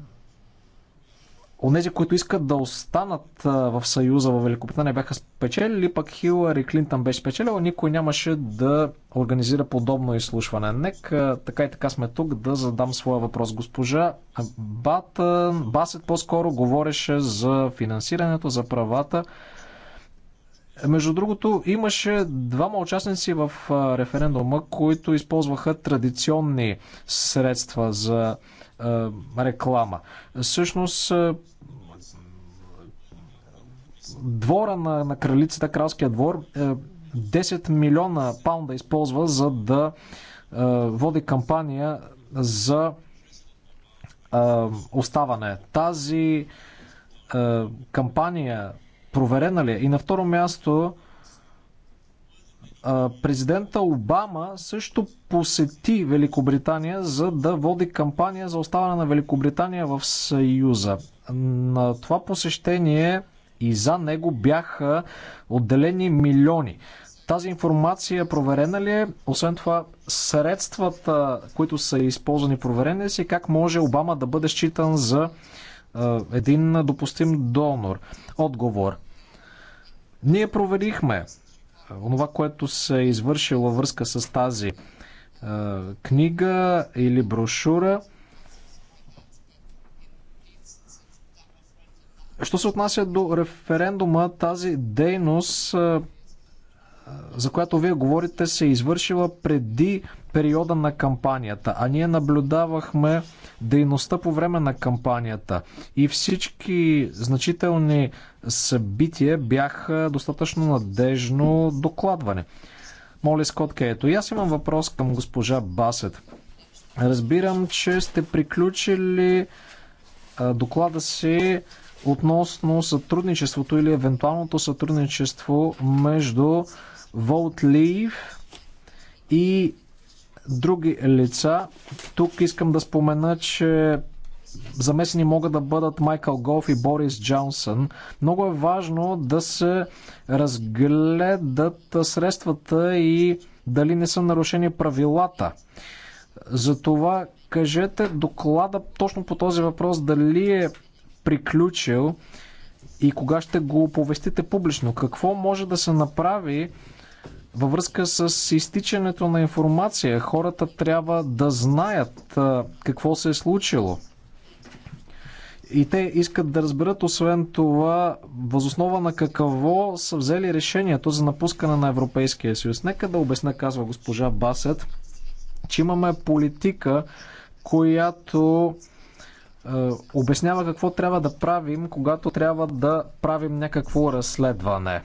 Онези, които искат да останат в Съюза в Великобритания бяха спечелили, пък Хилари Клинтън беше спечелил, никой нямаше да организира подобно изслушване. Нека така и така сме тук да задам своя въпрос. Госпожа Батън, Басет по-скоро говореше за финансирането, за правата между другото, имаше двама участници в референдума, които използваха традиционни средства за е, реклама. Същност е, двора на, на кралицата, кралския двор, е, 10 милиона паунда използва, за да е, води кампания за е, оставане. Тази е, кампания проверена ли е? И на второ място, президента Обама също посети Великобритания, за да води кампания за оставане на Великобритания в Съюза. На това посещение и за него бяха отделени милиони. Тази информация проверена ли е? Освен това, средствата, които са използвани, проверени си? Как може Обама да бъде считан за един допустим донор. Отговор. Ние проверихме онова, което се е извършило връзка с тази книга или брошура. Що се отнася до референдума, тази дейност за която вие говорите, се е извършила преди периода на кампанията, а ние наблюдавахме дейността по време на кампанията и всички значителни събития бяха достатъчно надежно докладване. Моли Скотка, ето. И аз имам въпрос към госпожа Басет. Разбирам, че сте приключили доклада си относно сътрудничеството или евентуалното сътрудничество между Волт Лив и други лица. Тук искам да спомена, че замесени могат да бъдат Майкъл Голф и Борис Джонсън. Много е важно да се разгледат средствата и дали не са нарушени правилата. Затова кажете доклада точно по този въпрос дали е приключил и кога ще го оповестите публично. Какво може да се направи, във връзка с изтичането на информация. Хората трябва да знаят какво се е случило. И те искат да разберат, освен това, възоснова на какво са взели решението за напускане на Европейския съюз. Нека да обясня, казва госпожа Басет, че имаме политика, която е, обяснява какво трябва да правим, когато трябва да правим някакво разследване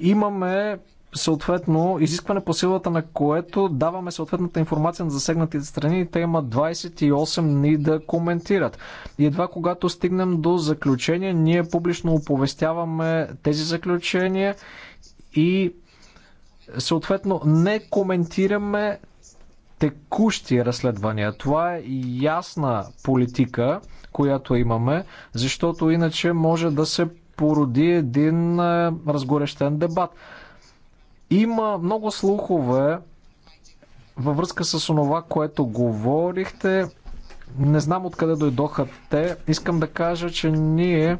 имаме съответно изискване по силата на което даваме съответната информация на засегнатите страни и те имат 28 дни да коментират. И едва когато стигнем до заключение, ние публично оповестяваме тези заключения и съответно не коментираме текущи разследвания. Това е ясна политика, която имаме, защото иначе може да се породи един е, разгорещен дебат. Има много слухове във връзка с онова, което говорихте. Не знам откъде дойдоха те. Искам да кажа, че ние е,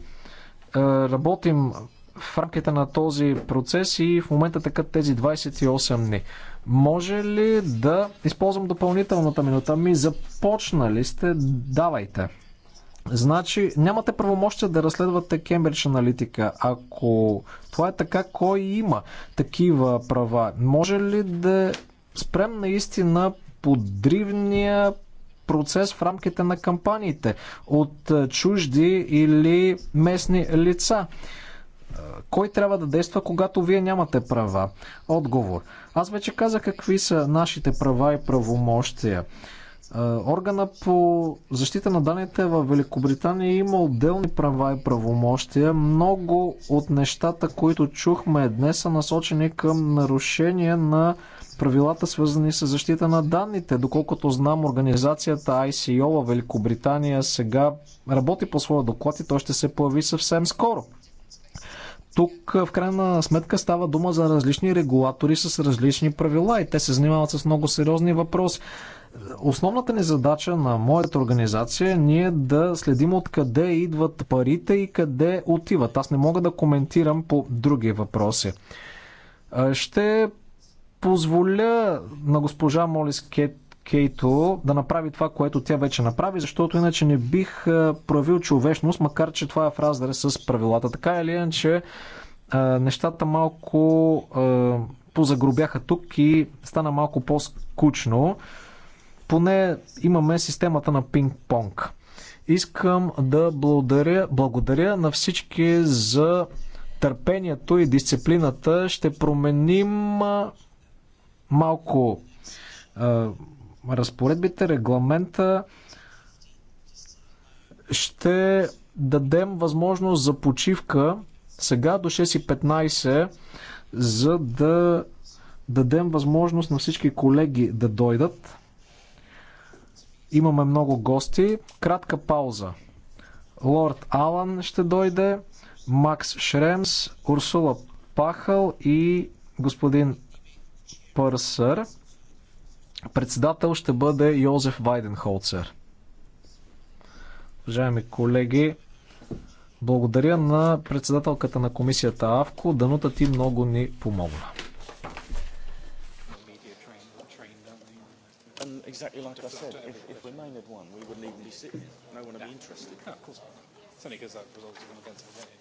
работим в рамките на този процес и в момента така тези 28 дни. Може ли да използвам допълнителната минута ми? Започнали сте? Давайте. Значи, нямате правомощия да разследвате Кембридж аналитика. Ако това е така, кой има такива права? Може ли да спрем наистина подривния процес в рамките на кампаниите от е, чужди или местни лица? Е, кой трябва да действа, когато вие нямате права? Отговор. Аз вече казах какви са нашите права и правомощия. Органа по защита на данните в Великобритания има отделни права и правомощия. Много от нещата, които чухме днес, са насочени към нарушение на правилата, свързани с защита на данните. Доколкото знам, организацията ICO във Великобритания сега работи по своя доклад и той ще се появи съвсем скоро. Тук в крайна сметка става дума за различни регулатори с различни правила и те се занимават с много сериозни въпроси. Основната ни задача на моята организация е ние да следим откъде идват парите и къде отиват. Аз не мога да коментирам по други въпроси. Ще позволя на госпожа Молис Кет Кейто да направи това, което тя вече направи, защото иначе не бих проявил човечност, макар че това е в разрез с правилата. Така или иначе, нещата малко позагробяха тук и стана малко по-скучно. Поне имаме системата на пинг-понг. Искам да благодаря, благодаря на всички за търпението и дисциплината. Ще променим малко е, разпоредбите, регламента. Ще дадем възможност за почивка сега до 6.15, за да дадем възможност на всички колеги да дойдат. Имаме много гости. Кратка пауза. Лорд Алан ще дойде, Макс Шремс, Урсула Пахал и господин Пърсър. Председател ще бъде Йозеф Вайденхолцер. Уважаеми колеги, благодаря на председателката на комисията Авко. Данута ти много ни помогна. exactly like I said, if, if Remain had won, we wouldn't even be sitting here. No one would be interested. No, of course not. It's only because that result has to the game.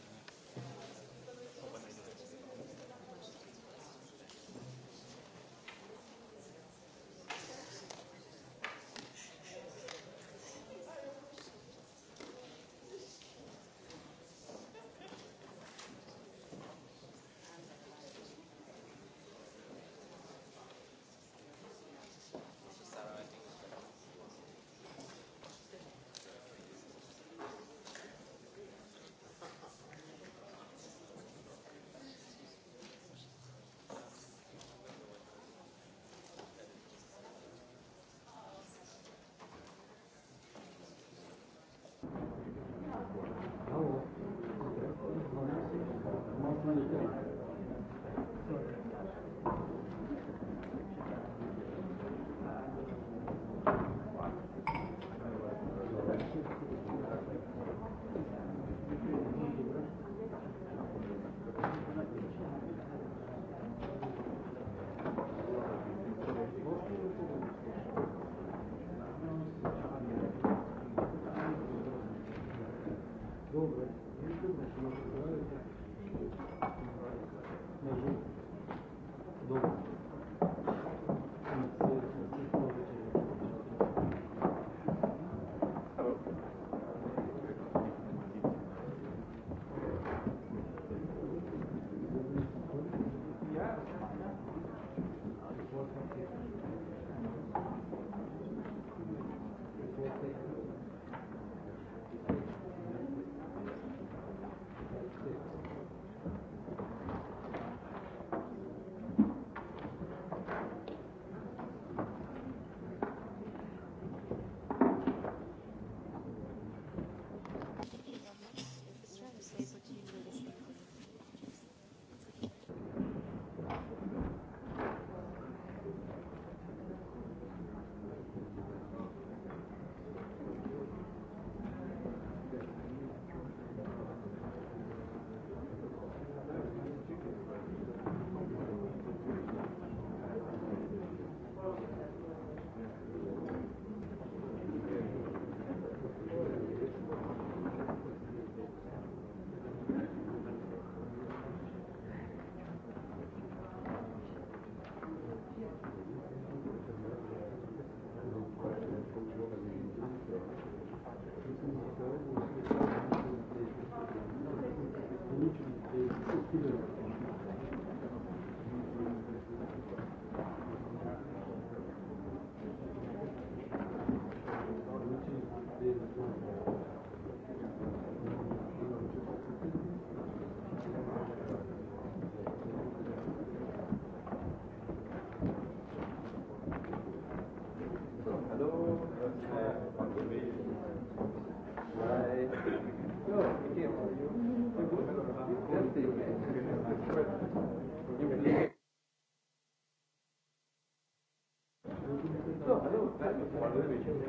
Pardon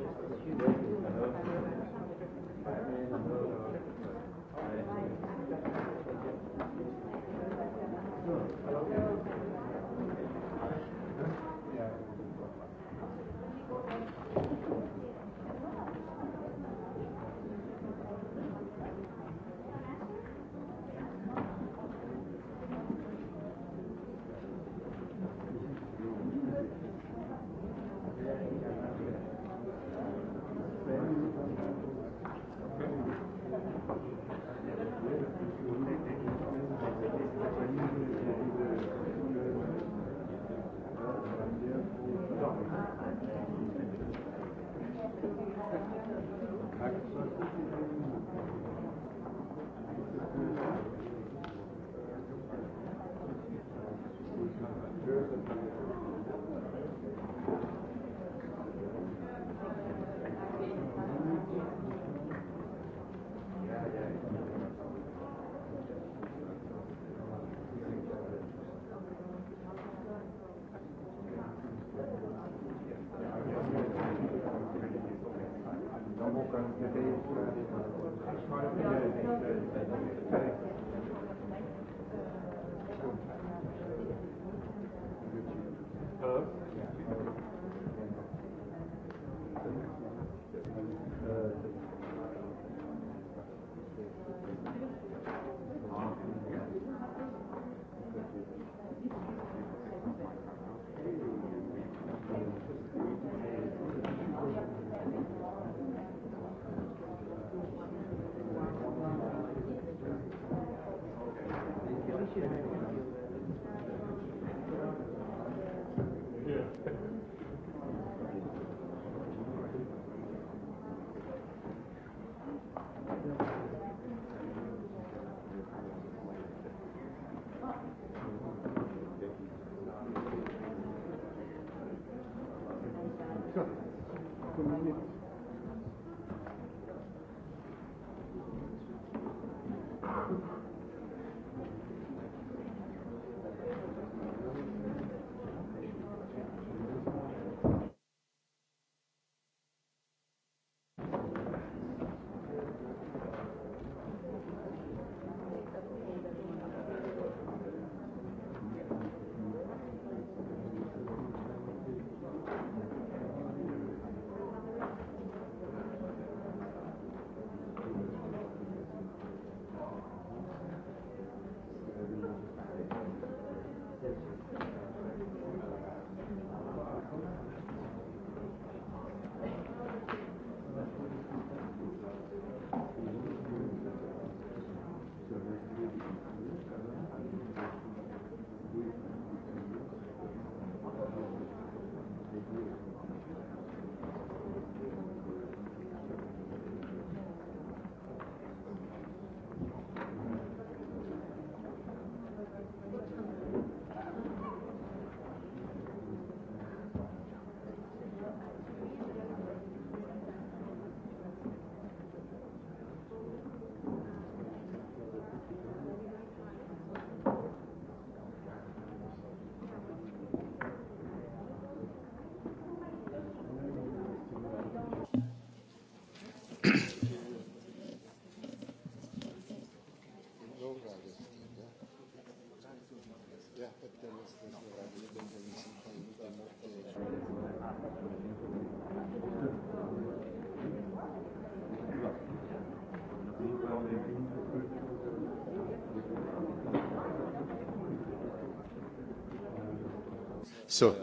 So,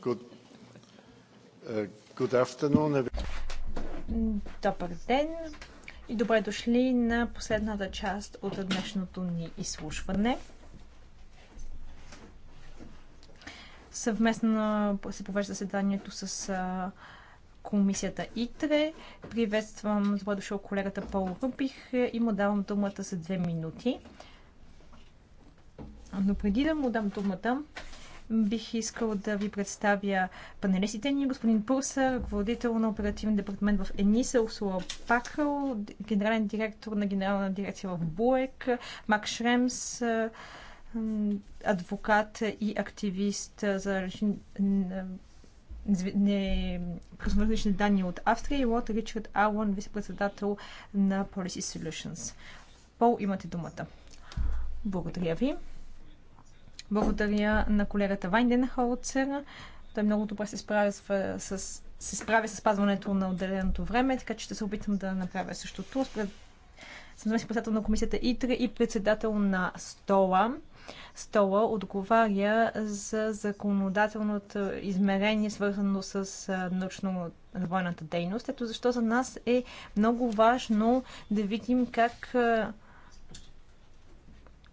good, uh, good afternoon. Добър ден и добре дошли на последната част от днешното ни изслушване. Съвместно се провежда заседанието с комисията ИТРЕ. Приветствам, добре дошъл колегата Пол Рубих и му давам думата за две минути. Но преди да му дам думата, бих искал да ви представя панелистите ни. Господин Пурса, ръководител на оперативен департамент в ЕНИСА, Усула Пакъл, генерален директор на генерална дирекция в БУЕК, Мак Шремс, адвокат и активист за различни данни от Австрия и Лот Ричард Алън, вице-председател на Policy Solutions. Пол, имате думата. Благодаря ви. Благодаря на колегата Вайнден Холцер. Той много добре се справя с, с, се справя с спазването на отделеното време, така че ще се опитам да направя същото. Съм заместник председател на комисията ИТРА и председател на СТОЛА стола отговаря за законодателното измерение, свързано с научно военната дейност. Ето защо за нас е много важно да видим как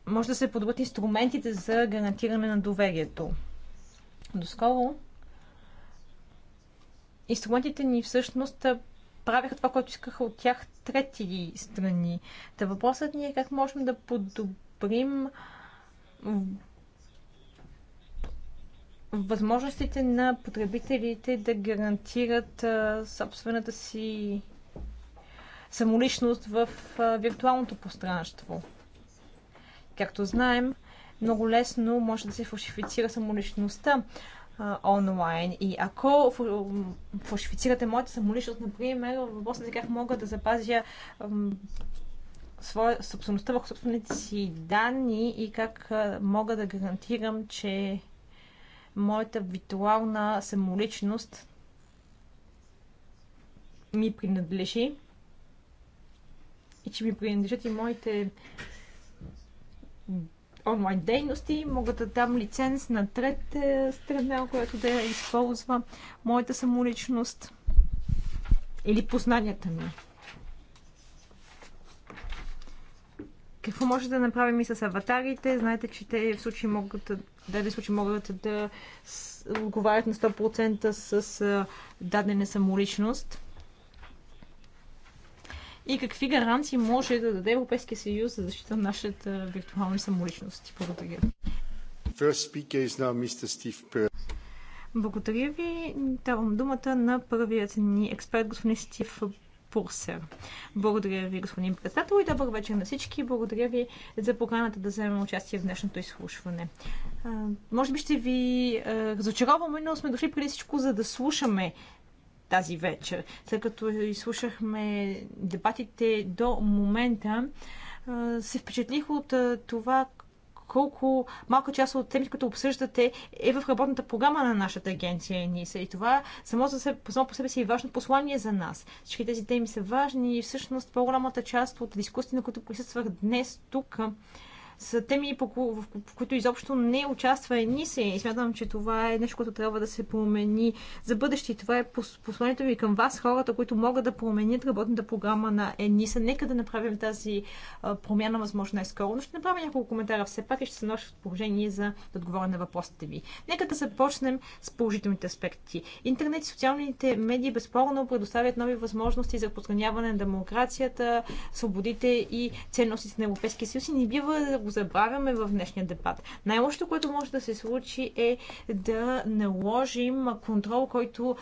може да се подобрят инструментите за гарантиране на доверието. Доскоро инструментите ни всъщност правяха това, което искаха от тях трети страни. Та въпросът ни е как можем да подобрим възможностите на потребителите да гарантират собствената си самоличност в виртуалното пространство. Както знаем, много лесно може да се фалшифицира самоличността а, онлайн. И ако фалшифицирате моята самоличност, например, въпросът е как мога да запазя своя собствеността върху собствените си данни и как мога да гарантирам, че моята виртуална самоличност ми принадлежи и че ми принадлежат и моите онлайн дейности, мога да дам лиценз на трета страна, която да използва моята самоличност или познанията ми. Какво може да направим и с аватарите? Знаете, че те в случай могат, да, случай могат да отговарят на 100% с дадена самоличност. И какви гаранции може да даде Европейския съюз за защита на нашата виртуална самоличност? Благодаря. Благодаря ви. Давам думата на първият ни експерт, господин Стив Пурсер. Благодаря ви, господин председател, и добър вечер на всички. Благодаря ви за поканата да вземем участие в днешното изслушване. А, може би ще ви а, разочароваме, но сме дошли преди всичко за да слушаме тази вечер. След като изслушахме дебатите до момента, се впечатлих от това колко малка част от темите, които обсъждате, е в работната програма на нашата агенция ЕНИСА. И това само, за себе, само по себе си е важно послание за нас. Всички тези теми са важни и всъщност по-голямата част от дискусите, на които присъствах днес тук, са теми, в които изобщо не участва се, И смятам, че това е нещо, което трябва да се промени за бъдеще. И това е посланието ви към вас, хората, които могат да променят работната програма на ЕНИСА. Нека да направим тази промяна, възможно най-скоро. Но ще направя няколко коментара все пак и ще се ноша в положение за да отговоря на въпросите ви. Нека да започнем с положителните аспекти. Интернет и социалните медии безспорно предоставят нови възможности за разпространяване на демокрацията, свободите и ценностите на Европейския съюз и не бива да го забравяме в днешния дебат. Най-лошото, което може да се случи е да наложим контрол, който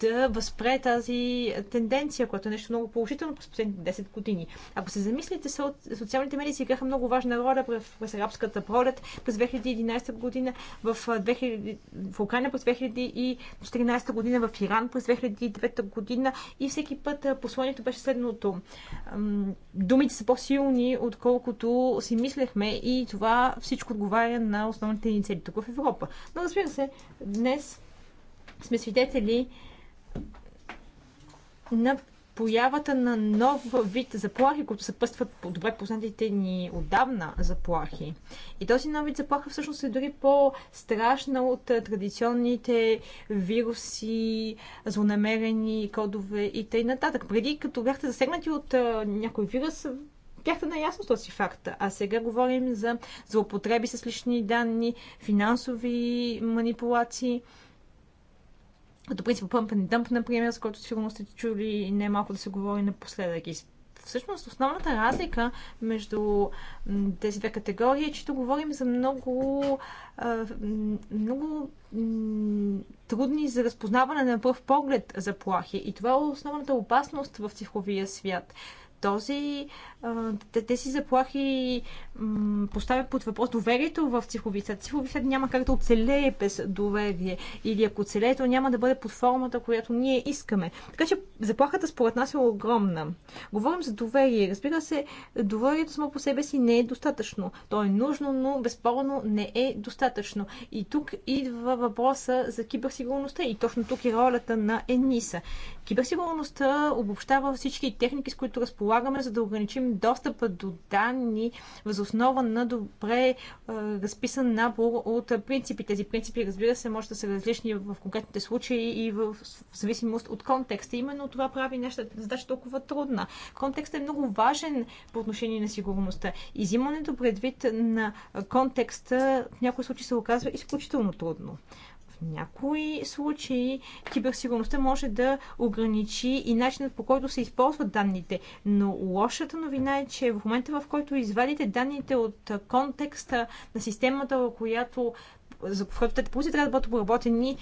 да възпре тази тенденция, която е нещо много положително през последните 10 години. Ако се замислите, социалните медии играха много важна роля през арабската пролет през 2011 година, в, 2000, в Украина през 2014 година, в Иран през 2009 година и всеки път посланието беше следното. Думите са по-силни, отколкото си мислехме имаме и това всичко отговаря на основните ни цели тук в Европа. Но разбира се, днес сме свидетели на появата на нов вид заплахи, които съпъстват по добре познатите ни отдавна заплахи. И този нов вид заплаха всъщност е дори по-страшна от традиционните вируси, злонамерени кодове и т.н. Преди като бяхте засегнати от някой вирус, бяхте наясно с този факт, а сега говорим за злоупотреби с лични данни, финансови манипулации. Като принцип Pump and Dump, например, с който сигурно сте чули и най-малко е да се говори напоследък. И всъщност основната разлика между тези две категории е, че тук говорим за много, много трудни за разпознаване на пръв поглед заплахи. И това е основната опасност в цифровия свят този, тези заплахи поставят под въпрос доверието в цифрови свят. Цифрови свят няма как да оцелее без доверие. Или ако оцелее, то няма да бъде под формата, която ние искаме. Така че заплахата според нас е огромна. Говорим за доверие. Разбира се, доверието само по себе си не е достатъчно. То е нужно, но безспорно не е достатъчно. И тук идва въпроса за киберсигурността и точно тук е ролята на ЕНИСА. Киберсигурността обобщава всички техники, с които разполагаме разполагаме, за да ограничим достъпа до данни основа на добре е, разписан набор от принципи. Тези принципи, разбира се, може да са различни в конкретните случаи и в зависимост от контекста. Именно това прави нещо, задача толкова трудна. Контекстът е много важен по отношение на сигурността. Изимането предвид на контекста в някои случаи се оказва изключително трудно някои случаи киберсигурността може да ограничи и начинът по който се използват данните, но лошата новина е, че в момента в който извадите данните от контекста на системата, която за която те трябва да бъдат обработени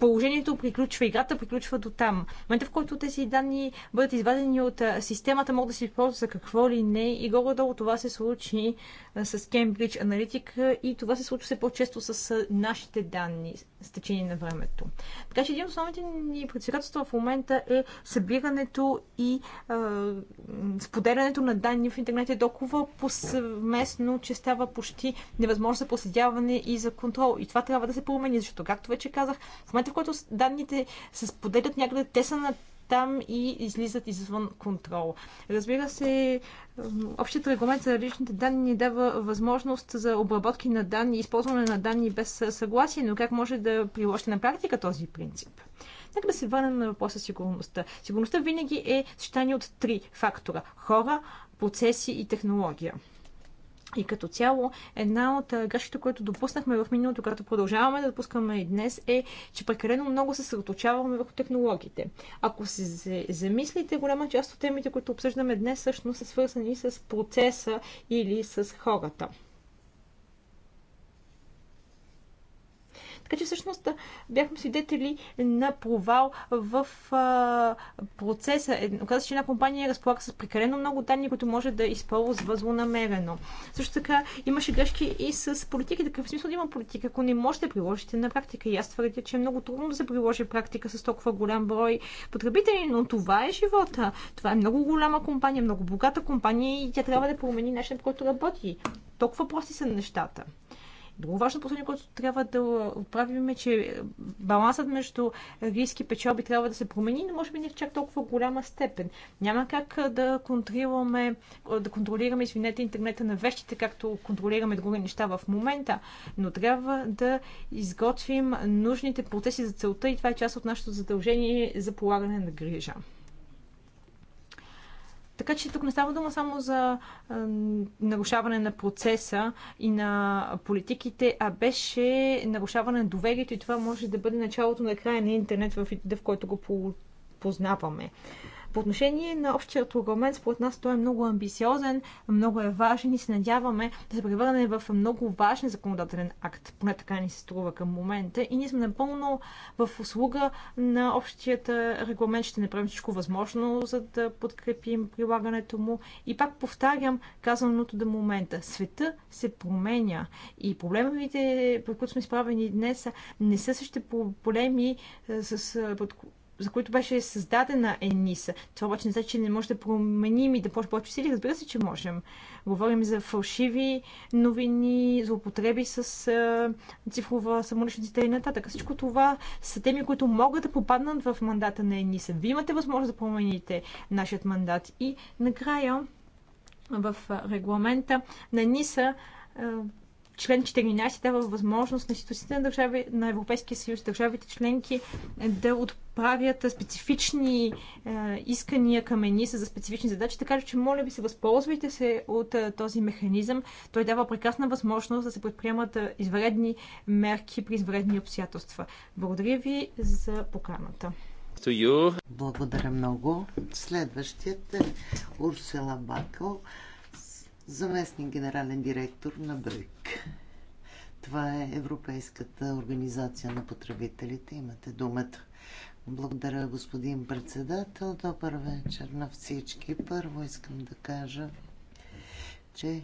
положението приключва, играта приключва до там. В момента, в който тези данни бъдат извадени от системата, могат да се използват за какво ли не. И горе-долу това се случи с Cambridge Analytica и това се случва все по-често с нашите данни с течение на времето. Така че един от основните ни предизвикателства в момента е събирането и е, споделянето на данни в интернет е толкова посъвместно, че става почти невъзможно за проследяване и за контрол. И това трябва да се промени, защото, както вече казах, в момента, в който данните се споделят някъде, те са на там и излизат извън контрол. Разбира се, общият регламент за личните данни ни дава възможност за обработки на данни, използване на данни без съгласие, но как може да приложите на практика този принцип? Нека да се върнем на въпроса сигурността. Сигурността винаги е съчетание от три фактора – хора, процеси и технология. И като цяло, една от грешките, които допуснахме в миналото, когато продължаваме да допускаме и днес, е, че прекалено много се съсредоточаваме върху технологиите. Ако се замислите, голяма част от темите, които обсъждаме днес, всъщност са свързани с процеса или с хората. Така че всъщност бяхме свидетели на провал в а, процеса. Оказва се, че една компания разполага с прекалено много данни, които може да използва злонамерено. Също така имаше грешки и с политики. Такъв смисъл да има политика, ако не можете да приложите на практика. И аз твърдя, че е много трудно да се приложи практика с толкова голям брой потребители, но това е живота. Това е много голяма компания, много богата компания и тя трябва да промени начинът, по който работи. Толкова прости са нещата. Друго важно послание, което трябва да отправим е, че балансът между риски и печалби трябва да се промени, но може би не в чак толкова голяма степен. Няма как да контролираме, да контролираме извинете, интернета на вещите, както контролираме други неща в момента, но трябва да изготвим нужните процеси за целта и това е част от нашето задължение за полагане на грижа. Така че тук не става дума само за нарушаване на процеса и на политиките, а беше нарушаване на доверието и това може да бъде началото на края на интернет в, в който го познаваме. По отношение на общият регламент, според нас той е много амбициозен, много е важен и се надяваме да се превърне в много важен законодателен акт. Поне така ни се струва към момента. И ние сме напълно в услуга на общият регламент. Ще направим всичко възможно, за да подкрепим прилагането му. И пак повтарям казаното до момента. Света се променя и проблемите, при които сме изправени днес, не са същите проблеми, с, за които беше създадена ЕНИСА. Това обаче не значи, че не може да променим и да почне повече усилия. Разбира се, че можем. Говорим за фалшиви новини, злоупотреби с а, цифрова самоличност и нататък. Всичко това са теми, които могат да попаднат в мандата на ЕНИСА. Вие имате възможност да промените нашият мандат. И накрая в регламента на ЕНИСА. Член 14 дава възможност на институциите на, държави, на Европейския съюз, държавите членки е, да отправят специфични е, искания към ЕНИСа за специфични задачи, така че моля ви се възползвайте се от е, този механизъм. Той дава прекрасна възможност да се предприемат е, извредни мерки при извредни обстоятелства. Благодаря ви за поканата. Благодаря много. Следващият е Урсела Бакъл заместник генерален директор на БРИК. Това е Европейската организация на потребителите. Имате думата. Благодаря, господин председател. Добър вечер на всички. Първо искам да кажа, че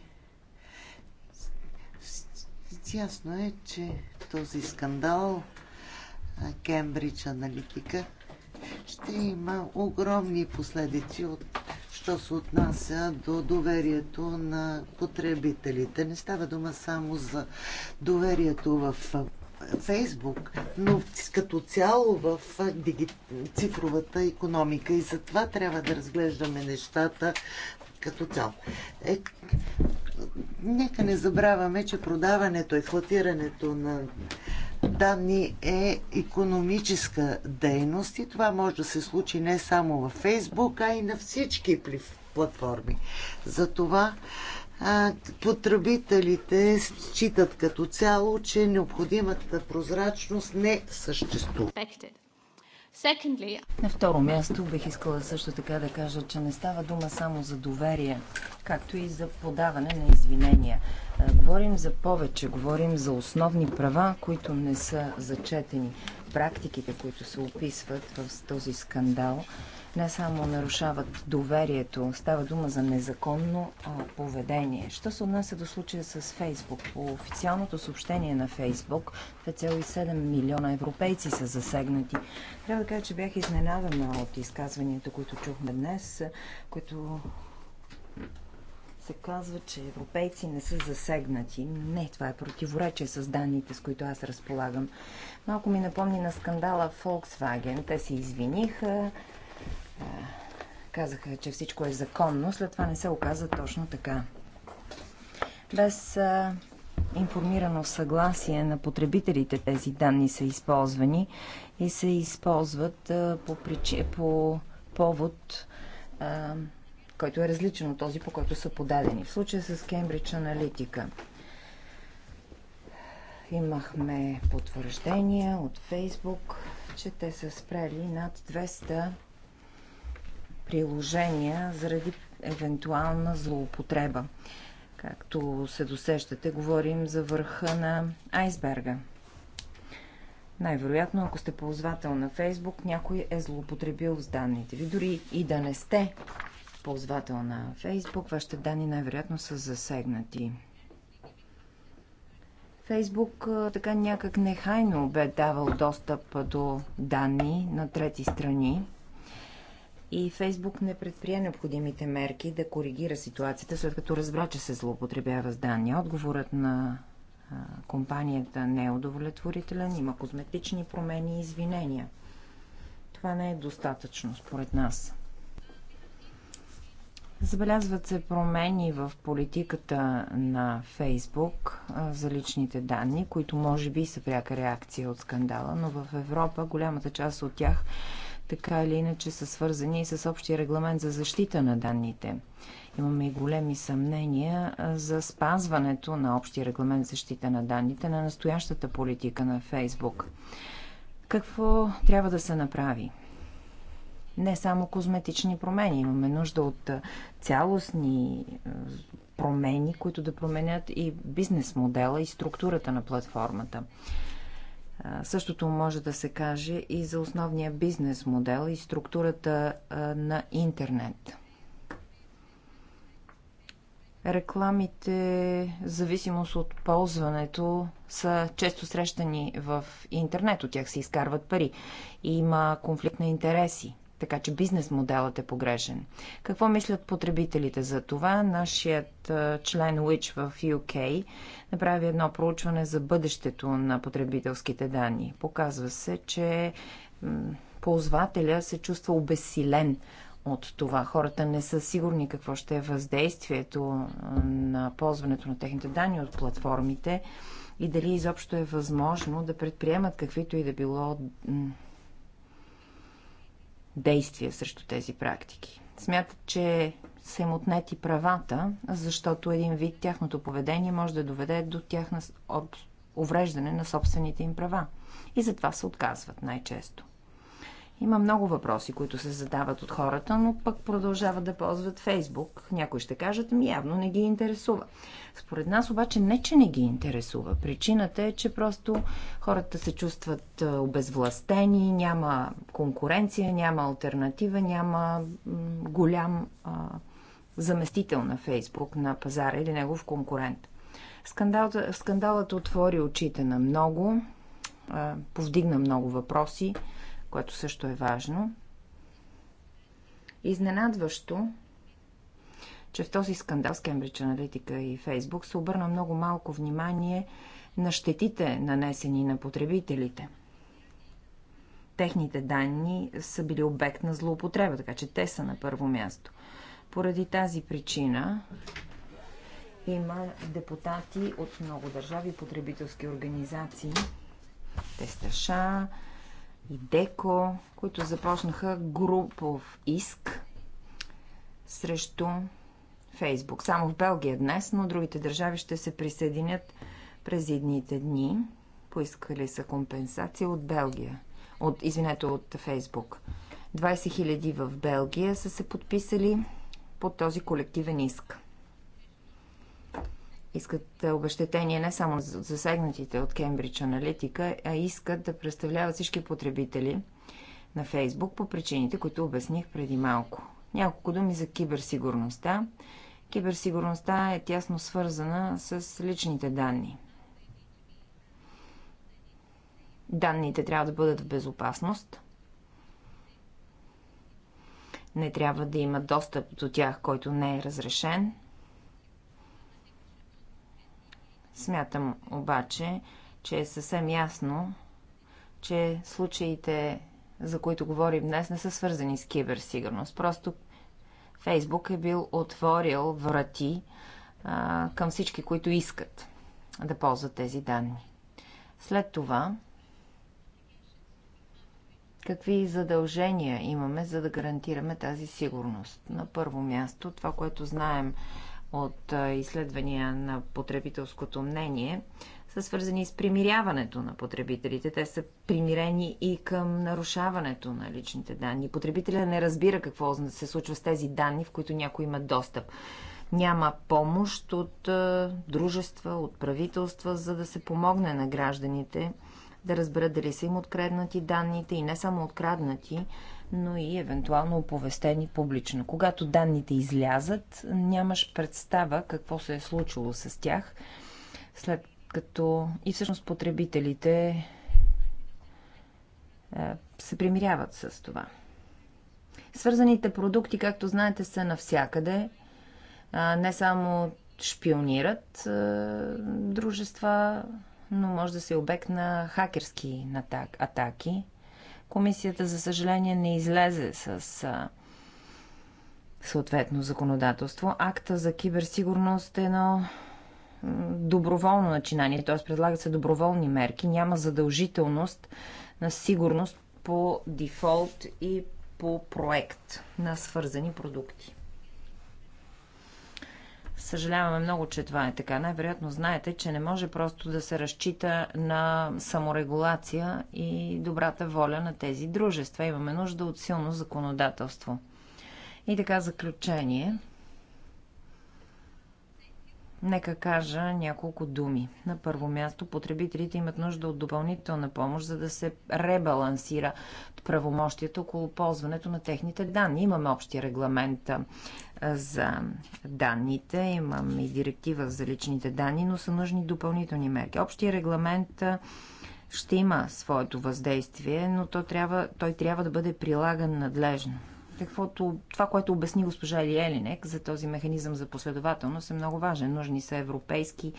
ясно е, че този скандал Кембридж Аналитика ще има огромни последици от що се отнася до доверието на потребителите. Не става дума само за доверието в Фейсбук, но като цяло в цифровата економика и затова трябва да разглеждаме нещата като цяло. Е, нека не забравяме, че продаването, експлуатирането на данни е економическа дейност и това може да се случи не само във Фейсбук, а и на всички платформи. Затова потребителите считат като цяло, че необходимата прозрачност не съществува. На второ място бих искала също така да кажа, че не става дума само за доверие, както и за подаване на извинения. Говорим за повече, говорим за основни права, които не са зачетени. Практиките, които се описват в този скандал, не само нарушават доверието, става дума за незаконно а, поведение. Що се отнася до случая с Фейсбук? По официалното съобщение на Фейсбук 2,7 милиона европейци са засегнати. Трябва да кажа, че бях изненадана от изказванията, които чухме днес, които се казва, че европейци не са засегнати. Не, това е противоречие с данните, с които аз разполагам. Малко ми напомни на скандала Volkswagen. Те се извиниха, е, казаха, че всичко е законно, след това не се оказа точно така. Без а, информирано съгласие на потребителите тези данни са използвани и се използват а, по, причи, по повод, а, който е различен от този, по който са подадени. В случая с Кембридж Аналитика имахме потвърждения от Фейсбук, че те са спрели над 200 приложения заради евентуална злоупотреба. Както се досещате, говорим за върха на айсберга. Най-вероятно, ако сте ползвател на Фейсбук, някой е злоупотребил с данните ви. Дори и да не сте ползвател на Фейсбук, вашите данни най-вероятно са засегнати. Фейсбук така някак нехайно бе давал достъп до данни на трети страни и Фейсбук не предприе необходимите мерки да коригира ситуацията, след като разбра, че се злоупотребява с данни. Отговорът на компанията не е удовлетворителен, има козметични промени и извинения. Това не е достатъчно, според нас. Забелязват се промени в политиката на Фейсбук за личните данни, които може би са пряка реакция от скандала, но в Европа голямата част от тях така или иначе са свързани и с общия регламент за защита на данните. Имаме и големи съмнения за спазването на общия регламент за защита на данните на настоящата политика на Фейсбук. Какво трябва да се направи? Не само козметични промени. Имаме нужда от цялостни промени, които да променят и бизнес модела и структурата на платформата. Същото може да се каже и за основния бизнес модел и структурата на интернет. Рекламите, в зависимост от ползването, са често срещани в интернет. От тях се изкарват пари. Има конфликт на интереси. Така че бизнес моделът е погрешен. Какво мислят потребителите за това? Нашият член Witch в UK направи едно проучване за бъдещето на потребителските данни. Показва се, че ползвателя се чувства обесилен от това. Хората не са сигурни какво ще е въздействието на ползването на техните данни от платформите и дали изобщо е възможно да предприемат каквито и да било действия срещу тези практики. Смятат, че са им отнети правата, защото един вид тяхното поведение може да доведе до тяхна от увреждане на собствените им права. И затова се отказват най-често. Има много въпроси, които се задават от хората, но пък продължават да ползват Фейсбук. Някои ще кажат, ми явно не ги интересува. Според нас обаче не, че не ги интересува. Причината е, че просто хората се чувстват обезвластени, няма конкуренция, няма альтернатива, няма голям а, заместител на Фейсбук, на пазара или негов конкурент. Скандалът, скандалът отвори очите на много, а, повдигна много въпроси което също е важно. Изненадващо, че в този скандал с Кембридж Аналитика и Фейсбук се обърна много малко внимание на щетите, нанесени на потребителите. Техните данни са били обект на злоупотреба, така че те са на първо място. Поради тази причина има депутати от много държави, потребителски организации, те са и Деко, които започнаха групов иск срещу Фейсбук. Само в Белгия днес, но другите държави ще се присъединят през едните дни. Поискали са компенсация от Белгия. От, извинете, от Фейсбук. 20 000 в Белгия са се подписали под този колективен иск искат е, обещетение не само за засегнатите от Кембридж Аналитика, а искат да представляват всички потребители на Фейсбук по причините, които обясних преди малко. Няколко думи за киберсигурността. Киберсигурността е тясно свързана с личните данни. Данните трябва да бъдат в безопасност. Не трябва да има достъп до тях, който не е разрешен – Смятам обаче, че е съвсем ясно, че случаите, за които говорим днес, не са свързани с киберсигурност. Просто Фейсбук е бил отворил врати а, към всички, които искат да ползват тези данни. След това, какви задължения имаме, за да гарантираме тази сигурност? На първо място, това, което знаем от изследвания на потребителското мнение са свързани с примиряването на потребителите. Те са примирени и към нарушаването на личните данни. Потребителя не разбира какво се случва с тези данни, в които някой има достъп. Няма помощ от дружества, от правителства, за да се помогне на гражданите да разберат дали са им откраднати данните и не само откраднати, но и евентуално оповестени публично. Когато данните излязат, нямаш представа какво се е случило с тях, след като и всъщност потребителите е, се примиряват с това. Свързаните продукти, както знаете, са навсякъде. Не само шпионират е, дружества, но може да се е обект на хакерски атаки. Комисията, за съжаление, не излезе с съответно законодателство. Акта за киберсигурност е едно доброволно начинание, т.е. предлагат се доброволни мерки, няма задължителност на сигурност по дефолт и по проект на свързани продукти. Съжаляваме много, че това е така. Най-вероятно знаете, че не може просто да се разчита на саморегулация и добрата воля на тези дружества. Имаме нужда от силно законодателство. И така, заключение. Нека кажа няколко думи. На първо място, потребителите имат нужда от допълнителна помощ, за да се ребалансира правомощието около ползването на техните данни. Имаме общи регламент за данните, имам и директива за личните данни, но са нужни допълнителни мерки. Общия регламент ще има своето въздействие, но то трябва, той трябва да бъде прилаган надлежно. Каквото, това, което обясни госпожа Елинек за този механизъм за последователност е много важен. Нужни са европейски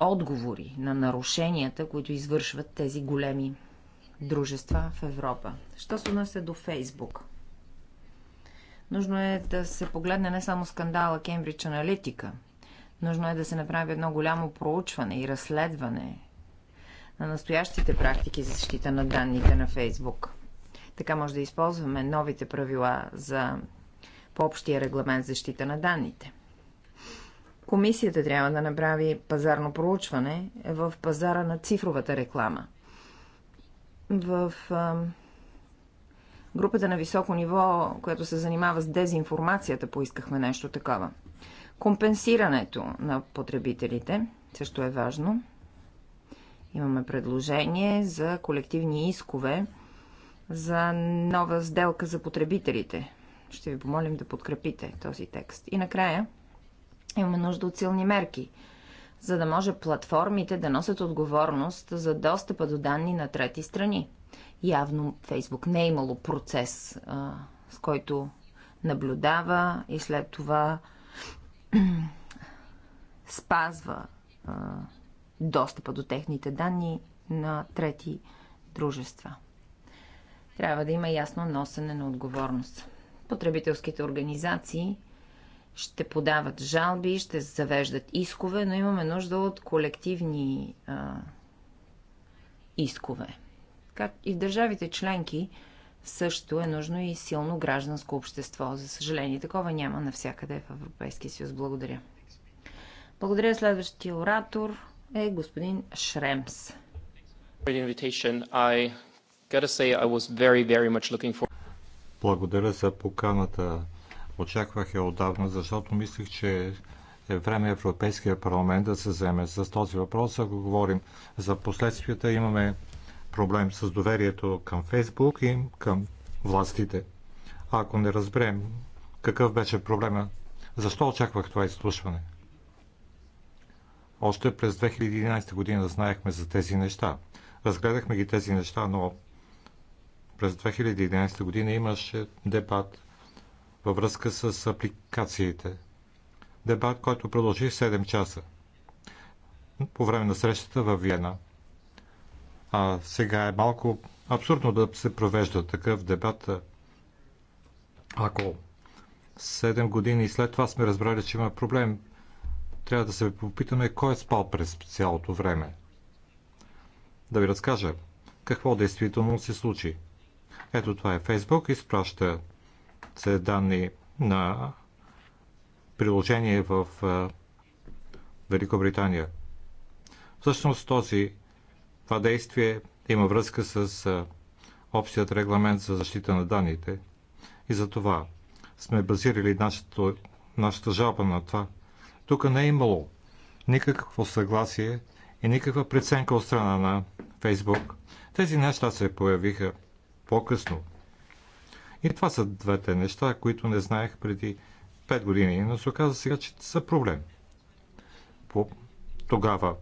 отговори на нарушенията, които извършват тези големи дружества в Европа. Що се отнася до Фейсбук? Нужно е да се погледне не само скандала Кембридж Аналитика. Нужно е да се направи едно голямо проучване и разследване на настоящите практики за защита на данните на Фейсбук. Така може да използваме новите правила за по-общия регламент за защита на данните. Комисията трябва да направи пазарно проучване в пазара на цифровата реклама. В групата на високо ниво, която се занимава с дезинформацията, поискахме нещо такова. Компенсирането на потребителите също е важно. Имаме предложение за колективни искове за нова сделка за потребителите. Ще ви помолим да подкрепите този текст. И накрая имаме нужда от силни мерки, за да може платформите да носят отговорност за достъпа до данни на трети страни. Явно Фейсбук не е имало процес, а, с който наблюдава и след това спазва а, достъпа до техните данни на трети дружества. Трябва да има ясно носене на отговорност. Потребителските организации ще подават жалби, ще завеждат искове, но имаме нужда от колективни а, искове. Така и в държавите членки също е нужно и силно гражданско общество. За съжаление, такова няма навсякъде в Европейския съюз. Благодаря. Благодаря. Следващия оратор е господин Шремс. Благодаря за поканата. Очаквах я отдавна, защото мислих, че е време Европейския парламент да се вземе с този въпрос. Ако говорим за последствията, имаме проблем с доверието към Фейсбук и към властите. Ако не разберем какъв беше проблема, защо очаквах това изслушване? Още през 2011 година знаехме за тези неща. Разгледахме ги тези неща, но през 2011 година имаше дебат във връзка с апликациите. Дебат, който продължи 7 часа по време на срещата във Виена – а сега е малко абсурдно да се провежда такъв дебат. Ако 7 години и след това сме разбрали, че има проблем, трябва да се попитаме кой е спал през цялото време. Да ви разкажа какво действително се случи. Ето това е Фейсбук, изпраща се данни на приложение в Великобритания. Всъщност този това действие има връзка с общият регламент за защита на данните и за това сме базирали нашето, нашата жалба на това. Тук не е имало никакво съгласие и никаква преценка от страна на Фейсбук. Тези неща се появиха по-късно. И това са двете неща, които не знаех преди 5 години, но се оказа сега, че са проблем. По- тогава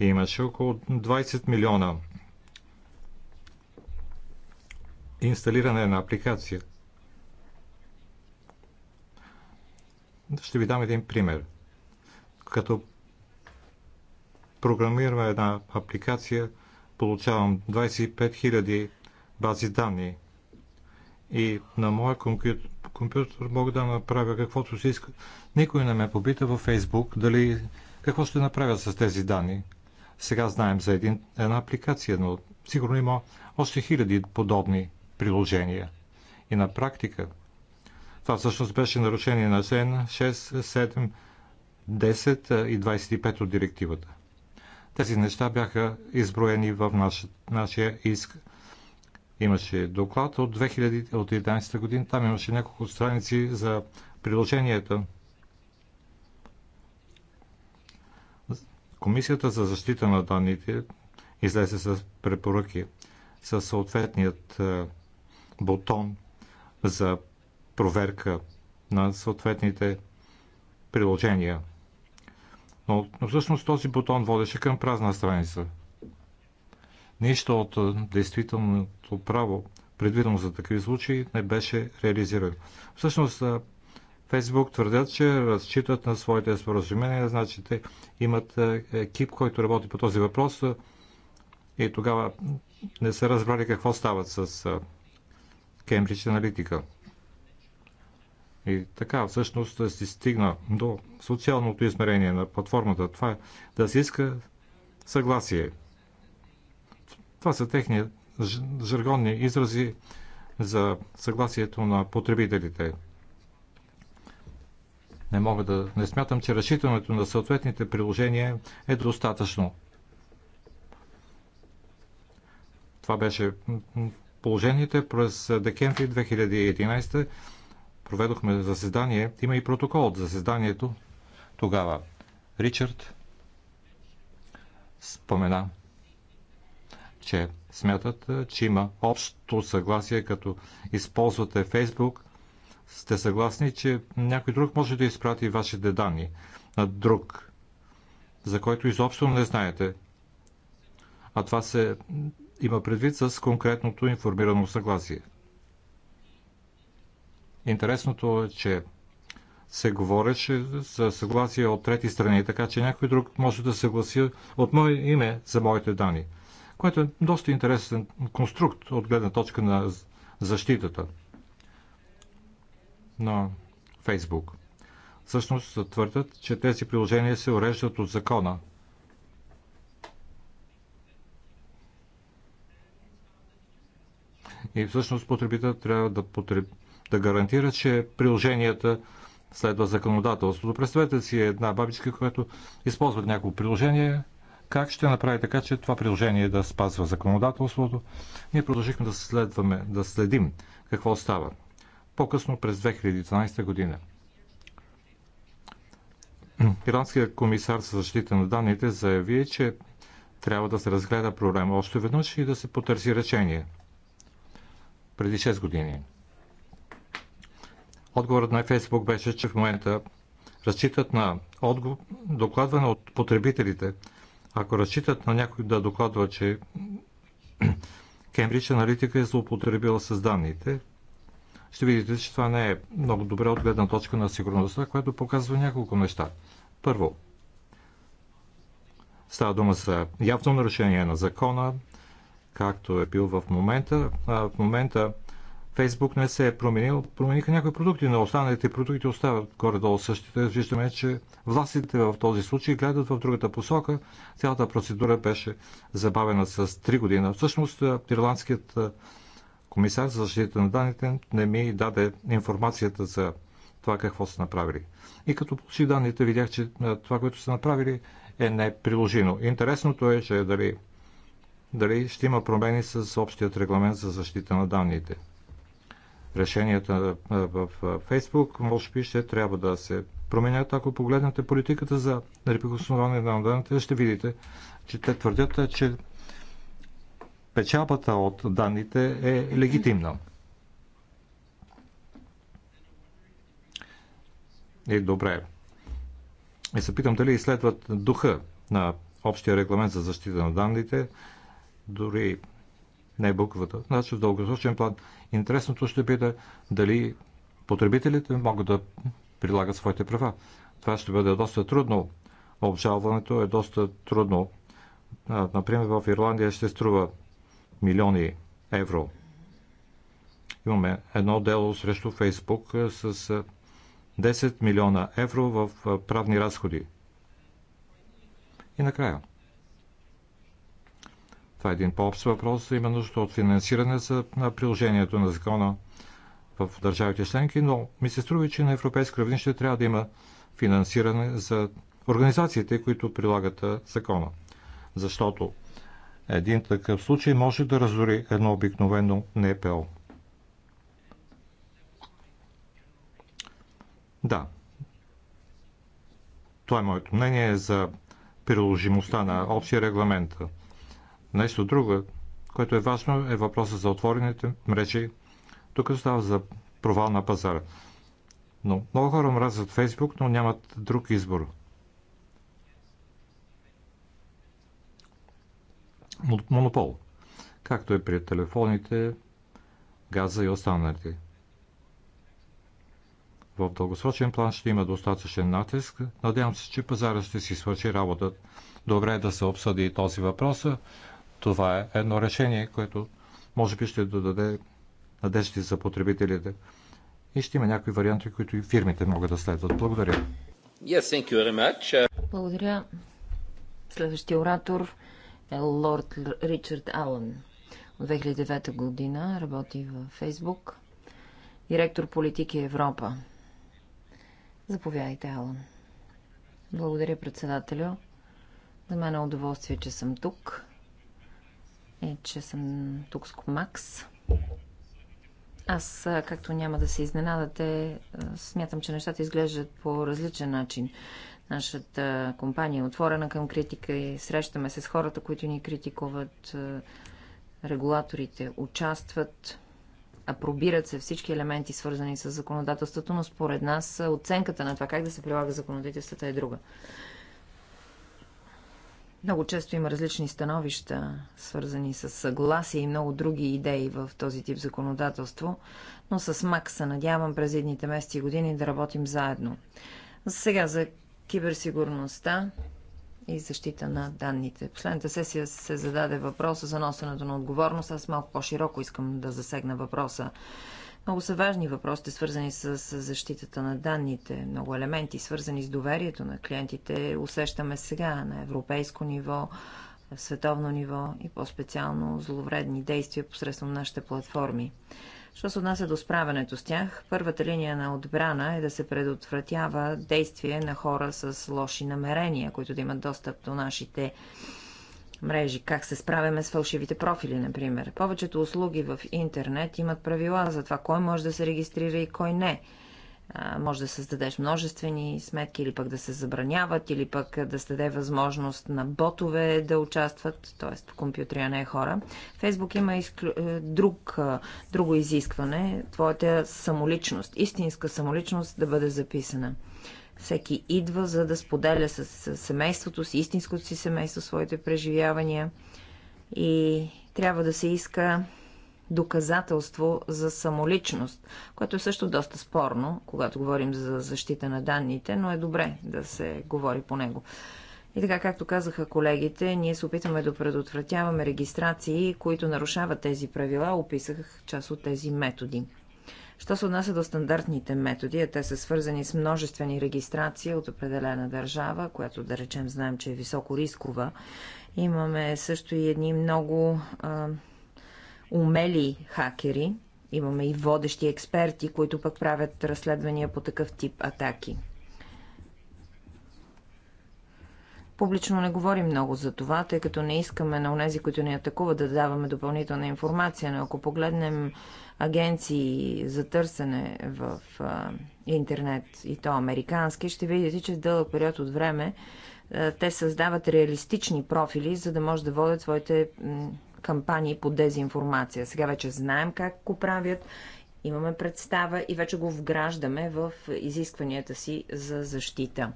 и имаше около 20 милиона инсталиране на апликация. Ще ви дам един пример. Като програмираме една апликация, получавам 25 000 бази данни и на моя компютър, мога да направя каквото си иска. Никой не ме попита във Facebook дали какво ще направя с тези данни. Сега знаем за един, една апликация, но сигурно има още хиляди подобни приложения. И на практика това всъщност беше нарушение на Жен 6, 7, 10 и 25 от директивата. Тези неща бяха изброени в наш, нашия иск. Имаше доклад от 2011 година. Там имаше няколко страници за приложенията Комисията за защита на данните излезе с препоръки със съответният е, бутон за проверка на съответните приложения. Но, но всъщност този бутон водеше към празна страница. Нищо от е, действителното право, предвидено за такива случаи, не беше реализирано. Всъщност е, Фейсбук твърдят, че разчитат на своите споразумения, значи те имат е, екип, който работи по този въпрос и тогава не са разбрали какво стават с е, Кембридж аналитика. И така, всъщност, да се стигна до социалното измерение на платформата. Това е да се иска съгласие. Това са техни жаргонни изрази за съгласието на потребителите. Не мога да. Не смятам, че разчитането на съответните приложения е достатъчно. Това беше положението през декември 2011. Проведохме заседание. Има и протокол от заседанието. Тогава Ричард спомена, че смятат, че има общо съгласие, като използвате Фейсбук сте съгласни, че някой друг може да изпрати вашите данни на друг, за който изобщо не знаете. А това се има предвид с конкретното информирано съгласие. Интересното е, че се говореше за съгласие от трети страни, така че някой друг може да съгласи от мое име за моите данни, което е доста интересен конструкт от гледна точка на защитата – на Фейсбук. Всъщност твърдят, че тези приложения се уреждат от закона. И всъщност потребителят трябва да, потреб... да гарантира, че приложенията следва законодателството. Представете си една бабичка, която използва някакво приложение. Как ще направи така, че това приложение да спазва законодателството? Ние продължихме да следваме, да следим какво става по-късно през 2012 година. Иранският комисар за защита на данните заяви, че трябва да се разгледа проблема още веднъж и да се потърси решение. Преди 6 години. Отговорът на Фейсбук беше, че в момента разчитат на отговор, докладване от потребителите. Ако разчитат на някой да докладва, че Кембридж аналитика е злоупотребила с данните, ще видите, че това не е много добре от гледна точка на сигурността, което показва няколко неща. Първо, става дума за явно нарушение на закона, както е бил в момента. В момента Фейсбук не се е променил. Промениха някои продукти, но останалите продукти остават горе-долу същите. Виждаме, че властите в този случай гледат в другата посока. Цялата процедура беше забавена с 3 година. Всъщност, ирландският комисар за защита на данните не ми даде информацията за това какво са направили. И като получи данните, видях, че това, което са направили, е неприложено. Интересното е, че дали, дали ще има промени с общият регламент за защита на данните. Решенията в Фейсбук, може би, ще трябва да се променят. Ако погледнете политиката за неприкосновение на данните, ще видите, че те твърдят, че печалбата от данните е легитимна. И добре. И се питам дали изследват духа на общия регламент за защита на данните, дори не буквата. Значи в дългосрочен план интересното ще бъде дали потребителите могат да прилагат своите права. Това ще бъде доста трудно. Обжалването е доста трудно. Например, в Ирландия ще струва милиони евро. Имаме едно дело срещу Фейсбук е, с 10 е, милиона евро в е, правни разходи. И накрая. Това е един по-общ въпрос, именно от финансиране за, на приложението на закона в държавите членки, но ми се струва, че на европейско равнище трябва да има финансиране за организациите, които прилагат закона. Защото един такъв случай може да разори едно обикновено НПО. Да. Това е моето мнение за приложимостта на общия регламент. Нещо друго, което е важно, е въпроса за отворените мрежи. Тук става за провал на пазара. Но много хора мразят Фейсбук, но нямат друг избор – монопол, както е при телефоните, газа и останалите. В дългосрочен план ще има достатъчен натиск. Надявам се, че пазара ще си свърши работа. Добре е да се обсъди и този въпрос. Това е едно решение, което може би ще додаде надежди за потребителите. И ще има някои варианти, които и фирмите могат да следват. Благодаря. Yes, Благодаря. Следващия оратор е лорд Ричард Алън. От 2009 година работи в Фейсбук. Директор политики Европа. Заповядайте, Алън. Благодаря, председателю. За мен е удоволствие, че съм тук. И че съм тук с Макс. Аз, както няма да се изненадате, смятам, че нещата изглеждат по различен начин. Нашата компания е отворена към критика и срещаме се с хората, които ни критикуват. Е, регулаторите участват, апробират се всички елементи, свързани с законодателството, но според нас е, оценката на това как да се прилага законодателството е друга. Много често има различни становища, свързани с съгласие и много други идеи в този тип законодателство, но с Макса надявам през едните месеци и години да работим заедно. Сега за киберсигурността и защита на данните. В последната сесия се зададе въпроса за носенето на отговорност. Аз малко по-широко искам да засегна въпроса. Много са важни въпросите, свързани с защитата на данните. Много елементи, свързани с доверието на клиентите, усещаме сега на европейско ниво, в световно ниво и по-специално зловредни действия посредством нашите платформи. Що се отнася до справянето с тях, първата линия на отбрана е да се предотвратява действие на хора с лоши намерения, които да имат достъп до нашите мрежи, как се справяме с фалшивите профили, например. Повечето услуги в интернет имат правила за това кой може да се регистрира и кой не – може да създадеш множествени сметки или пък да се забраняват, или пък да се даде възможност на ботове да участват, т.е. компютри, а не хора. Фейсбук има изклю... Е, друг, е, друго изискване, твоята самоличност, истинска самоличност да бъде записана. Всеки идва, за да споделя с семейството си, истинското си семейство, своите преживявания и трябва да се иска доказателство за самоличност, което е също доста спорно, когато говорим за защита на данните, но е добре да се говори по него. И така, както казаха колегите, ние се опитваме да предотвратяваме регистрации, които нарушават тези правила. Описах част от тези методи. Що се отнася до стандартните методи, а те са свързани с множествени регистрации от определена държава, която да речем знаем, че е високо рискова. Имаме също и едни много а, умели хакери, имаме и водещи експерти, които пък правят разследвания по такъв тип атаки. Публично не говорим много за това, тъй като не искаме на онези, които ни атакуват, да даваме допълнителна информация. Но ако погледнем агенции за търсене в а, интернет и то американски, ще видите, че в дълъг период от време а, те създават реалистични профили, за да може да водят своите кампании по дезинформация. Сега вече знаем как го правят, имаме представа и вече го вграждаме в изискванията си за защита.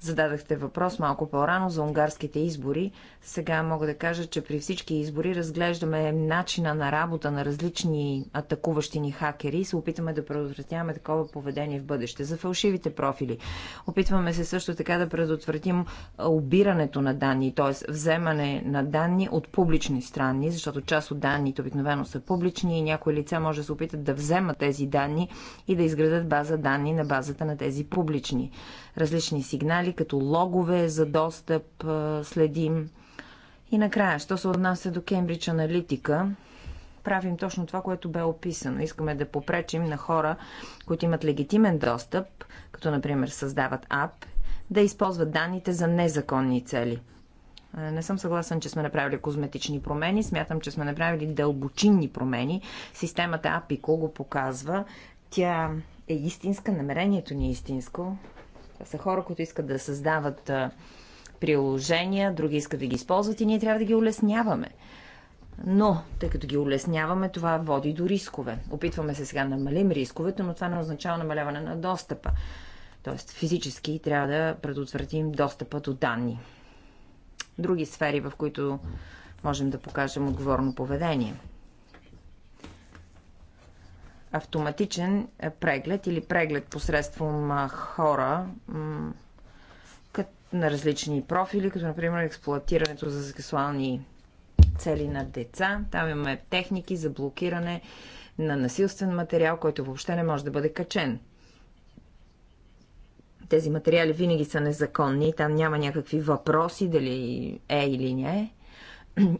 Зададахте въпрос малко по-рано за унгарските избори. Сега мога да кажа, че при всички избори разглеждаме начина на работа на различни атакуващи ни хакери и се опитваме да предотвратяваме такова поведение в бъдеще. За фалшивите профили. Опитваме се също така да предотвратим обирането на данни, т.е. вземане на данни от публични страни, защото част от данните обикновено са публични и някои лица може да се опитат да вземат тези данни и да изградат база данни на базата на тези публични. Различни сигнали, като логове за достъп, следим и накрая, що се отнася до Кембридж аналитика, правим точно това, което бе описано. Искаме да попречим на хора, които имат легитимен достъп, като например създават ап, да използват данните за незаконни цели. Не съм съгласен, че сме направили козметични промени. Смятам, че сме направили дълбочинни промени. Системата APICO го показва. Тя е истинска, намерението ни е истинско. Това са хора, които искат да създават приложения, други искат да ги използват и ние трябва да ги улесняваме. Но, тъй като ги улесняваме, това води до рискове. Опитваме се сега да намалим рисковете, но това не означава намаляване на достъпа. Тоест, физически трябва да предотвратим достъпа до данни. Други сфери, в които можем да покажем отговорно поведение. Автоматичен е, преглед или преглед посредством хора на различни профили, като например експлуатирането за сексуални цели на деца. Там имаме техники за блокиране на насилствен материал, който въобще не може да бъде качен. Тези материали винаги са незаконни, там няма някакви въпроси дали е или не е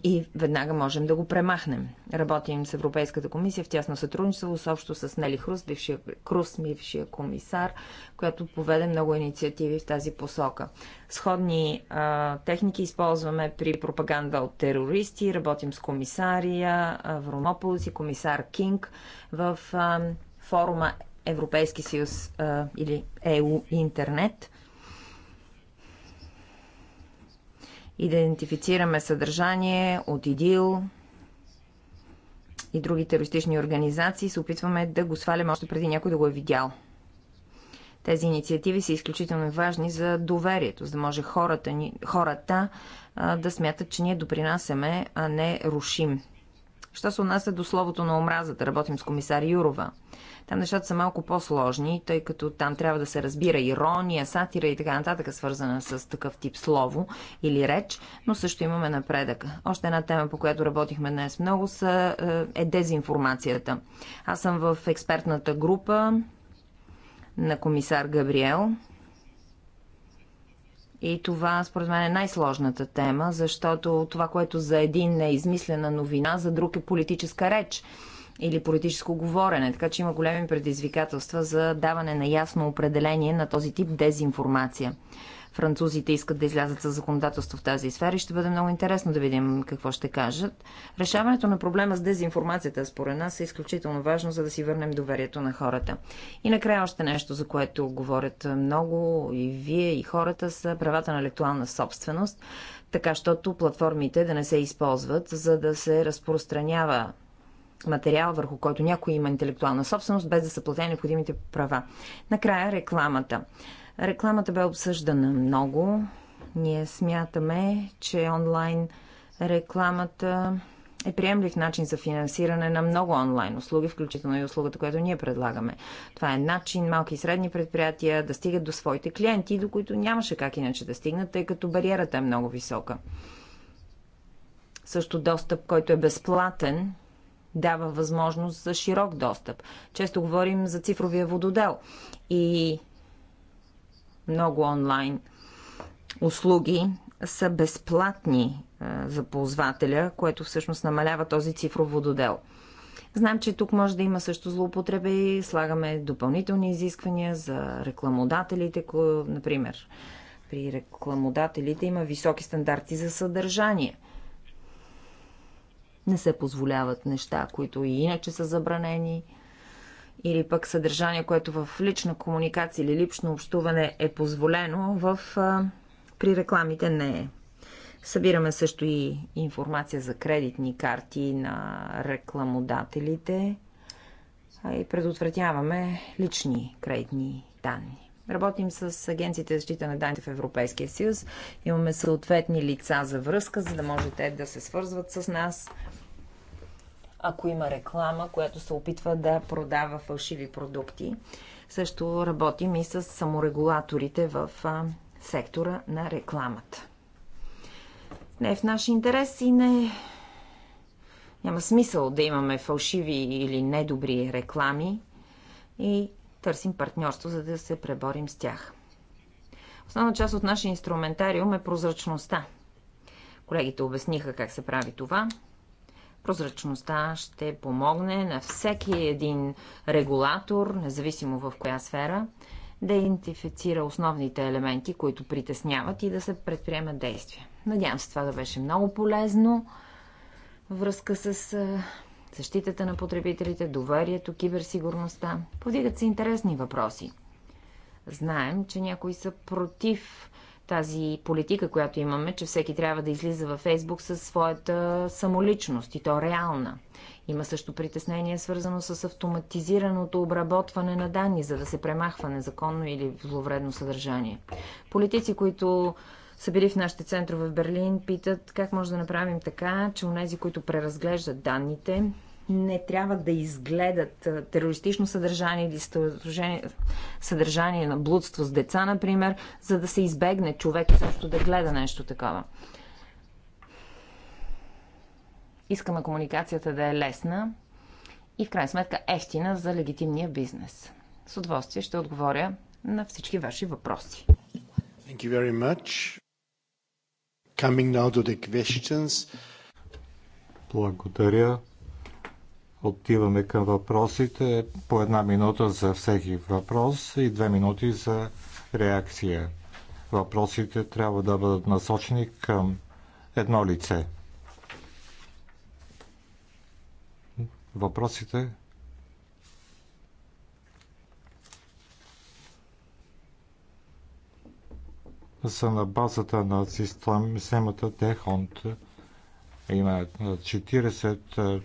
и веднага можем да го премахнем. Работим с Европейската комисия в тясно сътрудничество, съобщо с Нели Хрус, бившия, Крус, бившия комисар, която поведе много инициативи в тази посока. Сходни а, техники използваме при пропаганда от терористи, работим с комисария Ромополис и комисар Кинг в а, форума Европейски съюз а, или ЕУ Интернет – Идентифицираме съдържание от ИДИЛ и други терористични организации и се опитваме да го сваляме още преди някой да го е видял. Тези инициативи са изключително важни за доверието, за да може хората, ни, хората а, да смятат, че ние допринасяме, а не рушим. Що се отнася до словото на омразата, работим с комисар Юрова. Там нещата са малко по-сложни, тъй като там трябва да се разбира ирония, сатира и така нататък, свързана с такъв тип слово или реч, но също имаме напредък. Още една тема, по която работихме днес много, са, е, е дезинформацията. Аз съм в експертната група на комисар Габриел. И това, според мен, е най-сложната тема, защото това, което за един е измислена новина, за друг е политическа реч или политическо говорене, така че има големи предизвикателства за даване на ясно определение на този тип дезинформация. Французите искат да излязат с законодателство в тази сфера и ще бъде много интересно да видим какво ще кажат. Решаването на проблема с дезинформацията, според нас, е изключително важно, за да си върнем доверието на хората. И накрая още нещо, за което говорят много и вие, и хората, са правата на електуална собственост, така щото платформите да не се използват, за да се разпространява материал, върху който някой има интелектуална собственост, без да са платени необходимите права. Накрая рекламата. Рекламата бе обсъждана много. Ние смятаме, че онлайн рекламата е приемлив начин за финансиране на много онлайн услуги, включително и услугата, която ние предлагаме. Това е начин малки и средни предприятия да стигат до своите клиенти, до които нямаше как иначе да стигнат, тъй като бариерата е много висока. Също достъп, който е безплатен дава възможност за широк достъп. Често говорим за цифровия вододел и много онлайн услуги са безплатни е, за ползвателя, което всъщност намалява този цифров вододел. Знам, че тук може да има също злоупотреби. Слагаме допълнителни изисквания за рекламодателите, например. При рекламодателите има високи стандарти за съдържание – не се позволяват неща, които и иначе са забранени, или пък съдържание, което в лична комуникация или лично общуване е позволено, в, а, при рекламите не е. Събираме също и информация за кредитни карти на рекламодателите а и предотвратяваме лични кредитни данни. Работим с агенциите за защита на данните в Европейския съюз. Имаме съответни лица за връзка, за да можете да се свързват с нас ако има реклама, която се опитва да продава фалшиви продукти. Също работим и с саморегулаторите в сектора на рекламата. Не е в наш интерес и не няма смисъл да имаме фалшиви или недобри реклами и търсим партньорство, за да се преборим с тях. Основна част от нашия инструментариум е прозрачността. Колегите обясниха как се прави това. Прозрачността ще помогне на всеки един регулатор, независимо в коя сфера, да идентифицира основните елементи, които притесняват и да се предприемат действия. Надявам се това да беше много полезно. Връзка с защитата на потребителите, доверието, киберсигурността. Подигат се интересни въпроси. Знаем, че някои са против тази политика, която имаме, че всеки трябва да излиза във Фейсбук със своята самоличност и то реална. Има също притеснение, свързано с автоматизираното обработване на данни, за да се премахва незаконно или зловредно съдържание. Политици, които са били в нашите центрове в Берлин, питат как може да направим така, че у нези, които преразглеждат данните, не трябва да изгледат терористично съдържание или съдържание на блудство с деца, например, за да се избегне човек също да гледа нещо такова. Искаме комуникацията да е лесна и в крайна сметка ефтина за легитимния бизнес. С удоволствие ще отговоря на всички ваши въпроси. Thank you very much. Coming now to the questions. Благодаря. Отиваме към въпросите. По една минута за всеки въпрос и две минути за реакция. Въпросите трябва да бъдат насочени към едно лице. Въпросите са на базата на системата Дехонт. Има 40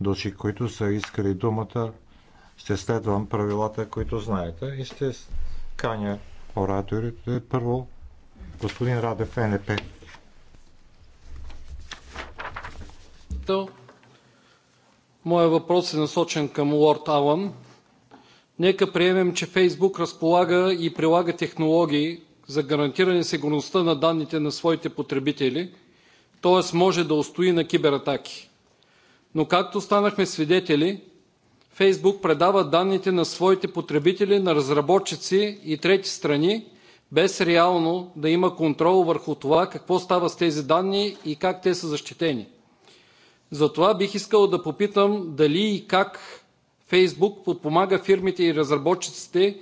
души, които са искали думата. Ще следвам правилата, които знаете и ще каня ораторите. Първо, господин Радев, НП. Моя въпрос е насочен към Лорд Алън. Нека приемем, че Фейсбук разполага и прилага технологии за гарантиране сигурността на данните на своите потребители, т.е. може да устои на кибератаки но както станахме свидетели, Фейсбук предава данните на своите потребители на разработчици и трети страни, без реално да има контрол върху това какво става с тези данни и как те са защитени. Затова бих искал да попитам дали и как Фейсбук подпомага фирмите и разработчиците,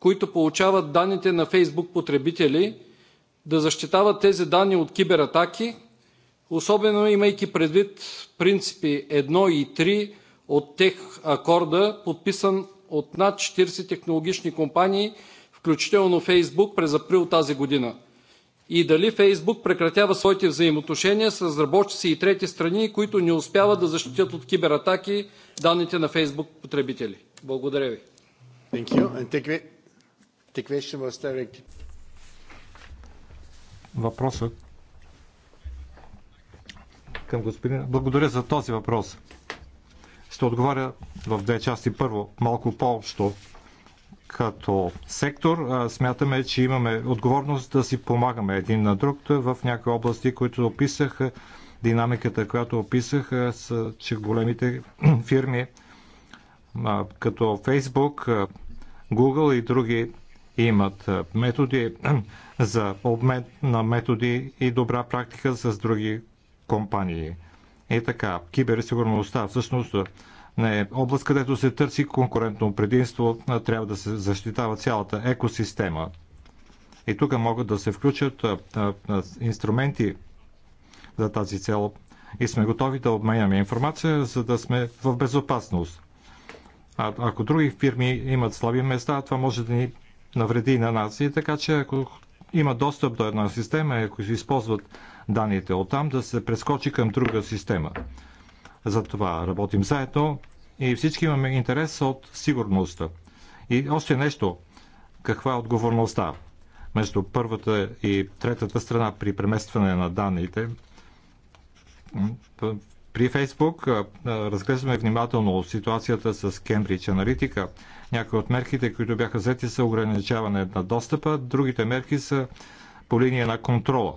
които получават данните на Фейсбук потребители, да защитават тези данни от кибератаки особено имайки предвид принципи 1 и 3 от тех акорда, подписан от над 40 технологични компании, включително Фейсбук през април тази година. И дали Фейсбук прекратява своите взаимоотношения с разработчици и трети страни, които не успяват да защитят от кибератаки данните на Фейсбук потребители? Благодаря ви. Thank you. And the question was directed. Въпросът към господина. Благодаря за този въпрос. Ще отговоря в две части. Първо, малко по-общо. Като сектор смятаме, че имаме отговорност да си помагаме един на друг е в някои области, които описах. Динамиката, която описах, са, че големите фирми като Facebook, Google и други имат методи за обмен на методи и добра практика с други компании. Е така, киберсигурността всъщност не е област, където се търси конкурентно предимство, трябва да се защитава цялата екосистема. И тук могат да се включат инструменти за тази цел и сме готови да обменяме информация, за да сме в безопасност. А, ако други фирми имат слаби места, това може да ни навреди на нас. И така че ако има достъп до една система, ако се използват данните. от там да се прескочи към друга система. Затова работим заедно и всички имаме интерес от сигурността. И още нещо. Каква е отговорността? Между първата и третата страна при преместване на данните при Фейсбук разглеждаме внимателно ситуацията с Кембридж Аналитика. Някои от мерките, които бяха взети са ограничаване на достъпа, другите мерки са по линия на контрола.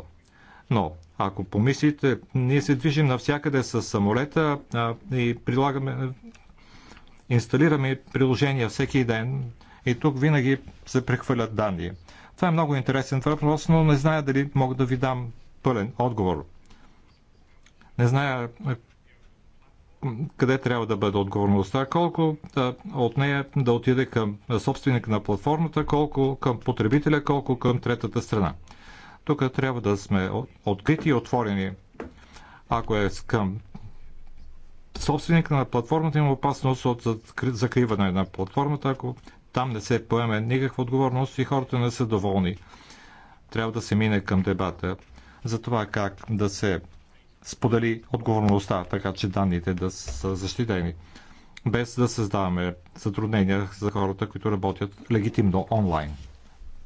Но ако помислите, ние се движим навсякъде с самолета а, и прилагаме, инсталираме приложения всеки ден и тук винаги се прехвърлят данни. Това е много интересен въпрос, но не зная дали мога да ви дам пълен отговор. Не зная е, къде трябва да бъде отговорността, колко да, от нея да отиде към собственик на платформата, колко към потребителя, колко към третата страна. Тук трябва да сме открити и отворени. Ако е към собственик на платформата има опасност от закриване на платформата, ако там не се поеме никаква отговорност и хората не са доволни. Трябва да се мине към дебата за това как да се сподели отговорността, така че данните да са защитени, без да създаваме затруднения за хората, които работят легитимно онлайн.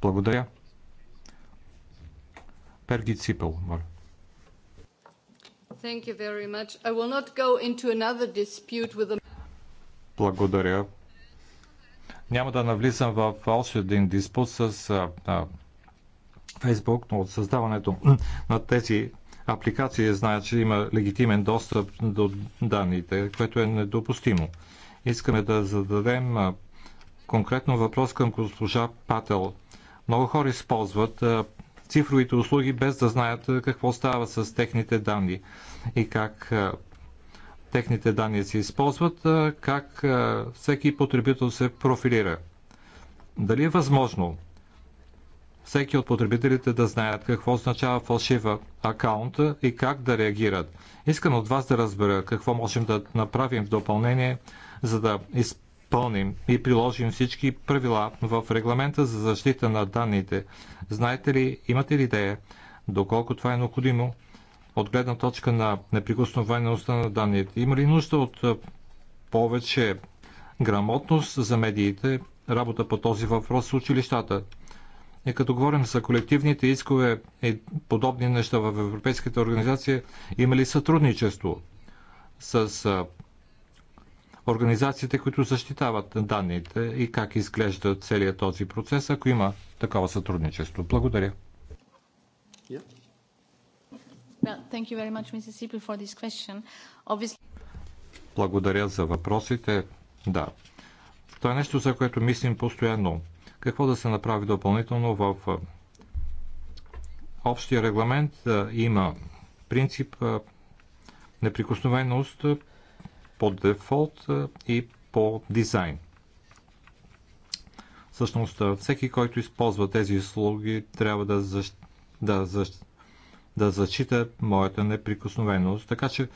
Благодаря. Перги Ципел, моля. A... Благодаря. Няма да навлизам в още един диспут с а, Фейсбук, но от създаването на тези апликации знаят, че има легитимен достъп до данните, което е недопустимо. Искаме да зададем конкретно въпрос към госпожа Пател. Много хора използват цифровите услуги, без да знаят какво става с техните данни и как техните данни се използват, как всеки потребител се профилира. Дали е възможно всеки от потребителите да знаят какво означава фалшива акаунта и как да реагират. Искам от вас да разбера какво можем да направим в допълнение, за да изпълним изпълним и приложим всички правила в регламента за защита на данните? Знаете ли, имате ли идея, доколко това е необходимо от гледна точка на неприкосновеността на данните? Има ли нужда от повече грамотност за медиите, работа по този въпрос в училищата? И като говорим за колективните искове и подобни неща в Европейската организация, има ли сътрудничество с организациите, които защитават данните и как изглежда целият този процес, ако има такова сътрудничество. Благодаря. Благодаря за въпросите. Да. Това е нещо, за което мислим постоянно. Какво да се направи допълнително в общия регламент има принцип неприкосновеност, по дефолт и по дизайн. Всъщност, всеки, който използва тези услуги, трябва да, защ... да, защ... да зачита моята неприкосновеност. Така че,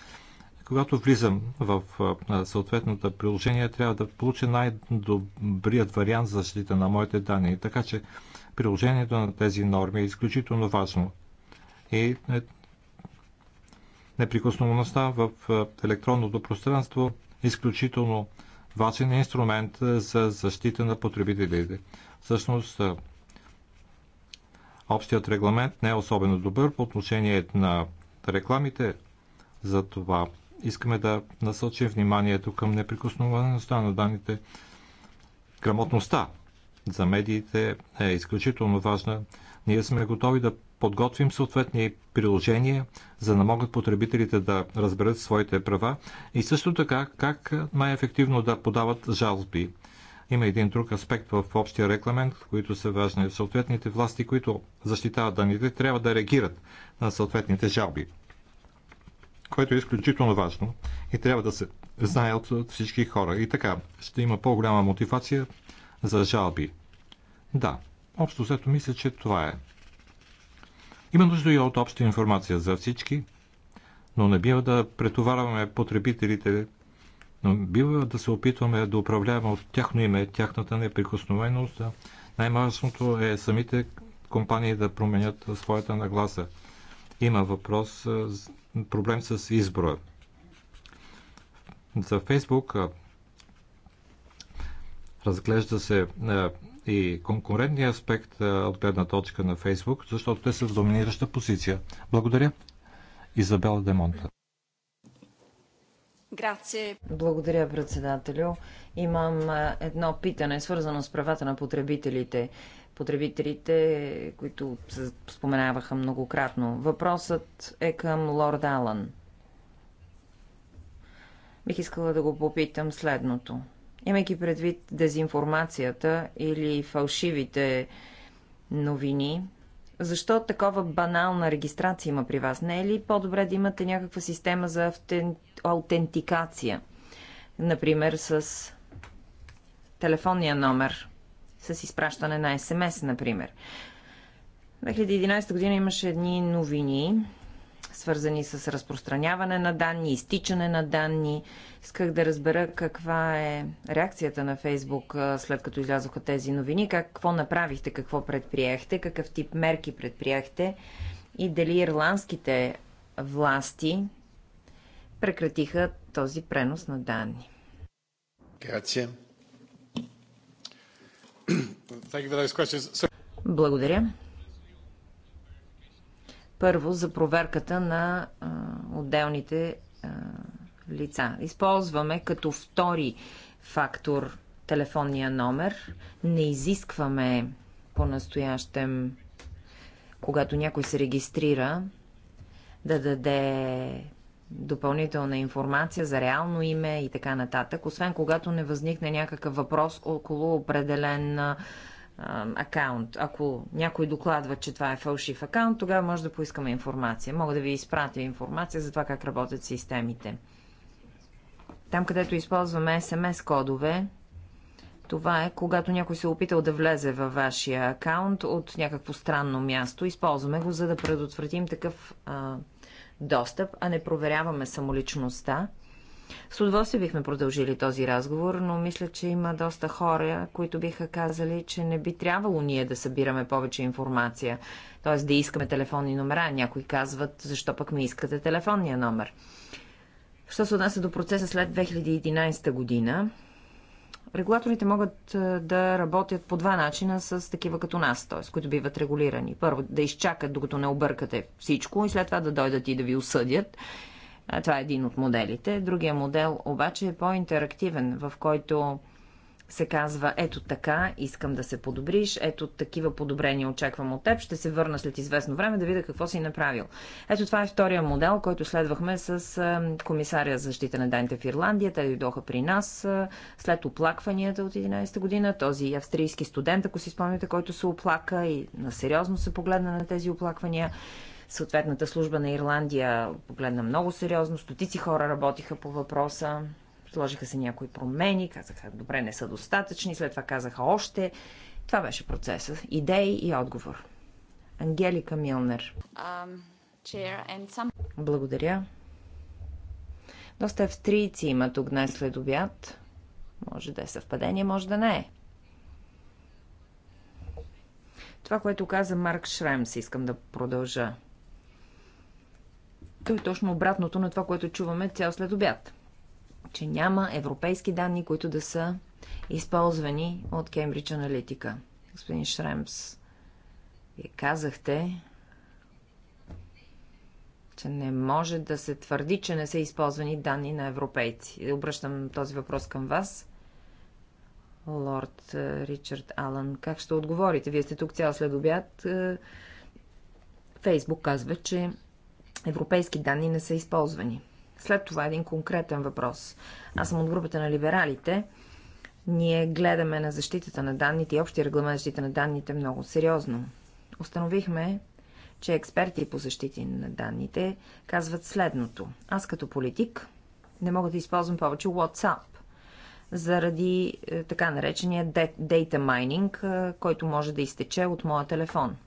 когато влизам в съответната приложение, трябва да получа най-добрият вариант за защита на моите данни. Така че, приложението на тези норми е изключително важно. И е, неприкосновеността в електронното пространство е изключително важен инструмент за защита на потребителите. Всъщност, общият регламент не е особено добър по отношение на рекламите, затова искаме да насочим вниманието към неприкосновеността на данните. Грамотността за медиите е изключително важна. Ние сме готови да подготвим съответни приложения, за да могат потребителите да разберат своите права и също така как най-ефективно да подават жалби. Има един друг аспект в общия регламент, които са важни. Съответните власти, които защитават данните, трябва да реагират на съответните жалби, което е изключително важно и трябва да се знае от всички хора. И така ще има по-голяма мотивация за жалби. Да, общо взето мисля, че това е. Има нужда и от обща информация за всички, но не бива да претоварваме потребителите, но бива да се опитваме да управляваме от тяхно име тяхната неприкосновеност. най масното е самите компании да променят своята нагласа. Има въпрос, проблем с избора. За Фейсбук разглежда се и конкурентния аспект от гледна точка на Фейсбук, защото те са в доминираща позиция. Благодаря. Изабела Демонта. Благодаря, председателю. Имам едно питане, свързано с правата на потребителите. Потребителите, които се споменаваха многократно. Въпросът е към Лорд Алън. Бих искала да го попитам следното. Имайки предвид дезинформацията или фалшивите новини, защо такова банална регистрация има при вас? Не е ли по-добре да имате някаква система за аутентикация? Например, с телефонния номер, с изпращане на СМС, например. 2011 година имаше едни новини свързани с разпространяване на данни, изтичане на данни. Исках да разбера каква е реакцията на Фейсбук след като излязоха тези новини, какво направихте, какво предприехте, какъв тип мерки предприехте и дали ирландските власти прекратиха този пренос на данни. Грация. Благодаря. Първо за проверката на а, отделните а, лица. Използваме като втори фактор телефонния номер. Не изискваме по-настоящем, когато някой се регистрира, да даде допълнителна информация за реално име и така нататък, освен когато не възникне някакъв въпрос около определен акаунт. Ако някой докладва, че това е фалшив акаунт, тогава може да поискаме информация. Мога да ви изпратя информация за това как работят системите. Там, където използваме SMS кодове, това е когато някой се е опитал да влезе във вашия акаунт от някакво странно място. Използваме го, за да предотвратим такъв а, достъп, а не проверяваме самоличността с удоволствие бихме продължили този разговор, но мисля, че има доста хора, които биха казали, че не би трябвало ние да събираме повече информация, т.е. да искаме телефонни номера. Някои казват, защо пък ми искате телефонния номер. Що се отнася до процеса след 2011 година, регулаторите могат е, да работят по два начина с такива като нас, т.е. които биват регулирани. Първо, да изчакат, докато не объркате всичко и след това да дойдат и да ви осъдят. Това е един от моделите. Другия модел обаче е по-интерактивен, в който се казва, ето така, искам да се подобриш, ето такива подобрения очаквам от теб, ще се върна след известно време да видя какво си направил. Ето това е втория модел, който следвахме с комисаря за защита на данните в Ирландия. Те дойдоха при нас след оплакванията от 11-та година. Този австрийски студент, ако си спомняте, който се оплака и на сериозно се погледна на тези оплаквания. Съответната служба на Ирландия погледна много сериозно. Стотици хора работиха по въпроса. Сложиха се някои промени, казаха, добре, не са достатъчни, след това казаха още. Това беше процеса. Идеи и отговор. Ангелика Милнер. Um, Благодаря. Доста австрийци има тук днес след обяд. Може да е съвпадение, може да не е. Това, което каза Марк Шремс, искам да продължа е точно обратното на това, което чуваме цял след обяд. Че няма европейски данни, които да са използвани от Кембридж Аналитика. Господин Шремс, вие казахте, че не може да се твърди, че не са използвани данни на европейци. Обръщам този въпрос към вас. Лорд е, Ричард Алън, как ще отговорите? Вие сте тук цял след обяд. Е, Фейсбук казва, че европейски данни не са използвани. След това един конкретен въпрос. Аз съм от групата на либералите. Ние гледаме на защитата на данните и общия регламент защита на данните много сериозно. Установихме, че експерти по защити на данните казват следното. Аз като политик не мога да използвам повече WhatsApp заради е, така наречения data mining, е, който може да изтече от моя телефон.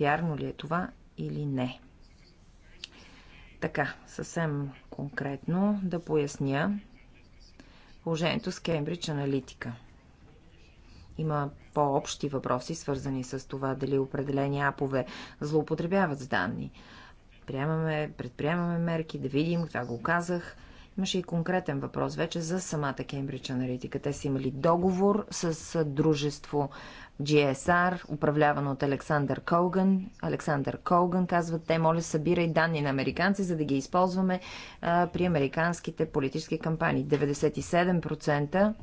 Вярно ли е това или не? Така, съвсем конкретно да поясня положението с Кембридж аналитика. Има по-общи въпроси, свързани с това дали определени апове злоупотребяват с данни. Приемаме, предприемаме мерки, да видим, това го казах – Имаше и конкретен въпрос вече за самата Кембридж аналитика. Те са имали договор с дружество GSR, управлявано от Александър Колган. Александър Колган казва, те моля събирай данни на американци, за да ги използваме а, при американските политически кампании. 97%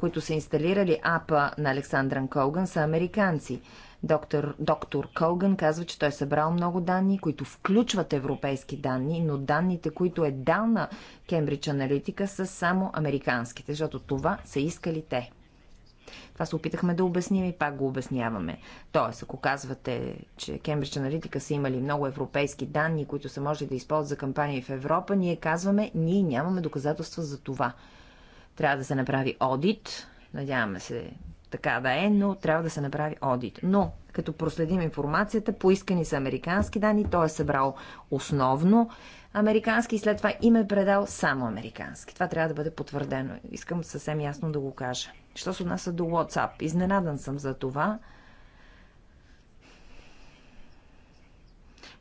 които са инсталирали апа на Александран Колган, са американци. Доктор, доктор Кълган казва, че той е събрал много данни, които включват европейски данни, но данните, които е дал на Кембридж Аналитика, са само американските, защото това са искали те. Това се опитахме да обясним и пак го обясняваме. Тоест, ако казвате, че Кембридж Аналитика са имали много европейски данни, които са може да използват за кампании в Европа, ние казваме, ние нямаме доказателства за това. Трябва да се направи одит, надяваме се така да е, но трябва да се направи одит. Но, като проследим информацията, поискани са американски данни, той е събрал основно американски и след това им е предал само американски. Това трябва да бъде потвърдено. Искам съвсем ясно да го кажа. Що се отнася до WhatsApp? Изненадан съм за това.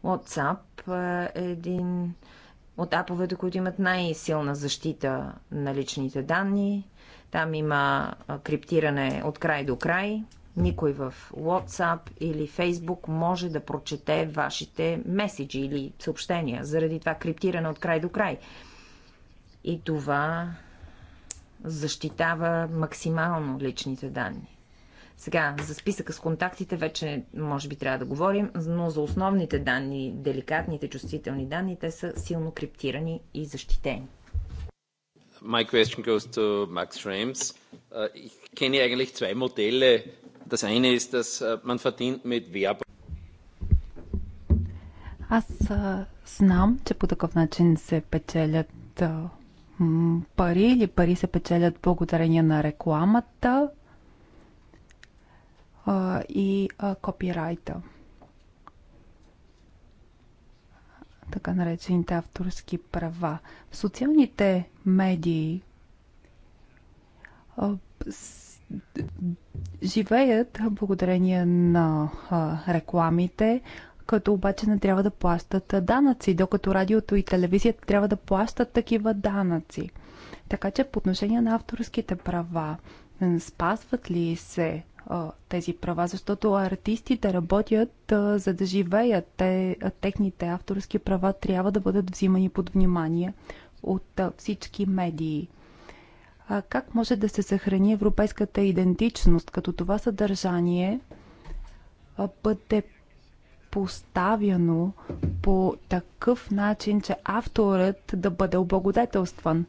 WhatsApp е един от аповете, които имат най-силна защита на личните данни там има криптиране от край до край. Никой в WhatsApp или Facebook може да прочете вашите меседжи или съобщения. Заради това криптиране от край до край. И това защитава максимално личните данни. Сега, за списъка с контактите вече може би трябва да говорим, но за основните данни, деликатните, чувствителни данни, те са силно криптирани и защитени. My question goes to Max Schrems. Ich kenne eigentlich zwei Modelle. Das eine ist, dass man verdient mit Werbung. Аз а, знам, че по такъв начин се печелят а, пари или пари се печелят благодарение на рекламата а, и а, копирайта. така наречените авторски права. В социалните медии живеят благодарение на рекламите, като обаче не трябва да плащат данъци, докато радиото и телевизията трябва да плащат такива данъци. Така че по отношение на авторските права, спазват ли се тези права, защото артистите работят за да живеят. Те, техните авторски права трябва да бъдат взимани под внимание от всички медии. А, как може да се съхрани европейската идентичност, като това съдържание бъде поставяно по такъв начин, че авторът да бъде облагодетелстван?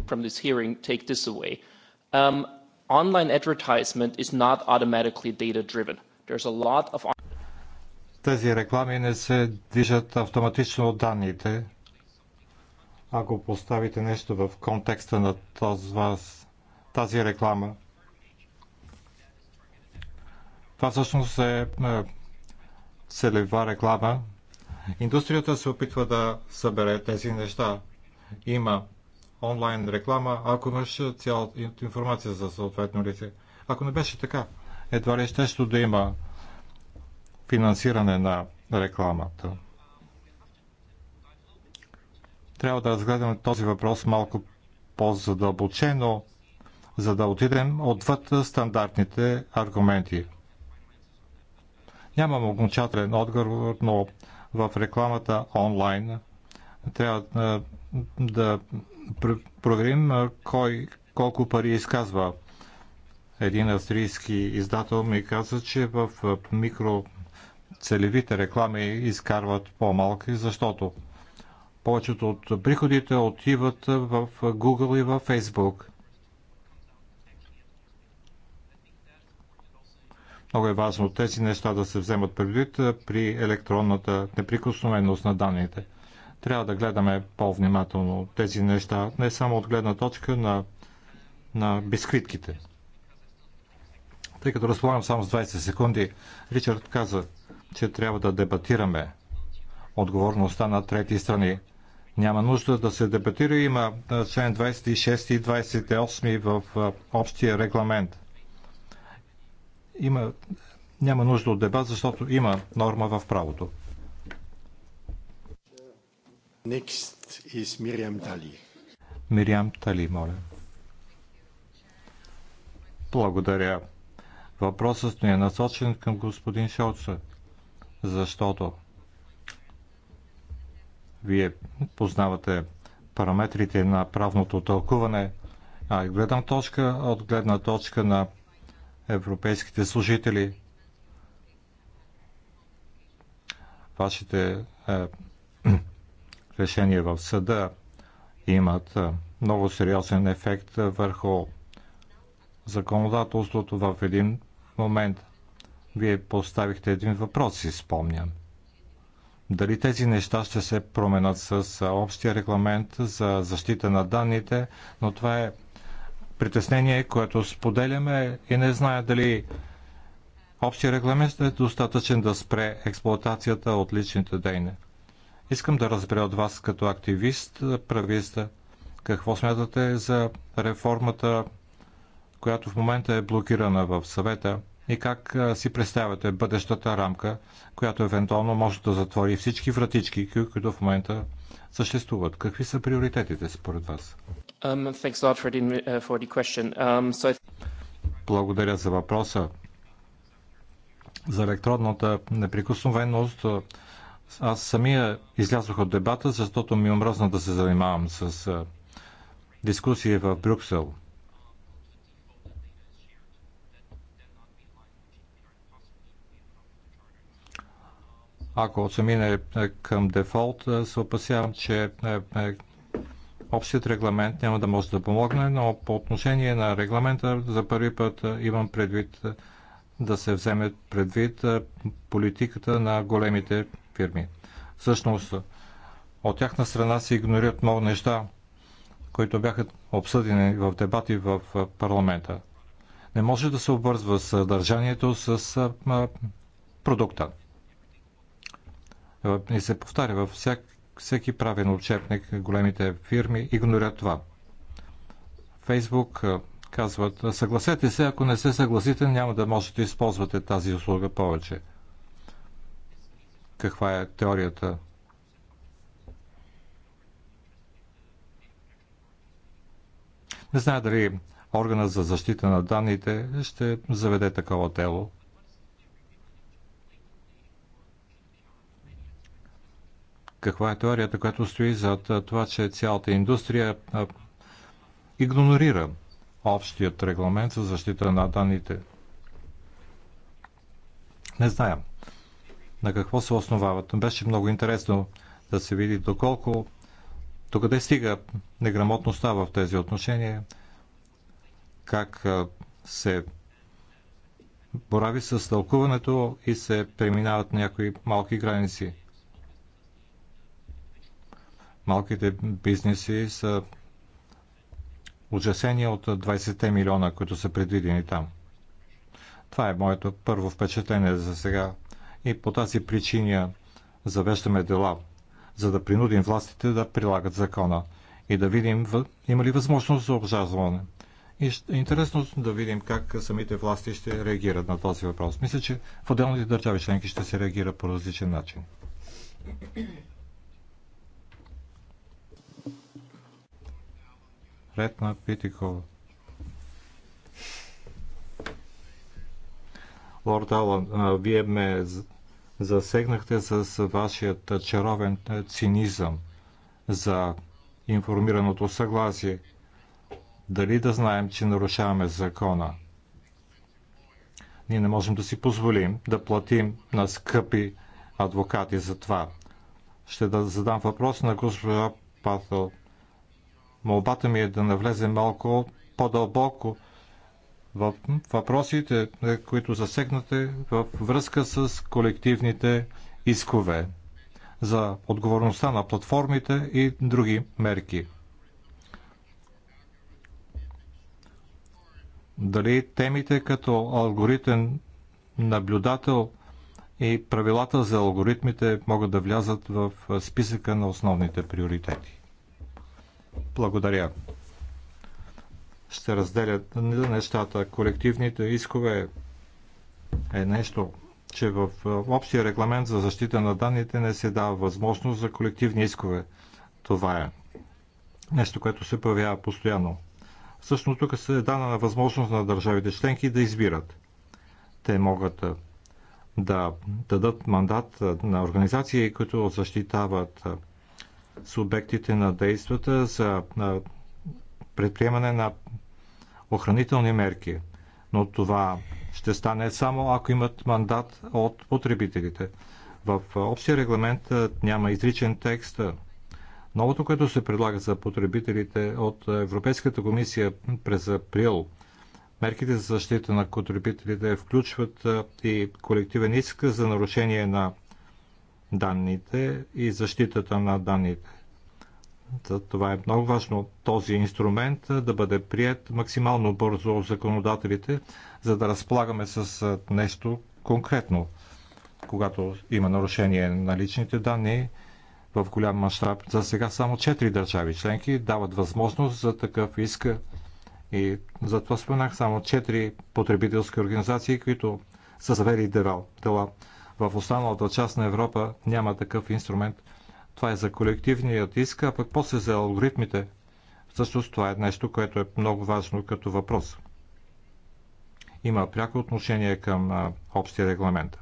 From this hearing, take this away. Um, online advertisement is not automatically data driven. There's a lot of тези реклами не се движат автоматично от данните. Ако поставите нещо в контекста на този, тази реклама, това всъщност е, е целева реклама. Индустрията се опитва да събере тези неща. Има онлайн реклама, ако имаш цялата информация за съответно лице. Ако не беше така, едва ли ще да има финансиране на рекламата. Трябва да разгледаме този въпрос малко по-задълбочено, за да отидем отвъд стандартните аргументи. Нямам окончателен отговор, но в рекламата онлайн трябва е, да проверим кой колко пари изказва. Един австрийски издател ми каза, че в микроцелевите реклами изкарват по-малки, защото повечето от приходите отиват в Google и в Facebook. Много е важно тези неща да се вземат предвид при електронната неприкосновеност на данните. Трябва да гледаме по-внимателно тези неща, не само от гледна точка на, на бисквитките. Тъй като разполагам само с 20 секунди, Ричард каза, че трябва да дебатираме отговорността на трети страни. Няма нужда да се дебатира. Има член 26 и 28 в общия регламент. Има, няма нужда от дебат, защото има норма в правото. Next is Miriam Мириам Тали, моля. Благодаря. Въпросът ми е насочен към господин Шолца, защото вие познавате параметрите на правното тълкуване, а гледам точка от гледна точка на европейските служители. Вашите е, решения в съда имат много сериозен ефект върху законодателството в един момент. Вие поставихте един въпрос, си спомням. Дали тези неща ще се променят с общия регламент за защита на данните, но това е притеснение, което споделяме и не зная дали общия регламент е достатъчен да спре експлоатацията от личните дейни. Искам да разбера от вас като активист, прависта, какво смятате за реформата, която в момента е блокирана в съвета и как си представяте бъдещата рамка, която евентуално може да затвори всички вратички, които в момента съществуват. Какви са приоритетите според вас? Благодаря за въпроса. За електронната неприкосновеност аз самия излязох от дебата, защото ми е омръзна да се занимавам с дискусии в Брюксел. Ако се мине е, към дефолт, е, се опасявам, че общият регламент няма да може да помогне, но по отношение на регламента за първи път имам предвид да се вземе предвид политиката на големите фирми. Всъщност, от тяхна страна се игнорират много неща, които бяха обсъдени в дебати в парламента. Не може да се обвързва съдържанието с продукта. Е, и се повтаря във всяк, всеки правен учебник, големите фирми игнорират това. Фейсбук казват, съгласете се, ако не се съгласите, няма да можете да използвате тази услуга повече – каква е теорията. Не знае дали органът за защита на данните ще заведе такова тело. Каква е теорията, която стои зад това, че цялата индустрия игнорира общият регламент за защита на данните? Не знаем на какво се основават. Беше много интересно да се види доколко, къде стига неграмотността в тези отношения, как се борави с тълкуването и се преминават някои малки граници. Малките бизнеси са ужасени от 20 те милиона, които са предвидени там. Това е моето първо впечатление за сега и по тази причина завеждаме дела, за да принудим властите да прилагат закона и да видим има ли възможност за обжазване. И ще, е интересно да видим как самите власти ще реагират на този въпрос. Мисля, че в отделните държави членки ще се реагира по различен начин. Ред на Питикова. Лорд Алан, вие ме засегнахте с вашият чаровен е, цинизъм за информираното съгласие. Дали да знаем, че нарушаваме закона? Ние не можем да си позволим да платим на скъпи адвокати за това. Ще да задам въпрос на госпожа Патъл. Молбата ми е да навлезе малко по-дълбоко въпросите, е, които засегнате във връзка с колективните искове за отговорността на платформите и други мерки. Дали темите като алгоритен наблюдател и правилата за алгоритмите могат да влязат в списъка на основните приоритети? Благодаря ще разделят нещата. Колективните искове е нещо, че в общия регламент за защита на данните не се дава възможност за колективни искове. Това е нещо, което се появява постоянно. Всъщност тук се е дана възможност на държавите членки да избират. Те могат да дадат мандат на организации, които защитават субектите на действата, за предприемане на охранителни мерки. Но това ще стане само ако имат мандат от потребителите. В общия регламент няма изричен текст. Новото, което се предлага за потребителите от Европейската комисия през април, мерките за защита на потребителите включват и колективен иск за нарушение на данните и защитата на данните. Това е много важно този инструмент да бъде прият максимално бързо от законодателите, за да разполагаме с нещо конкретно. Когато има нарушение на личните данни в голям мащаб, за сега само 4 държави членки дават възможност за такъв иск. И затова споменах само 4 потребителски организации, които са завели дела. В останалата част на Европа няма такъв инструмент това е за колективният иск, а пък после за алгоритмите. Всъщност това е нещо, което е много важно като въпрос. Има пряко отношение към общия регламент.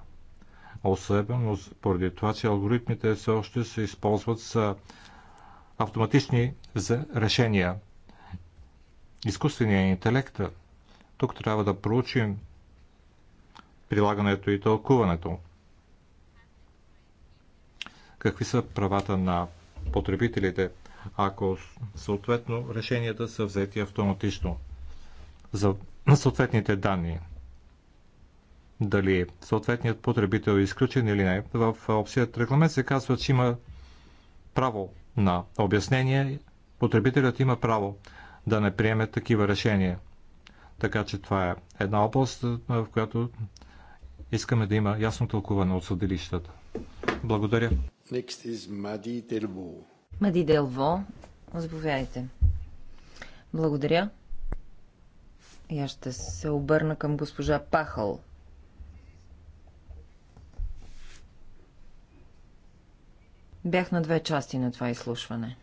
Особено поради това, че алгоритмите все още се използват с автоматични за решения. Изкуственият интелект. Тук трябва да проучим прилагането и тълкуването какви са правата на потребителите, ако съответно решенията са взети автоматично за съответните данни. Дали съответният потребител е изключен или не, в общият регламент се казва, че има право на обяснение, потребителят има право да не приеме такива решения. Така че това е една област, в която искаме да има ясно тълкуване от съдилищата. Благодаря. Next is Мади Делво. Мади Делво, заповядайте. Благодаря. И аз ще се обърна към госпожа Пахъл. Бях на две части на това изслушване.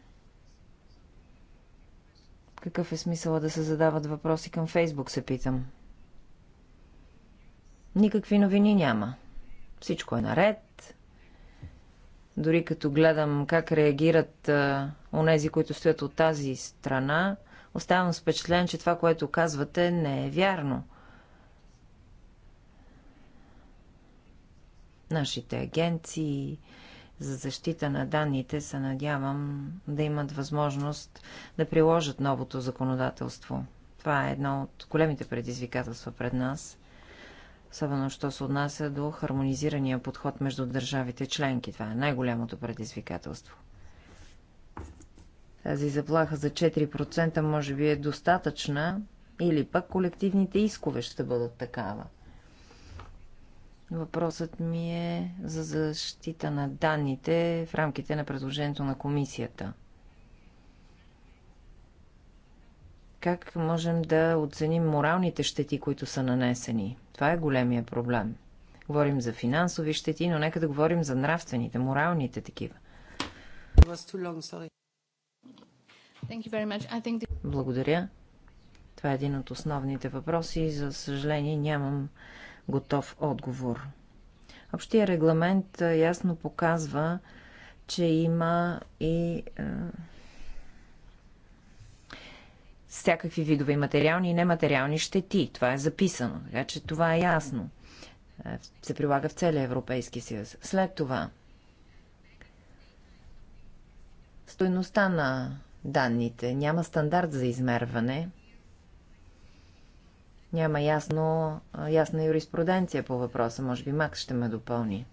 Какъв е смисъла да се задават въпроси към Фейсбук, се питам. Никакви новини няма. Всичко е наред, дори като гледам как реагират а, онези, които стоят от тази страна, оставам с впечатлен, че това, което казвате, не е вярно. Нашите агенции, за защита на данните се надявам да имат възможност да приложат новото законодателство. Това е едно от големите предизвикателства пред нас особено що се отнася до хармонизирания подход между държавите членки. Това е най-голямото предизвикателство. Тази заплаха за 4% може би е достатъчна или пък колективните искове ще бъдат такава. Въпросът ми е за защита на данните в рамките на предложението на комисията – как можем да оценим моралните щети, които са нанесени. Това е големия проблем. Говорим за финансови щети, но нека да говорим за нравствените, моралните такива. Благодаря. Това е един от основните въпроси. За съжаление нямам готов отговор. Общия регламент ясно показва, че има и всякакви видове материални и нематериални щети. Това е записано, така че това е ясно. Е, се прилага в целия Европейски съюз. След това, стоеността на данните. Няма стандарт за измерване. Няма ясно, ясна юриспруденция по въпроса. Може би Макс ще ме допълни.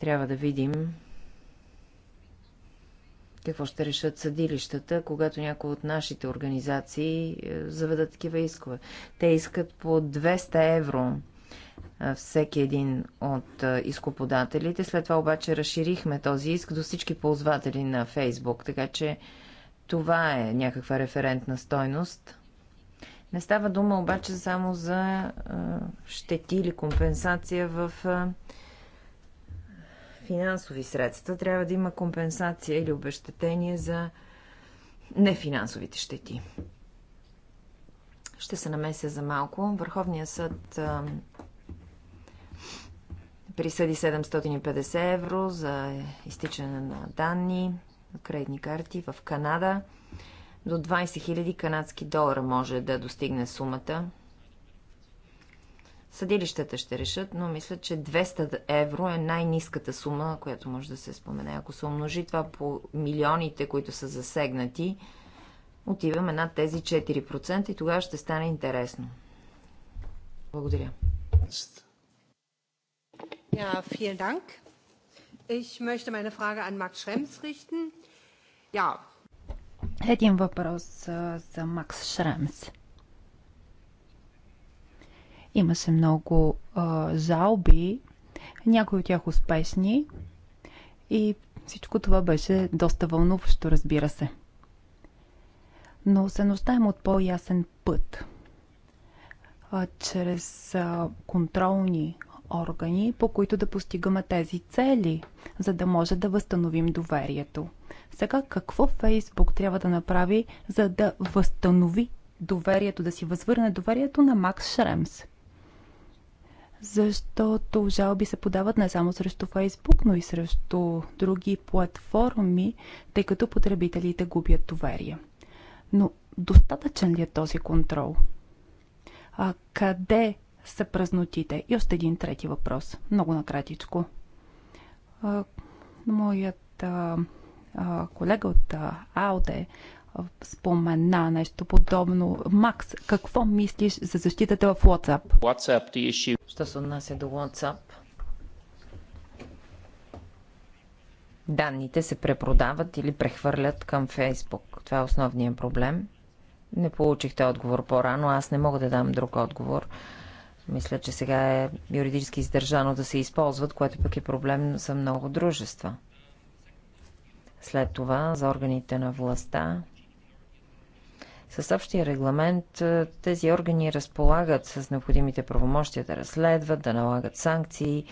Трябва да видим какво ще решат съдилищата, когато някои от нашите организации е, заведат такива искове. Те искат по 200 евро е, всеки един от е, изкоподателите. След това обаче разширихме този иск до всички ползватели на Фейсбук, така че това е някаква референтна стойност. Не става дума обаче само за щети или компенсация в финансови средства, трябва да има компенсация или обещетение за нефинансовите щети. Ще се намеся за малко. Върховният съд а, присъди 750 евро за изтичане на данни, кредитни карти в Канада. До 20 000 канадски долара може да достигне сумата Съдилищата ще решат, но мисля, че 200 евро е най-низката сума, която може да се спомене. Ако се умножи това по милионите, които са засегнати, отиваме над тези 4% и тогава ще стане интересно. Благодаря. Ja, vielen Dank. Ich möchte meine Frage an Max Schrems richten. Ja. Един въпрос за Макс Шремс. Има се много а, залби, някои от тях успешни и всичко това беше доста вълнуващо, разбира се. Но се нуждаем от по-ясен път. А, чрез а, контролни органи, по които да постигаме тези цели, за да може да възстановим доверието. Сега какво Фейсбук трябва да направи, за да възстанови доверието, да си възвърне доверието на Макс Шремс? защото жалби се подават не само срещу Фейсбук, но и срещу други платформи, тъй като потребителите губят доверие. Но достатъчен ли е този контрол? А къде са празнотите? И още един трети въпрос, много накратичко. А, моят а, а, колега от а, спомена нещо подобно. Макс, какво мислиш за защитата в WhatsApp? WhatsApp Що се отнася до WhatsApp? Данните се препродават или прехвърлят към Facebook. Това е основният проблем. Не получихте отговор по-рано. Аз не мога да дам друг отговор. Мисля, че сега е юридически издържано да се използват, което пък е проблем за много дружества. След това за органите на властта с общия регламент е, тези органи разполагат с необходимите правомощия да разследват, да налагат санкции.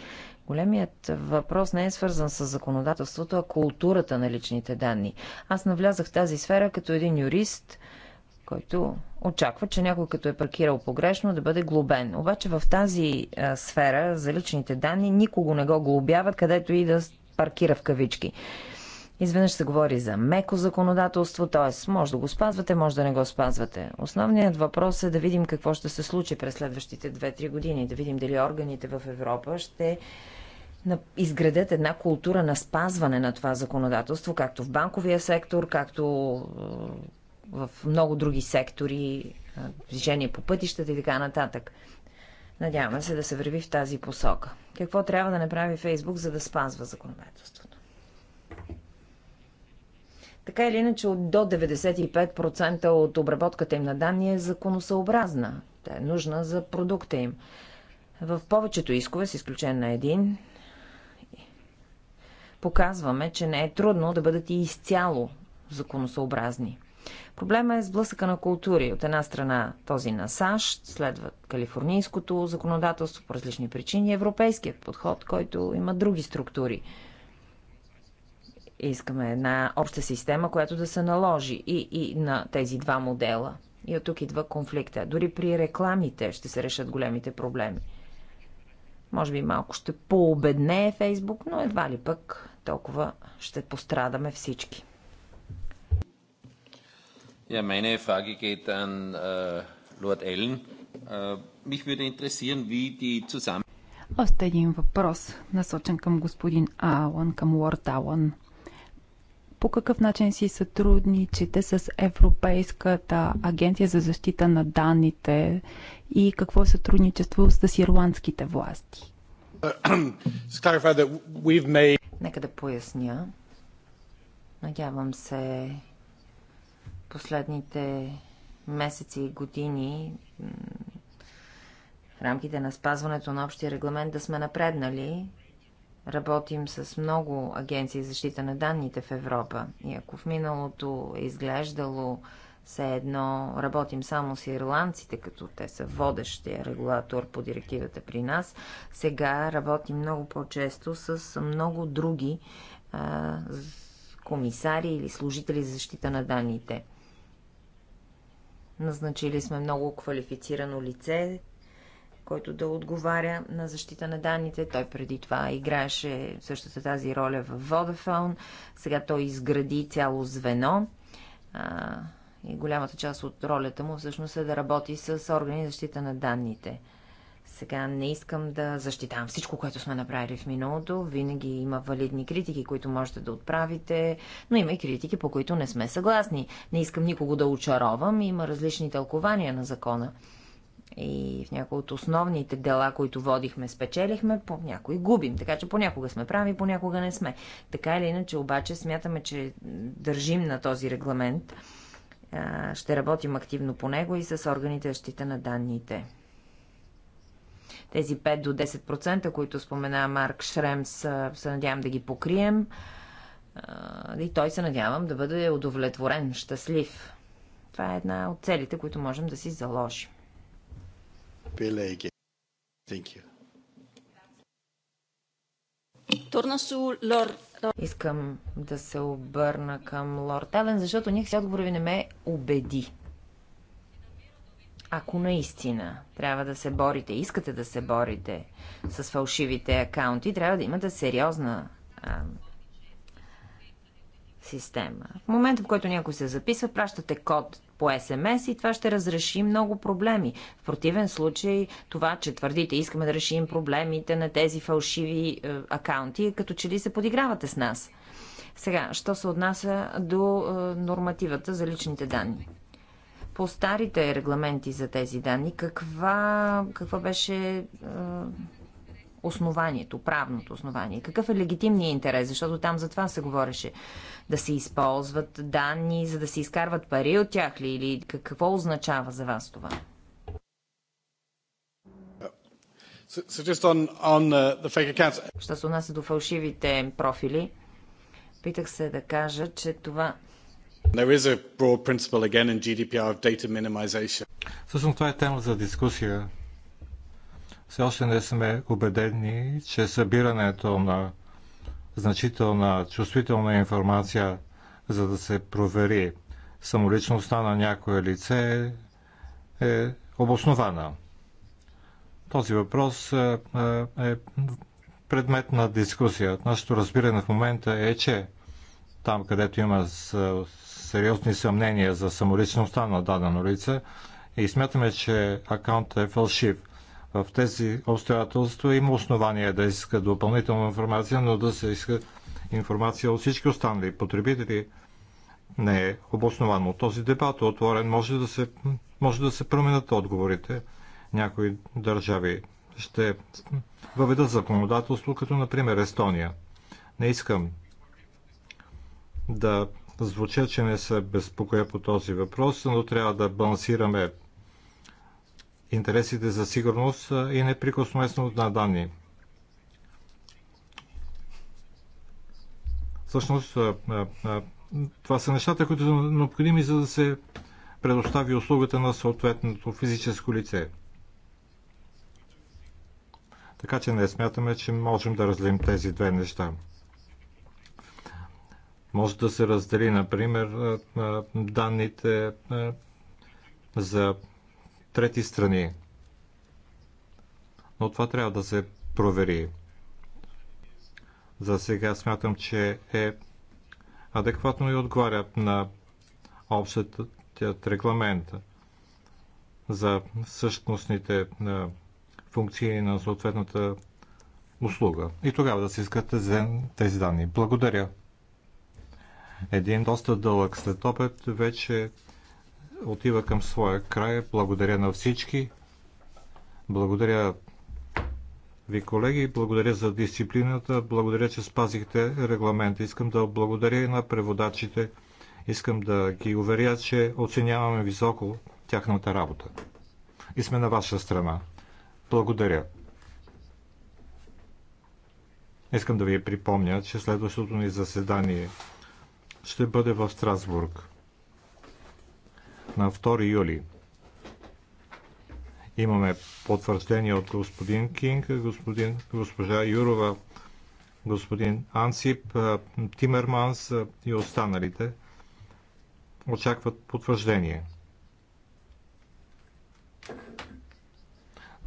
Големият въпрос не е свързан с законодателството, а културата на личните данни. Аз навлязах в тази сфера като един юрист, който очаква, че някой като е паркирал погрешно да бъде глобен. Обаче в тази а, е, сфера за личните данни никого не го глобяват, където и да паркира в кавички. Изведнъж се говори за меко законодателство, т.е. може да го спазвате, може да не го спазвате. Основният въпрос е да видим какво ще се случи през следващите 2-3 години, да видим дали органите в Европа ще изградят една култура на спазване на това законодателство, както в банковия сектор, както е, в много други сектори, е, движение по пътищата и така нататък. Надяваме се да се върви в тази посока. Какво трябва да направи Фейсбук, за да спазва законодателството? Така или иначе, от до 95% от обработката им на данни е законосъобразна. Тя е нужна за продукта им. В повечето искове, с изключение на един, показваме, че не е трудно да бъдат и изцяло законосъобразни. Проблема е сблъсъка на култури. От една страна този на САЩ, следва калифорнийското законодателство по различни причини, европейският подход, който има други структури – Искаме една обща система, която да се наложи и, и на тези два модела. И от тук идва конфликта. Дори при рекламите ще се решат големите проблеми. Може би малко ще пообеднее Фейсбук, но едва ли пък толкова ще пострадаме всички. Ja, meine Frage geht an äh, Lord Allen. Äh, mich würde interessieren, wie die Zusammen... Още един въпрос, насочен към господин Алан, към Лорд Алън по какъв начин си сътрудничите с Европейската агенция за защита на данните и какво е сътрудничество с ирландските власти? Нека да поясня. Надявам се последните месеци и години в рамките на спазването на общия регламент да сме напреднали Работим с много агенции за защита на данните в Европа. И ако в миналото е изглеждало все едно работим само с ирландците, като те са водещия регулатор по директивата при нас, сега работим много по-често с много други а, комисари или служители за защита на данните. Назначили сме много квалифицирано лице, който да отговаря на защита на данните. Той преди това играеше същата тази роля в Vodafone. Сега той изгради цяло звено. А, и голямата част от ролята му всъщност е да работи с органи защита на данните. Сега не искам да защитавам всичко, което сме направили в миналото. Винаги има валидни критики, които можете да отправите, но има и критики, по които не сме съгласни. Не искам никого да очаровам. Има различни тълкования на закона. И в някои от основните дела, които водихме, спечелихме, по някои губим. Така че понякога сме прави, понякога не сме. Така или иначе, обаче, смятаме, че държим на този регламент. Ще работим активно по него и с органите защита на данните. Тези 5 до 10%, които спомена Марк Шремс, се надявам да ги покрием. И той се надявам да бъде удовлетворен, щастлив. Това е една от целите, които можем да си заложим. Pelleghi. Thank you. Искам да се обърна към лорд Елен, защото ние отговор ви не ме убеди. Ако наистина трябва да се борите, искате да се борите с фалшивите акаунти, трябва да имате сериозна а, система. В момента, в който някой се записва, пращате код по СМС и това ще разреши много проблеми. В противен случай това, че твърдите, искаме да решим проблемите на тези фалшиви е, акаунти, като че ли се подигравате с нас. Сега, що се отнася до е, нормативата за личните данни? По старите регламенти за тези данни, каква, каква беше е, основанието, правното основание? Какъв е легитимният интерес? Защото там за това се говореше. Да се използват данни, за да се изкарват пари от тях ли? Или какво означава за вас това? Uh, Що се отнася до фалшивите профили, питах се да кажа, че това There is a broad principle again in GDPR of data minimization. Всъщност това е тема за дискусия все още не сме убедени, че събирането на значителна чувствителна информация, за да се провери самоличността на някое лице, е обоснована. Този въпрос е, е, е предмет на дискусия. Нашето разбиране в момента е, че там, където има сериозни съмнения за самоличността на дадено лице и смятаме, че акаунтът е фалшив в тези обстоятелства има основания да иска допълнителна информация, но да се иска информация от всички останали потребители не е обосновано. Този дебат е отворен. Може да се, може да се променят отговорите. Някои държави ще въведат законодателство, като например Естония. Не искам да звуча, че не се безпокоя по този въпрос, но трябва да балансираме интересите за сигурност и неприкосновеност на данни. Всъщност, това са нещата, които са необходими, за да се предостави услугата на съответното физическо лице. Така че не смятаме, че можем да разделим тези две неща. Може да се раздели, например, данните за трети страни. Но това трябва да се провери. За сега смятам, че е адекватно и отговарят на общият регламент за същностните функции на съответната услуга. И тогава да се искат тези данни. Благодаря. Един доста дълъг след обед вече отива към своя край. Благодаря на всички. Благодаря ви, колеги. Благодаря за дисциплината. Благодаря, че спазихте регламента. Искам да благодаря и на преводачите. Искам да ги уверя, че оценяваме високо тяхната работа. И сме на ваша страна. Благодаря. Искам да ви припомня, че следващото ни заседание ще бъде в Страсбург на 2 юли. Имаме потвърждение от господин Кинг, господин, госпожа Юрова, господин Ансип, Тимерманс и останалите очакват потвърждение.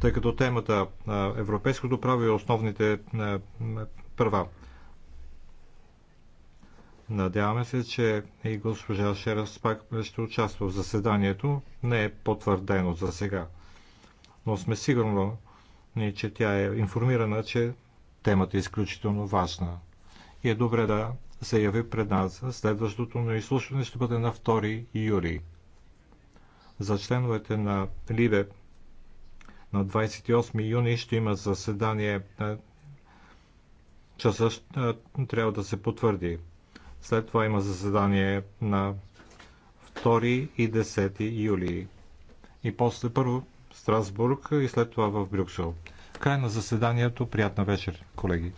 Тъй като темата Европейското право и основните права Надяваме се, че и госпожа Шерас пак ще участва в заседанието. Не е потвърдено за сега. Но сме сигурно, че тя е информирана, че темата е изключително важна. И е добре да се яви пред нас. Следващото на изслушване ще бъде на 2 юли. За членовете на Либе на 28 юни ще има заседание. Часа трябва да се потвърди. След това има заседание на 2 и 10 юли. И после първо в Страсбург и след това в Брюксел. Край на заседанието. Приятна вечер, колеги.